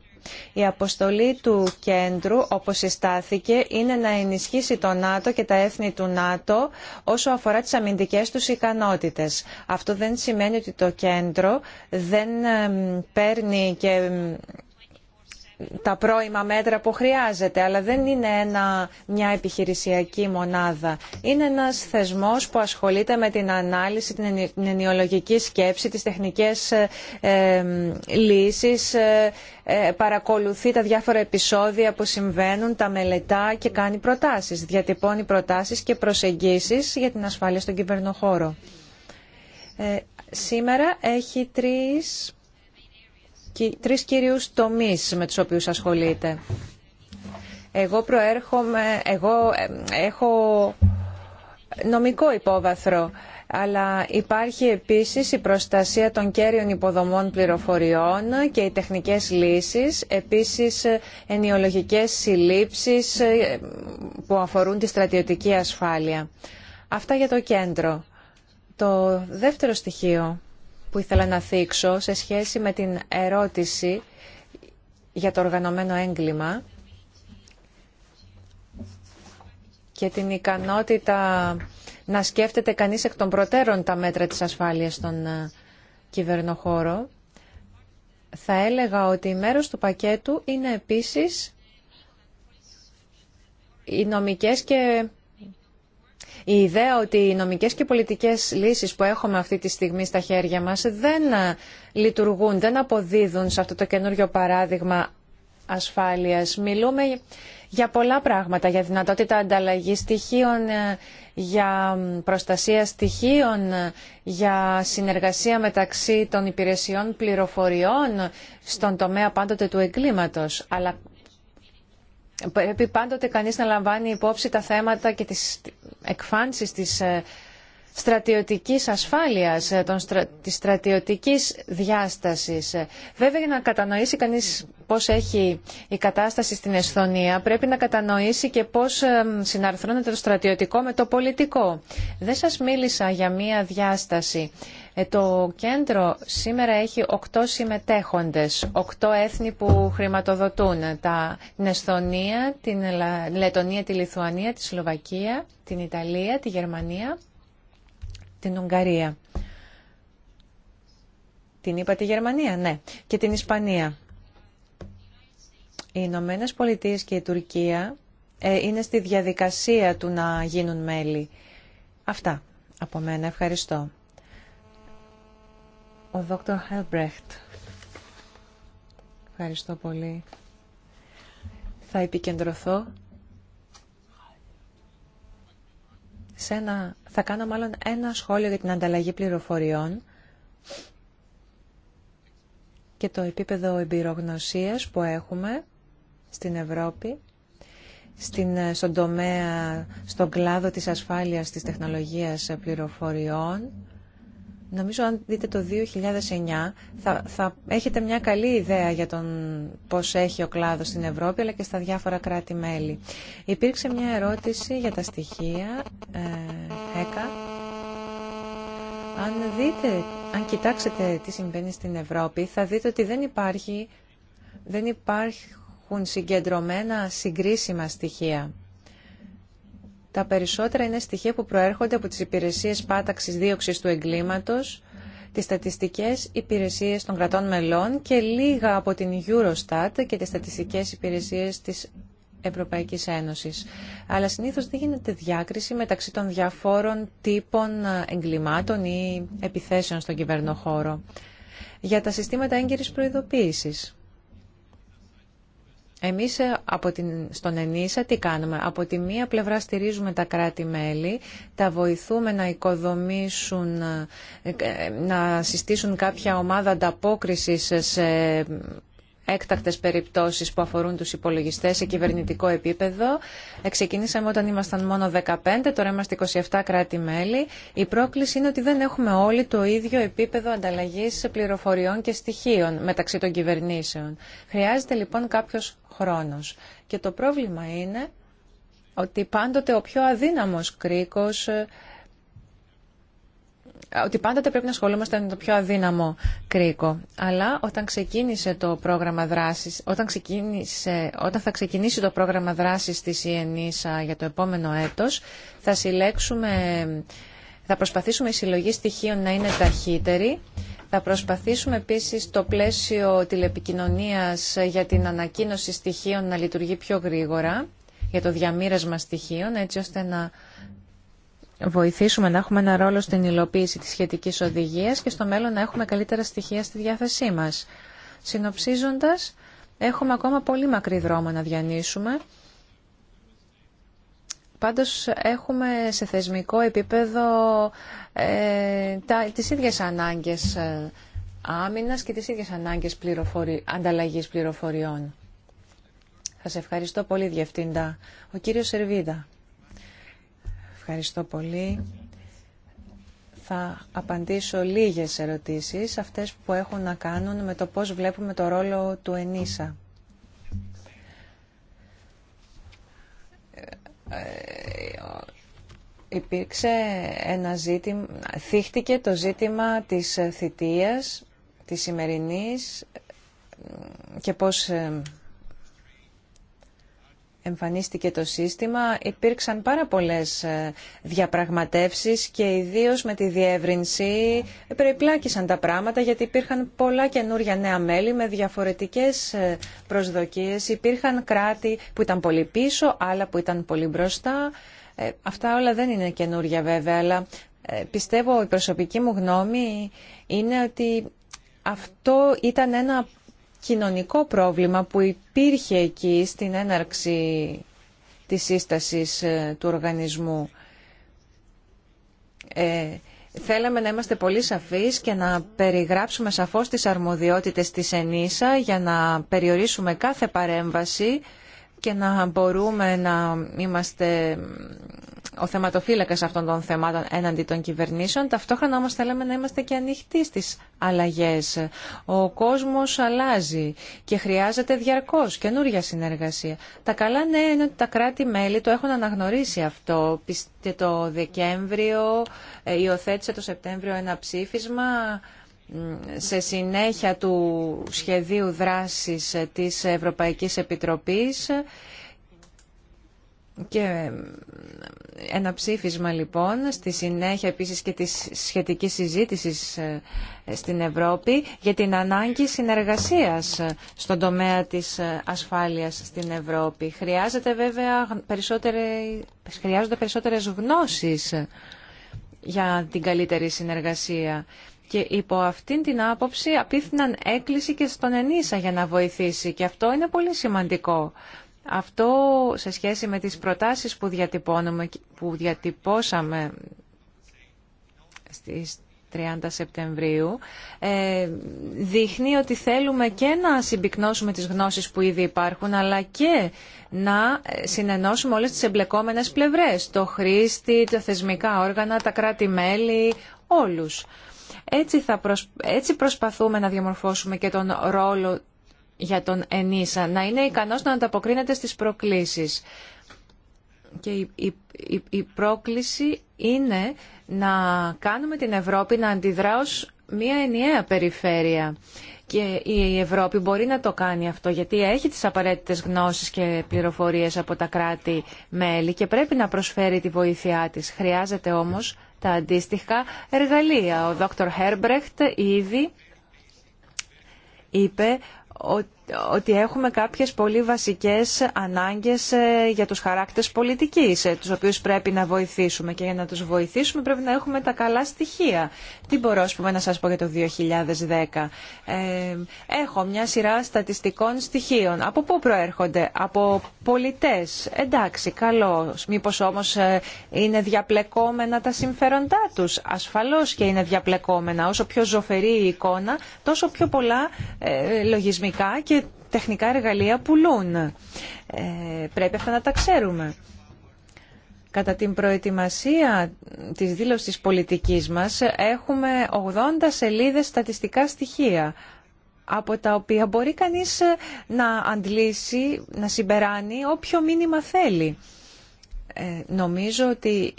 Η αποστολή του κέντρου, όπως συστάθηκε, είναι να ενισχύσει το ΝΑΤΟ και τα έθνη του ΝΑΤΟ όσο αφορά τις αμυντικές τους ικανότητες. Αυτό δεν σημαίνει ότι το κέντρο δεν παίρνει και τα πρώιμα μέτρα που χρειάζεται, αλλά δεν είναι μια επιχειρησιακή μονάδα. Είναι ένας θεσμός που ασχολείται με την ανάλυση, την ενιολογική σκέψη, τις τεχνικές ε, λύσεις, ε, ε, παρακολουθεί τα διάφορα επεισόδια που συμβαίνουν, τα μελετά και κάνει προτάσεις, διατυπώνει προτάσεις και προσεγγίσεις για την ασφάλεια στον κυβερνοχώρο. Ε, σήμερα έχει τρεις τρεις κυρίους τομείς με τους οποίους ασχολείται. Εγώ προέρχομαι, εγώ ε, έχω νομικό υπόβαθρο, αλλά υπάρχει επίσης η προστασία των κέριων υποδομών πληροφοριών και οι τεχνικές λύσεις, επίσης ενιολογικές συλλήψεις ε, που αφορούν τη στρατιωτική ασφάλεια. Αυτά για το κέντρο. Το δεύτερο στοιχείο που ήθελα να θίξω σε σχέση με την ερώτηση για το οργανωμένο έγκλημα και την ικανότητα να σκέφτεται κανείς εκ των προτέρων τα μέτρα της ασφάλειας στον ε, κυβερνοχώρο. Θα έλεγα ότι η μέρος του πακέτου είναι επίσης οι νομικές και η ιδέα ότι οι νομικές και πολιτικές λύσεις που έχουμε αυτή τη στιγμή στα χέρια μας δεν ε, λειτουργούν, δεν αποδίδουν σε αυτό το καινούριο παράδειγμα ασφάλειας. Μιλούμε για πολλά πράγματα, για δυνατότητα ανταλλαγής στοιχείων, ε, για προστασία στοιχείων, ε, για συνεργασία μεταξύ των υπηρεσιών πληροφοριών στον τομέα πάντοτε του εγκλήματος. Πρέπει πάντοτε κανείς να λαμβάνει υπόψη τα θέματα και τις εκφάνσεις της ε, στρατιωτικής ασφάλειας, ε, των της στρατιωτικής διάστασης. Ε, βέβαια για να κατανοήσει κανείς πώς έχει η κατάσταση στην Εσθονία πρέπει να κατανοήσει και πώς συναρθρώνεται το στρατιωτικό με το πολιτικό. Δεν σας μίλησα για μία διάσταση ε, το κέντρο σήμερα έχει οκτώ συμμετέχοντες, οκτώ έθνη που χρηματοδοτούν. Τα, την Εσθονία, την Λετωνία, τη Λιθουανία, τη Σλοβακία, την Ιταλία, τη Γερμανία, την Ουγγαρία. Την είπα τη Γερμανία, ναι. Και την Ισπανία. Οι Ηνωμένε Πολιτείε και η Τουρκία ε, είναι στη διαδικασία του να γίνουν μέλη. Αυτά από μένα. Ευχαριστώ. Ο Δόκτωρ Χέλμπρεχτ. Ευχαριστώ πολύ. Θα επικεντρωθώ σε ένα, θα κάνω μάλλον ένα σχόλιο για την ανταλλαγή πληροφοριών και το επίπεδο εμπειρογνωσίας που έχουμε στην Ευρώπη, στην, στον τομέα, στον κλάδο της ασφάλειας της τεχνολογίας πληροφοριών Νομίζω αν δείτε το 2009 θα, θα έχετε μια καλή ιδέα για τον πώς έχει ο κλάδος στην Ευρώπη αλλά και στα διάφορα κράτη-μέλη. Υπήρξε μια ερώτηση για τα στοιχεία ε, Αν δείτε, αν κοιτάξετε τι συμβαίνει στην Ευρώπη θα δείτε ότι δεν υπάρχει, δεν υπάρχουν συγκεντρωμένα συγκρίσιμα στοιχεία. Τα περισσότερα είναι στοιχεία που προέρχονται από τις υπηρεσίες πάταξης δίωξης του εγκλήματος, τις στατιστικές υπηρεσίες των κρατών μελών και λίγα από την Eurostat και τις στατιστικές υπηρεσίες της Ευρωπαϊκής Ένωσης. Αλλά συνήθως δεν γίνεται διάκριση μεταξύ των διαφόρων τύπων εγκλημάτων ή επιθέσεων στον κυβερνοχώρο. Για τα συστήματα έγκυρης προειδοποίησης. Εμείς ε, από την, στον ΕΝΙΣΑ τι κάνουμε. Από τη μία πλευρά στηρίζουμε τα κράτη-μέλη, τα βοηθούμε να οικοδομήσουν, ε, ε, να συστήσουν κάποια ομάδα ανταπόκρισης σε έκτακτες περιπτώσεις που αφορούν τους υπολογιστές σε κυβερνητικό επίπεδο. Ε, ξεκινήσαμε όταν ήμασταν μόνο 15, τώρα είμαστε 27 κράτη-μέλη. Η πρόκληση είναι ότι δεν έχουμε όλοι το ίδιο επίπεδο ανταλλαγής πληροφοριών και στοιχείων μεταξύ των κυβερνήσεων. Χρειάζεται λοιπόν κάποιος χρόνος. Και το πρόβλημα είναι ότι πάντοτε ο πιο αδύναμος κρίκος ε, ότι τα πρέπει να ασχολούμαστε με το πιο αδύναμο κρίκο. Αλλά όταν ξεκίνησε το πρόγραμμα όταν, όταν θα ξεκινήσει το πρόγραμμα δράση τη ΕΝΗΣΑ για το επόμενο έτο, θα θα προσπαθήσουμε η συλλογή στοιχείων να είναι ταχύτερη. Θα προσπαθήσουμε επίσης το πλαίσιο τηλεπικοινωνίας για την ανακοίνωση στοιχείων να λειτουργεί πιο γρήγορα, για το διαμήρασμα στοιχείων, έτσι ώστε να βοηθήσουμε να έχουμε ένα ρόλο στην υλοποίηση της σχετικής οδηγίας και στο μέλλον να έχουμε καλύτερα στοιχεία στη διάθεσή μας. Συνοψίζοντας, έχουμε ακόμα πολύ μακρύ δρόμο να διανύσουμε. Πάντως έχουμε σε θεσμικό επίπεδο ε, τα, τις ίδιες ανάγκες ε, άμυνας και τις ίδιες ανάγκες πληροφορι... ανταλλαγής πληροφοριών. Σας ευχαριστώ πολύ, Διευθύντα. Ο κύριος Σερβίδα. Ευχαριστώ πολύ. Θα απαντήσω λίγες ερωτήσεις, αυτές που έχουν να κάνουν με το πώς βλέπουμε το ρόλο του ΕΝΙΣΑ. Ε, ε, υπήρξε ένα ζήτημα, θύχτηκε το ζήτημα της θητείας, της σημερινής και πώς ε, εμφανίστηκε το σύστημα υπήρξαν πάρα πολλές ε, διαπραγματεύσεις και ιδίως με τη διεύρυνση περιπλάκησαν τα πράγματα γιατί υπήρχαν πολλά καινούρια νέα μέλη με διαφορετικές ε, προσδοκίες. Υπήρχαν κράτη που ήταν πολύ πίσω, άλλα που ήταν πολύ μπροστά. Ε, αυτά όλα δεν είναι καινούρια βέβαια, αλλά πιστεύω η προσωπική μου γνώμη είναι ότι αυτό ήταν ένα κοινωνικό πρόβλημα που υπήρχε εκεί στην έναρξη της σύστασης ε, του οργανισμού. Ε, θέλαμε να είμαστε πολύ σαφείς και να περιγράψουμε σαφώς τις αρμοδιότητες της ΕΝΗΣΑ για να περιορίσουμε κάθε παρέμβαση και να μπορούμε να είμαστε ο θεματοφύλακας αυτών των θεμάτων έναντι των κυβερνήσεων. Ταυτόχρονα όμως θέλαμε να είμαστε και ανοιχτοί στις αλλαγές. Ο κόσμος αλλάζει και χρειάζεται διαρκώς καινούργια συνεργασία. Τα καλά νέα είναι ότι τα κράτη-μέλη το έχουν αναγνωρίσει αυτό. Πιστε το Δεκέμβριο, ε, υιοθέτησε το Σεπτέμβριο ένα ψήφισμα σε συνέχεια του σχεδίου δράσης της Ευρωπαϊκής Επιτροπής και ένα ψήφισμα λοιπόν στη συνέχεια επίσης και της σχετικής συζήτησης ε, στην Ευρώπη για την ανάγκη συνεργασίας ε, στον τομέα της ε, ασφάλειας στην Ευρώπη. Χρειάζεται βέβαια περισσότερες χρειάζονται περισσότερες γνώσεις για την καλύτερη συνεργασία. Και υπό αυτήν την άποψη απίθυναν έκκληση και στον Ενίσα για να βοηθήσει. Και αυτό είναι πολύ σημαντικό. Αυτό σε σχέση με τις προτάσεις που, διατυπώνουμε, που διατυπώσαμε στις 30 Σεπτεμβρίου ε, δείχνει ότι θέλουμε και να συμπυκνώσουμε τις γνώσεις που ήδη υπάρχουν αλλά και να ε, συνενώσουμε όλες τις εμπλεκόμενες πλευρές, το χρήστη, τα θεσμικά όργανα, τα κράτη-μέλη, όλους. Έτσι, θα Έτσι προσπαθούμε να διαμορφώσουμε και τον ρόλο για τον Ενίσα, να είναι ικανός να ανταποκρίνεται στις προκλήσεις. Και η, η, η, πρόκληση είναι να κάνουμε την Ευρώπη να αντιδρά ως μια ενιαία περιφέρεια. Και η Ευρώπη μπορεί να το κάνει αυτό γιατί έχει τις απαραίτητες γνώσεις και πληροφορίες από τα κράτη-μέλη και πρέπει να προσφέρει τη βοήθειά της. Χρειάζεται όμως τα αντίστοιχα εργαλεία. Ο Δόκτωρ Χέρμπρεχτ ήδη είπε ότι ότι έχουμε κάποιες πολύ βασικές ανάγκες ε, για τους χαράκτες πολιτικής, ε, τους οποίους πρέπει να βοηθήσουμε και για να τους βοηθήσουμε πρέπει να έχουμε τα καλά στοιχεία. Τι μπορώ πούμε, να σας πω για το 2010. Ε, έχω μια σειρά στατιστικών στοιχείων. Από πού προέρχονται, από πολιτές. Εντάξει, καλό. Μήπως όμως είναι διαπλεκόμενα τα συμφέροντά τους. Ασφαλώς και είναι διαπλεκόμενα. Όσο πιο ζωφερή η εικόνα, τόσο πιο πολλά λογισμικά και τεχνικά εργαλεία πουλούν. Ε, πρέπει αυτά να τα ξέρουμε. Κατά την προετοιμασία της δήλωσης πολιτικής μας έχουμε 80 σελίδες στατιστικά στοιχεία από τα οποία μπορεί κανείς ε, να αντλήσει, να συμπεράνει όποιο μήνυμα θέλει. Ε, νομίζω ότι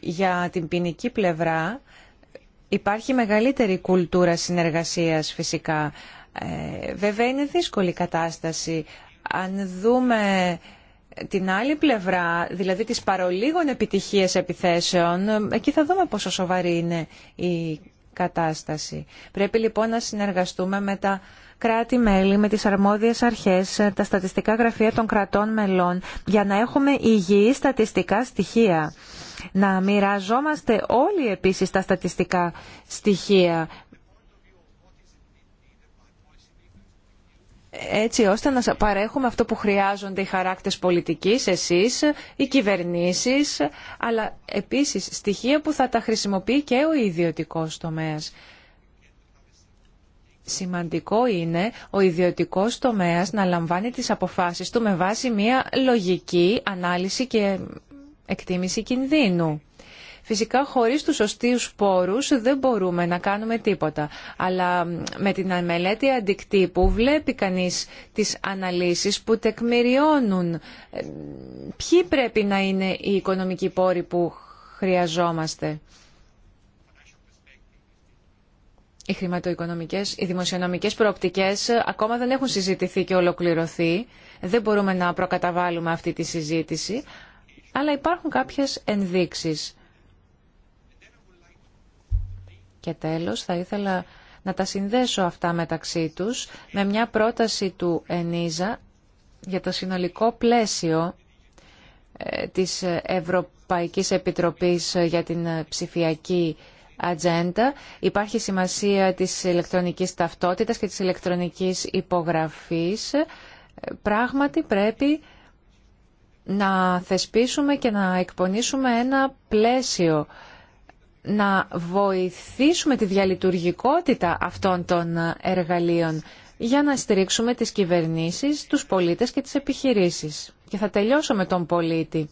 για την ποινική πλευρά υπάρχει μεγαλύτερη κουλτούρα συνεργασίας φυσικά ε, βέβαια είναι δύσκολη η κατάσταση. Αν δούμε την άλλη πλευρά, δηλαδή τις παρολίγων επιτυχίες επιθέσεων, εκεί θα δούμε πόσο σοβαρή είναι η κατάσταση. Πρέπει λοιπόν να συνεργαστούμε με τα κράτη-μέλη, με τις αρμόδιες αρχές, τα στατιστικά γραφεία των κρατών μελών, για να έχουμε υγιή στατιστικά στοιχεία. Να μοιραζόμαστε όλοι επίσης τα στατιστικά στοιχεία έτσι ώστε να παρέχουμε αυτό που χρειάζονται οι χαράκτες πολιτικής, εσείς, οι κυβερνήσεις, αλλά επίσης στοιχεία που θα τα χρησιμοποιεί και ο ιδιωτικός τομέας. Σημαντικό είναι ο ιδιωτικός τομέας να λαμβάνει τις αποφάσεις του με βάση μια λογική ανάλυση και εκτίμηση κινδύνου. Φυσικά χωρίς τους σωστούς πόρους δεν μπορούμε να κάνουμε τίποτα. Αλλά με την μελέτη αντικτύπου βλέπει κανείς τις αναλύσεις που τεκμηριώνουν ε, ποιοι πρέπει να είναι οι οικονομικοί πόροι που χρειαζόμαστε. Οι χρηματοοικονομικές, οι δημοσιονομικές προοπτικές ακόμα δεν έχουν συζητηθεί και ολοκληρωθεί. Δεν μπορούμε να προκαταβάλουμε αυτή τη συζήτηση, αλλά υπάρχουν κάποιες ενδείξεις. Και τέλος θα ήθελα να τα συνδέσω αυτά μεταξύ τους με μια πρόταση του ΕΝΙΖΑ για το συνολικό πλαίσιο ε, της Ευρωπαϊκής Επιτροπής για την ψηφιακή ατζέντα. Υπάρχει σημασία της ηλεκτρονικής ταυτότητας και της ηλεκτρονικής υπογραφής. Ε, πράγματι πρέπει να θεσπίσουμε και να εκπονήσουμε ένα πλαίσιο να βοηθήσουμε τη διαλειτουργικότητα αυτών των εργαλείων για να στηρίξουμε τις κυβερνήσεις, τους πολίτες και τις επιχειρήσεις. Και θα τελειώσω με τον πολίτη.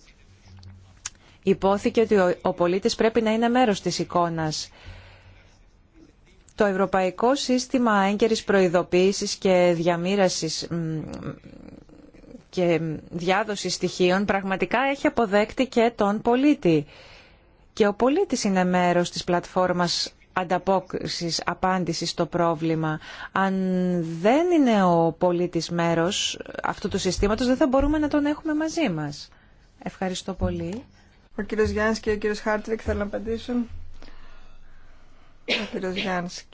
Υπόθηκε ότι ο πολίτης πρέπει να είναι μέρος της εικόνας. Το Ευρωπαϊκό Σύστημα Έγκαιρης Προειδοποίησης και Διαμήρασης και Διάδοσης Στοιχείων πραγματικά έχει αποδέκτη και τον πολίτη και ο πολίτης είναι μέρος της πλατφόρμας ανταπόκρισης, απάντησης στο πρόβλημα. Αν δεν είναι ο πολίτης μέρος αυτού του συστήματος, δεν θα μπορούμε να τον έχουμε μαζί μας. Ευχαριστώ πολύ. Ο κύριος Γιάννης και ο κύριος Χάρτρικ θέλουν να απαντήσουν. Ο κύριος Γιάννης.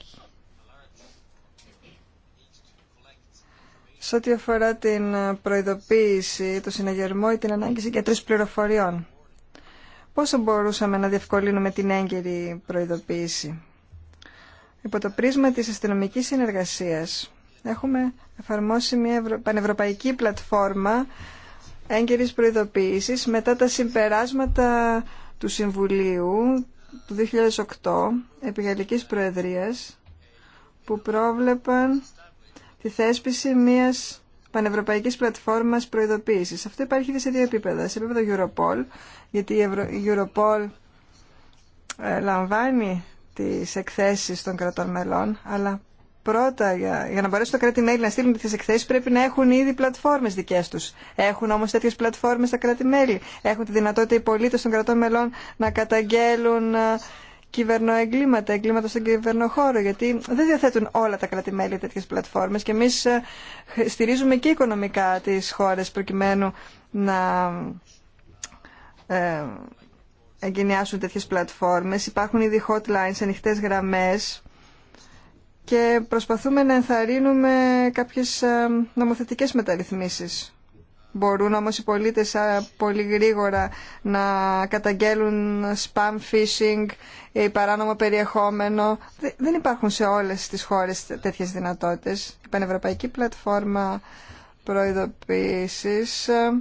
Σε ό,τι αφορά την προειδοποίηση, το συναγερμό ή την ανάγκη συγκέντρωση πληροφοριών θα μπορούσαμε να διευκολύνουμε την έγκαιρη προειδοποίηση. Υπό το πρίσμα της αστυνομικής συνεργασίας έχουμε εφαρμόσει μια πανευρωπαϊκή πλατφόρμα έγκαιρης προειδοποίησης μετά τα συμπεράσματα του Συμβουλίου του 2008 επί Γαλλικής Προεδρίας που πρόβλεπαν τη θέσπιση μιας πανευρωπαϊκής πλατφόρμας προειδοποίησης. Αυτό υπάρχει σε δύο επίπεδα. Σε επίπεδο Europol, γιατί η Europol ε, λαμβάνει τις εκθέσεις των κρατών μελών, αλλά πρώτα για, να μπορέσουν τα κράτη-μέλη να στείλουν τις εκθέσεις πρέπει να έχουν ήδη πλατφόρμες δικές τους. Έχουν όμως τέτοιες πλατφόρμες τα κράτη-μέλη. Έχουν τη δυνατότητα οι πολίτες των κρατών μελών να καταγγέλουν ε, κυβερνοεγκλήματα, εγκλήματα στον κυβερνοχώρο, γιατί δεν διαθέτουν όλα τα κρατημέλη τέτοιες πλατφόρμες και εμείς ε, στηρίζουμε και οικονομικά τις χώρες προκειμένου να ε, εγκαινιάσουν τέτοιες πλατφόρμες. Υπάρχουν ήδη hotlines, ανοιχτέ γραμμές και προσπαθούμε να ενθαρρύνουμε κάποιες ε, νομοθετικές μεταρρυθμίσεις Μπορούν όμως οι πολίτες πολύ γρήγορα να καταγγέλουν spam phishing ή ε, παράνομο περιεχόμενο. Δεν υπάρχουν σε όλες τις χώρες τέτοιες δυνατότητες. Η Πανευρωπαϊκή Πλατφόρμα Προειδοποίησης ε,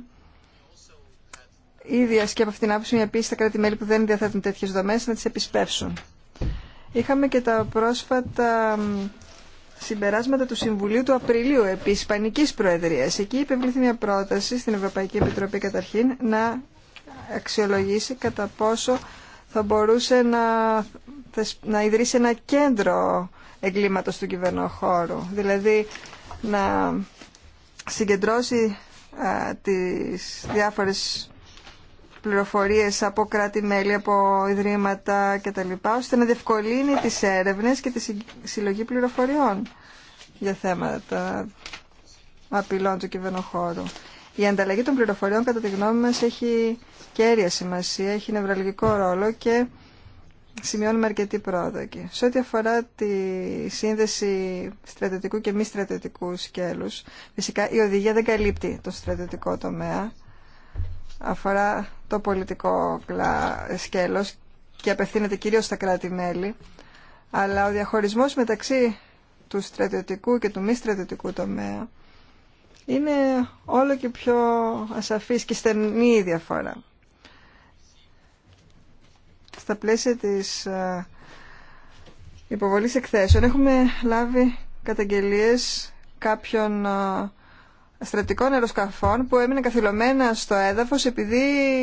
ήδη ασκεί από αυτήν την άποψη μια πίστη στα κράτη-μέλη που δεν διαθέτουν τέτοιες δομές να τις επισπεύσουν. Είχαμε και τα πρόσφατα συμπεράσματα του Συμβουλίου του Απριλίου επί Ισπανική Προεδρίας. Εκεί υπευλήθη μια πρόταση στην Ευρωπαϊκή Επιτροπή καταρχήν να αξιολογήσει κατά πόσο θα μπορούσε να, να ιδρύσει ένα κέντρο εγκλήματος του κυβερνοχώρου. Δηλαδή να συγκεντρώσει τι τις διάφορες πληροφορίες από κράτη-μέλη, από ιδρύματα κτλ. ώστε να διευκολύνει τις έρευνες και τη συλλογή πληροφοριών για θέματα απειλών του κυβερνοχώρου. Η ανταλλαγή των πληροφοριών κατά τη γνώμη μας έχει κέρια σημασία, έχει νευραλγικό ρόλο και σημειώνουμε αρκετή πρόοδο εκεί. Σε ό,τι αφορά τη σύνδεση στρατιωτικού και μη στρατιωτικού σκέλους, φυσικά η οδηγία δεν καλύπτει το στρατιωτικό τομέα, αφορά το πολιτικό σκέλος και απευθύνεται κυρίως στα κράτη-μέλη, αλλά ο διαχωρισμός μεταξύ του στρατιωτικού και του μη στρατιωτικού τομέα είναι όλο και πιο ασαφής και στενή η διαφορά. Στα πλαίσια της ε, υποβολής εκθέσεων έχουμε λάβει καταγγελίες κάποιων ε, στρατικών αεροσκαφών που έμειναν καθυλωμένα στο έδαφος επειδή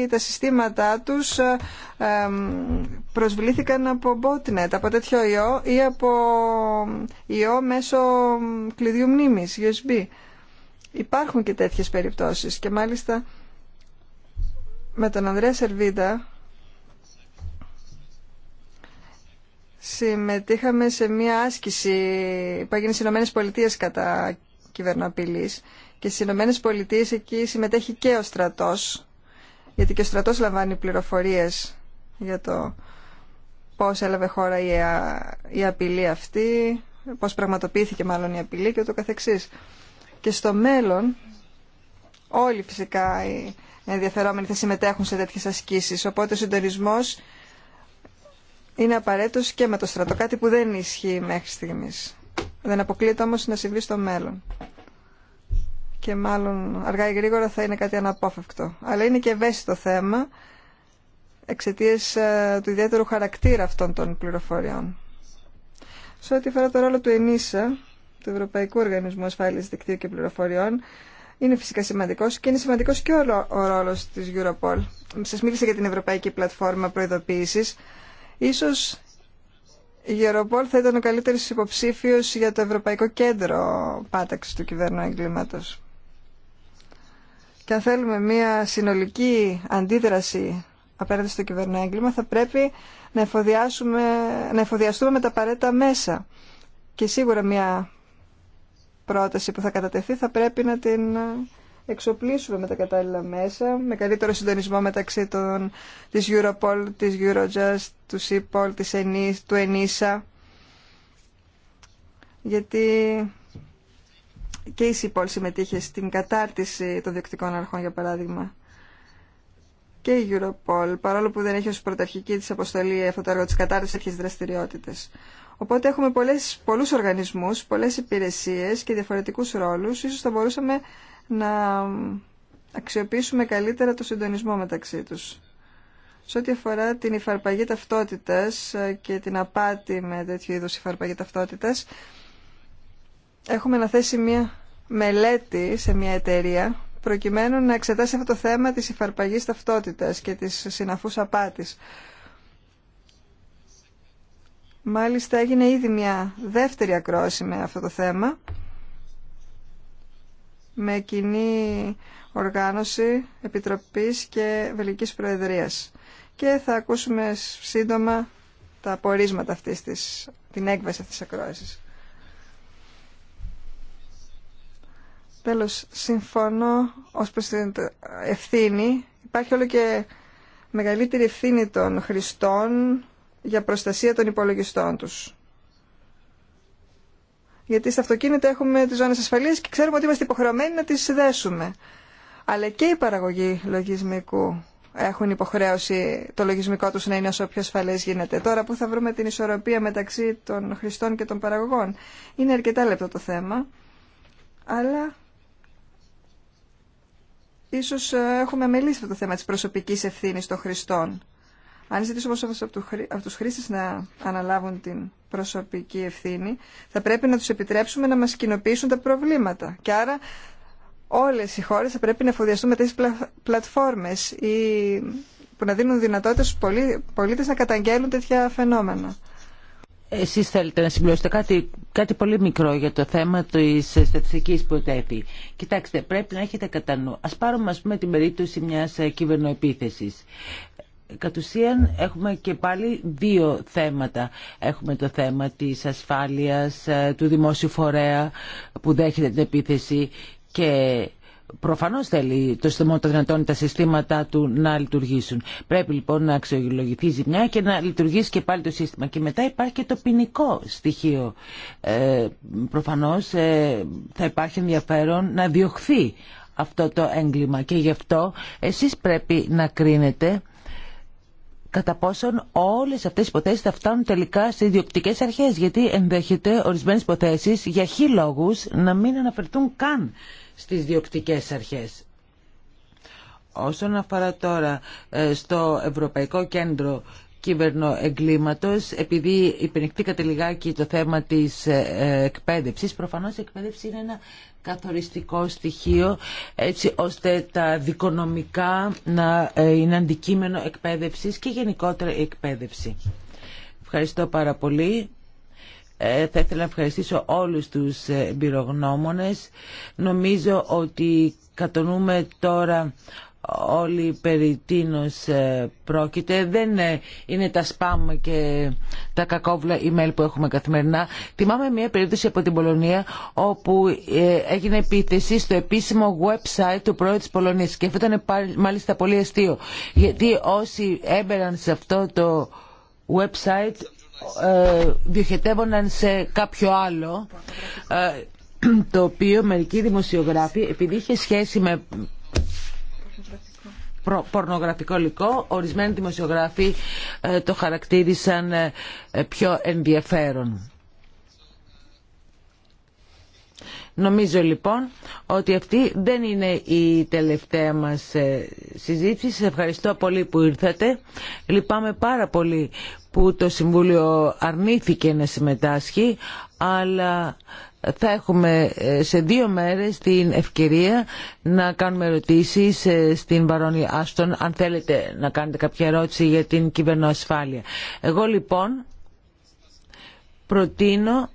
τα συστήματά τους ε, προσβλήθηκαν από botnet, από τέτοιο ιό ή από ιό μέσω κλειδιού μνήμης, USB. Υπάρχουν και τέτοιες περιπτώσεις και μάλιστα με τον Ανδρέα Σερβίδα συμμετείχαμε σε μία άσκηση που έγινε στις Πολιτείες κατά κυβερνοαπειλής και στι Ηνωμένε Πολιτείε εκεί συμμετέχει και ο στρατός, γιατί και ο στρατός λαμβάνει πληροφορίες για το πώ έλαβε χώρα η, η απειλή αυτή, πώς πραγματοποιήθηκε μάλλον η απειλή και ούτω καθεξής. Και στο μέλλον όλοι φυσικά οι ενδιαφερόμενοι θα συμμετέχουν σε τέτοιε ασκήσει. οπότε ο συντονισμός είναι απαραίτητο και με το στρατό, κάτι που δεν ισχύει μέχρι στιγμή. Δεν αποκλείεται όμω να συμβεί στο μέλλον και μάλλον αργά ή γρήγορα θα είναι κάτι αναπόφευκτο. Αλλά είναι και ευαίσθητο θέμα εξαιτία ε, του ιδιαίτερου χαρακτήρα αυτών των πληροφοριών. Σε ό,τι αφορά το ρόλο του ΕΝΙΣΑ, του Ευρωπαϊκού Οργανισμού Ασφάλεια Δικτύου και Πληροφοριών, είναι φυσικά σημαντικό και είναι σημαντικό και ο ρόλο τη Europol. Σα μίλησα για την Ευρωπαϊκή Πλατφόρμα Προειδοποίηση. σω η Europol θα ήταν ο καλύτερο υποψήφιο για το Ευρωπαϊκό Κέντρο Πάταξη του Κυβέρνου Εγκλήματος και αν θέλουμε μια συνολική αντίδραση απέναντι στο έγκλημα θα πρέπει να, εφοδιάσουμε, να εφοδιαστούμε με τα απαραίτητα μέσα. Και σίγουρα μια πρόταση που θα κατατεθεί θα πρέπει να την εξοπλίσουμε με τα κατάλληλα μέσα, με καλύτερο συντονισμό μεταξύ των, της Europol, της Eurojust, του CEPOL, της του ENISA, γιατί και η ΣΥΠΟΛ συμμετείχε στην κατάρτιση των διοκτικών αρχών, για παράδειγμα. Και η Europol, παρόλο που δεν έχει ω πρωταρχική τη αποστολή αυτό το έργο τη κατάρτιση τέτοιες δραστηριότητες. Οπότε έχουμε πολλού οργανισμού, πολλέ υπηρεσίε και διαφορετικού ρόλου, Ίσως θα μπορούσαμε να αξιοποιήσουμε καλύτερα το συντονισμό μεταξύ του. Σε ό,τι αφορά την υφαρπαγή ταυτότητα και την απάτη με τέτοιου είδου υφαρπαγή ταυτότητα, έχουμε να θέσει μία μελέτη σε μία εταιρεία προκειμένου να εξετάσει αυτό το θέμα της υφαρπαγής ταυτότητας και της συναφούς απάτης. Μάλιστα έγινε ήδη μια δεύτερη ακρόαση με αυτό το θέμα με κοινή οργάνωση Επιτροπής και Βελικής Προεδρίας. Και θα ακούσουμε σύντομα τα απορίσματα αυτής της, την έκβαση αυτής της ακρόασης. Τέλος, συμφωνώ ως προς την ευθύνη. Υπάρχει όλο και μεγαλύτερη ευθύνη των χρηστών για προστασία των υπολογιστών τους. Γιατί στα αυτοκίνητα έχουμε τις ζώνες ασφαλείας και ξέρουμε ότι είμαστε υποχρεωμένοι να τις συνδέσουμε. Αλλά και οι παραγωγοί λογισμικού έχουν υποχρέωση το λογισμικό τους να είναι όσο πιο ασφαλές γίνεται. Τώρα που θα βρούμε την ισορροπία μεταξύ των χρηστών και των παραγωγών. Είναι αρκετά λεπτό το θέμα, αλλά ίσως ε, έχουμε μιλήσει αυτό το θέμα της προσωπικής ευθύνης των χρηστών. Αν ζητήσω όμως από τους χρήστες να αναλάβουν την προσωπική ευθύνη, θα πρέπει να τους επιτρέψουμε να μας κοινοποιήσουν τα προβλήματα. Και άρα όλες οι χώρες θα πρέπει να εφοδιαστούν με τέτοιες πλατφόρμες που να δίνουν δυνατότητα στους πολίτες να καταγγέλουν τέτοια φαινόμενα. Εσείς θέλετε να συμπληρώσετε κάτι, κάτι πολύ μικρό για το θέμα της στατιστικής που Κοιτάξτε, πρέπει να έχετε κατά νου. Ας πάρουμε ας πούμε την περίπτωση μιας ε, κυβερνοεπίθεσης. Κατ' ουσίαν έχουμε και πάλι δύο θέματα. Έχουμε το θέμα της ασφάλειας, ε, του δημόσιου φορέα που δέχεται την επίθεση και Προφανώς θέλει το σύστημα των δυνατών τα συστήματα του να λειτουργήσουν. Πρέπει λοιπόν να αξιολογηθεί η ζημιά και να λειτουργήσει και πάλι το σύστημα. Και μετά υπάρχει και το ποινικό στοιχείο. Ε, προφανώς ε, θα υπάρχει ενδιαφέρον να διωχθεί αυτό το έγκλημα και γι' αυτό εσείς πρέπει να κρίνετε κατά πόσον όλες αυτές οι υποθέσεις θα φτάνουν τελικά σε ιδιοκτικέ αρχές γιατί ενδέχεται ορισμένες υποθέσεις για χι να μην αναφερθούν καν στις διοκτικές αρχές. Όσον αφορά τώρα ε, στο Ευρωπαϊκό Κέντρο Κυβερνοεγκλήματος, επειδή υπενικτήκατε λιγάκι το θέμα της ε, εκπαίδευσης, προφανώς η εκπαίδευση είναι ένα καθοριστικό στοιχείο έτσι ώστε τα δικονομικά να ε, είναι αντικείμενο εκπαίδευσης και γενικότερα η εκπαίδευση. Ευχαριστώ πάρα πολύ. Ε, θα ήθελα να ευχαριστήσω όλους τους εμπειρογνώμονες. Νομίζω ότι κατονούμε τώρα όλοι περί τίνος ε, πρόκειται. Δεν ε, είναι τα σπάμ και τα κακόβλα email που έχουμε καθημερινά. Θυμάμαι μια περίπτωση από την Πολωνία όπου έγινε επίθεση στο επίσημο website του πρόεδρου της Πολωνίας και αυτό ήταν μάλιστα πολύ αστείο γιατί όσοι έμπεραν σε αυτό το website ε, διοχετεύονταν σε κάποιο άλλο ε, το οποίο μερικοί δημοσιογράφοι επειδή είχε σχέση με πορνογραφικό υλικό ορισμένοι δημοσιογράφοι ε, το χαρακτήρισαν πιο ενδιαφέρον. Νομίζω λοιπόν ότι αυτή δεν είναι η τελευταία μας ε, συζήτηση. Σας ευχαριστώ πολύ που ήρθατε. Λυπάμαι πάρα πολύ που το Συμβούλιο αρνήθηκε να συμμετάσχει, αλλά θα έχουμε ε, σε δύο μέρες την ευκαιρία να κάνουμε ερωτήσεις ε, στην Βαρόνη Άστον, αν θέλετε να κάνετε κάποια ερώτηση για την κυβερνοασφάλεια. Εγώ λοιπόν προτείνω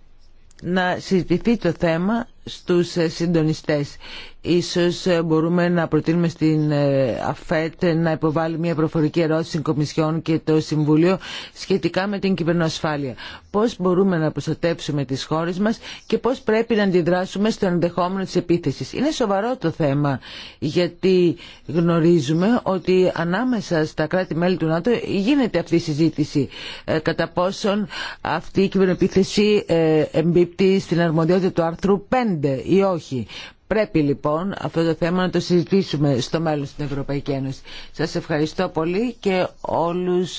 να συζητηθεί το θέμα στους ε, συντονιστές Ίσως ε, μπορούμε να προτείνουμε στην ε, ΑΦΕΤ να υποβάλει μια προφορική ερώτηση στην Κομισιόν και το Συμβούλιο σχετικά με την κυβερνοασφάλεια. Πώς μπορούμε να προστατεύσουμε τις χώρες μας και πώς πρέπει να αντιδράσουμε στο ενδεχόμενο της επίθεσης. Είναι σοβαρό το θέμα γιατί γνωρίζουμε ότι ανάμεσα στα κράτη-μέλη του ΝΑΤΟ γίνεται αυτή η συζήτηση ε, κατά πόσον αυτή η κυβερνοεπίθεση εμπίπτει στην αρμοδιότητα του άρθρου 5 ή όχι. Πρέπει λοιπόν αυτό το θέμα να το συζητήσουμε στο μέλλον στην Ευρωπαϊκή Ένωση. Σας ευχαριστώ πολύ και όλους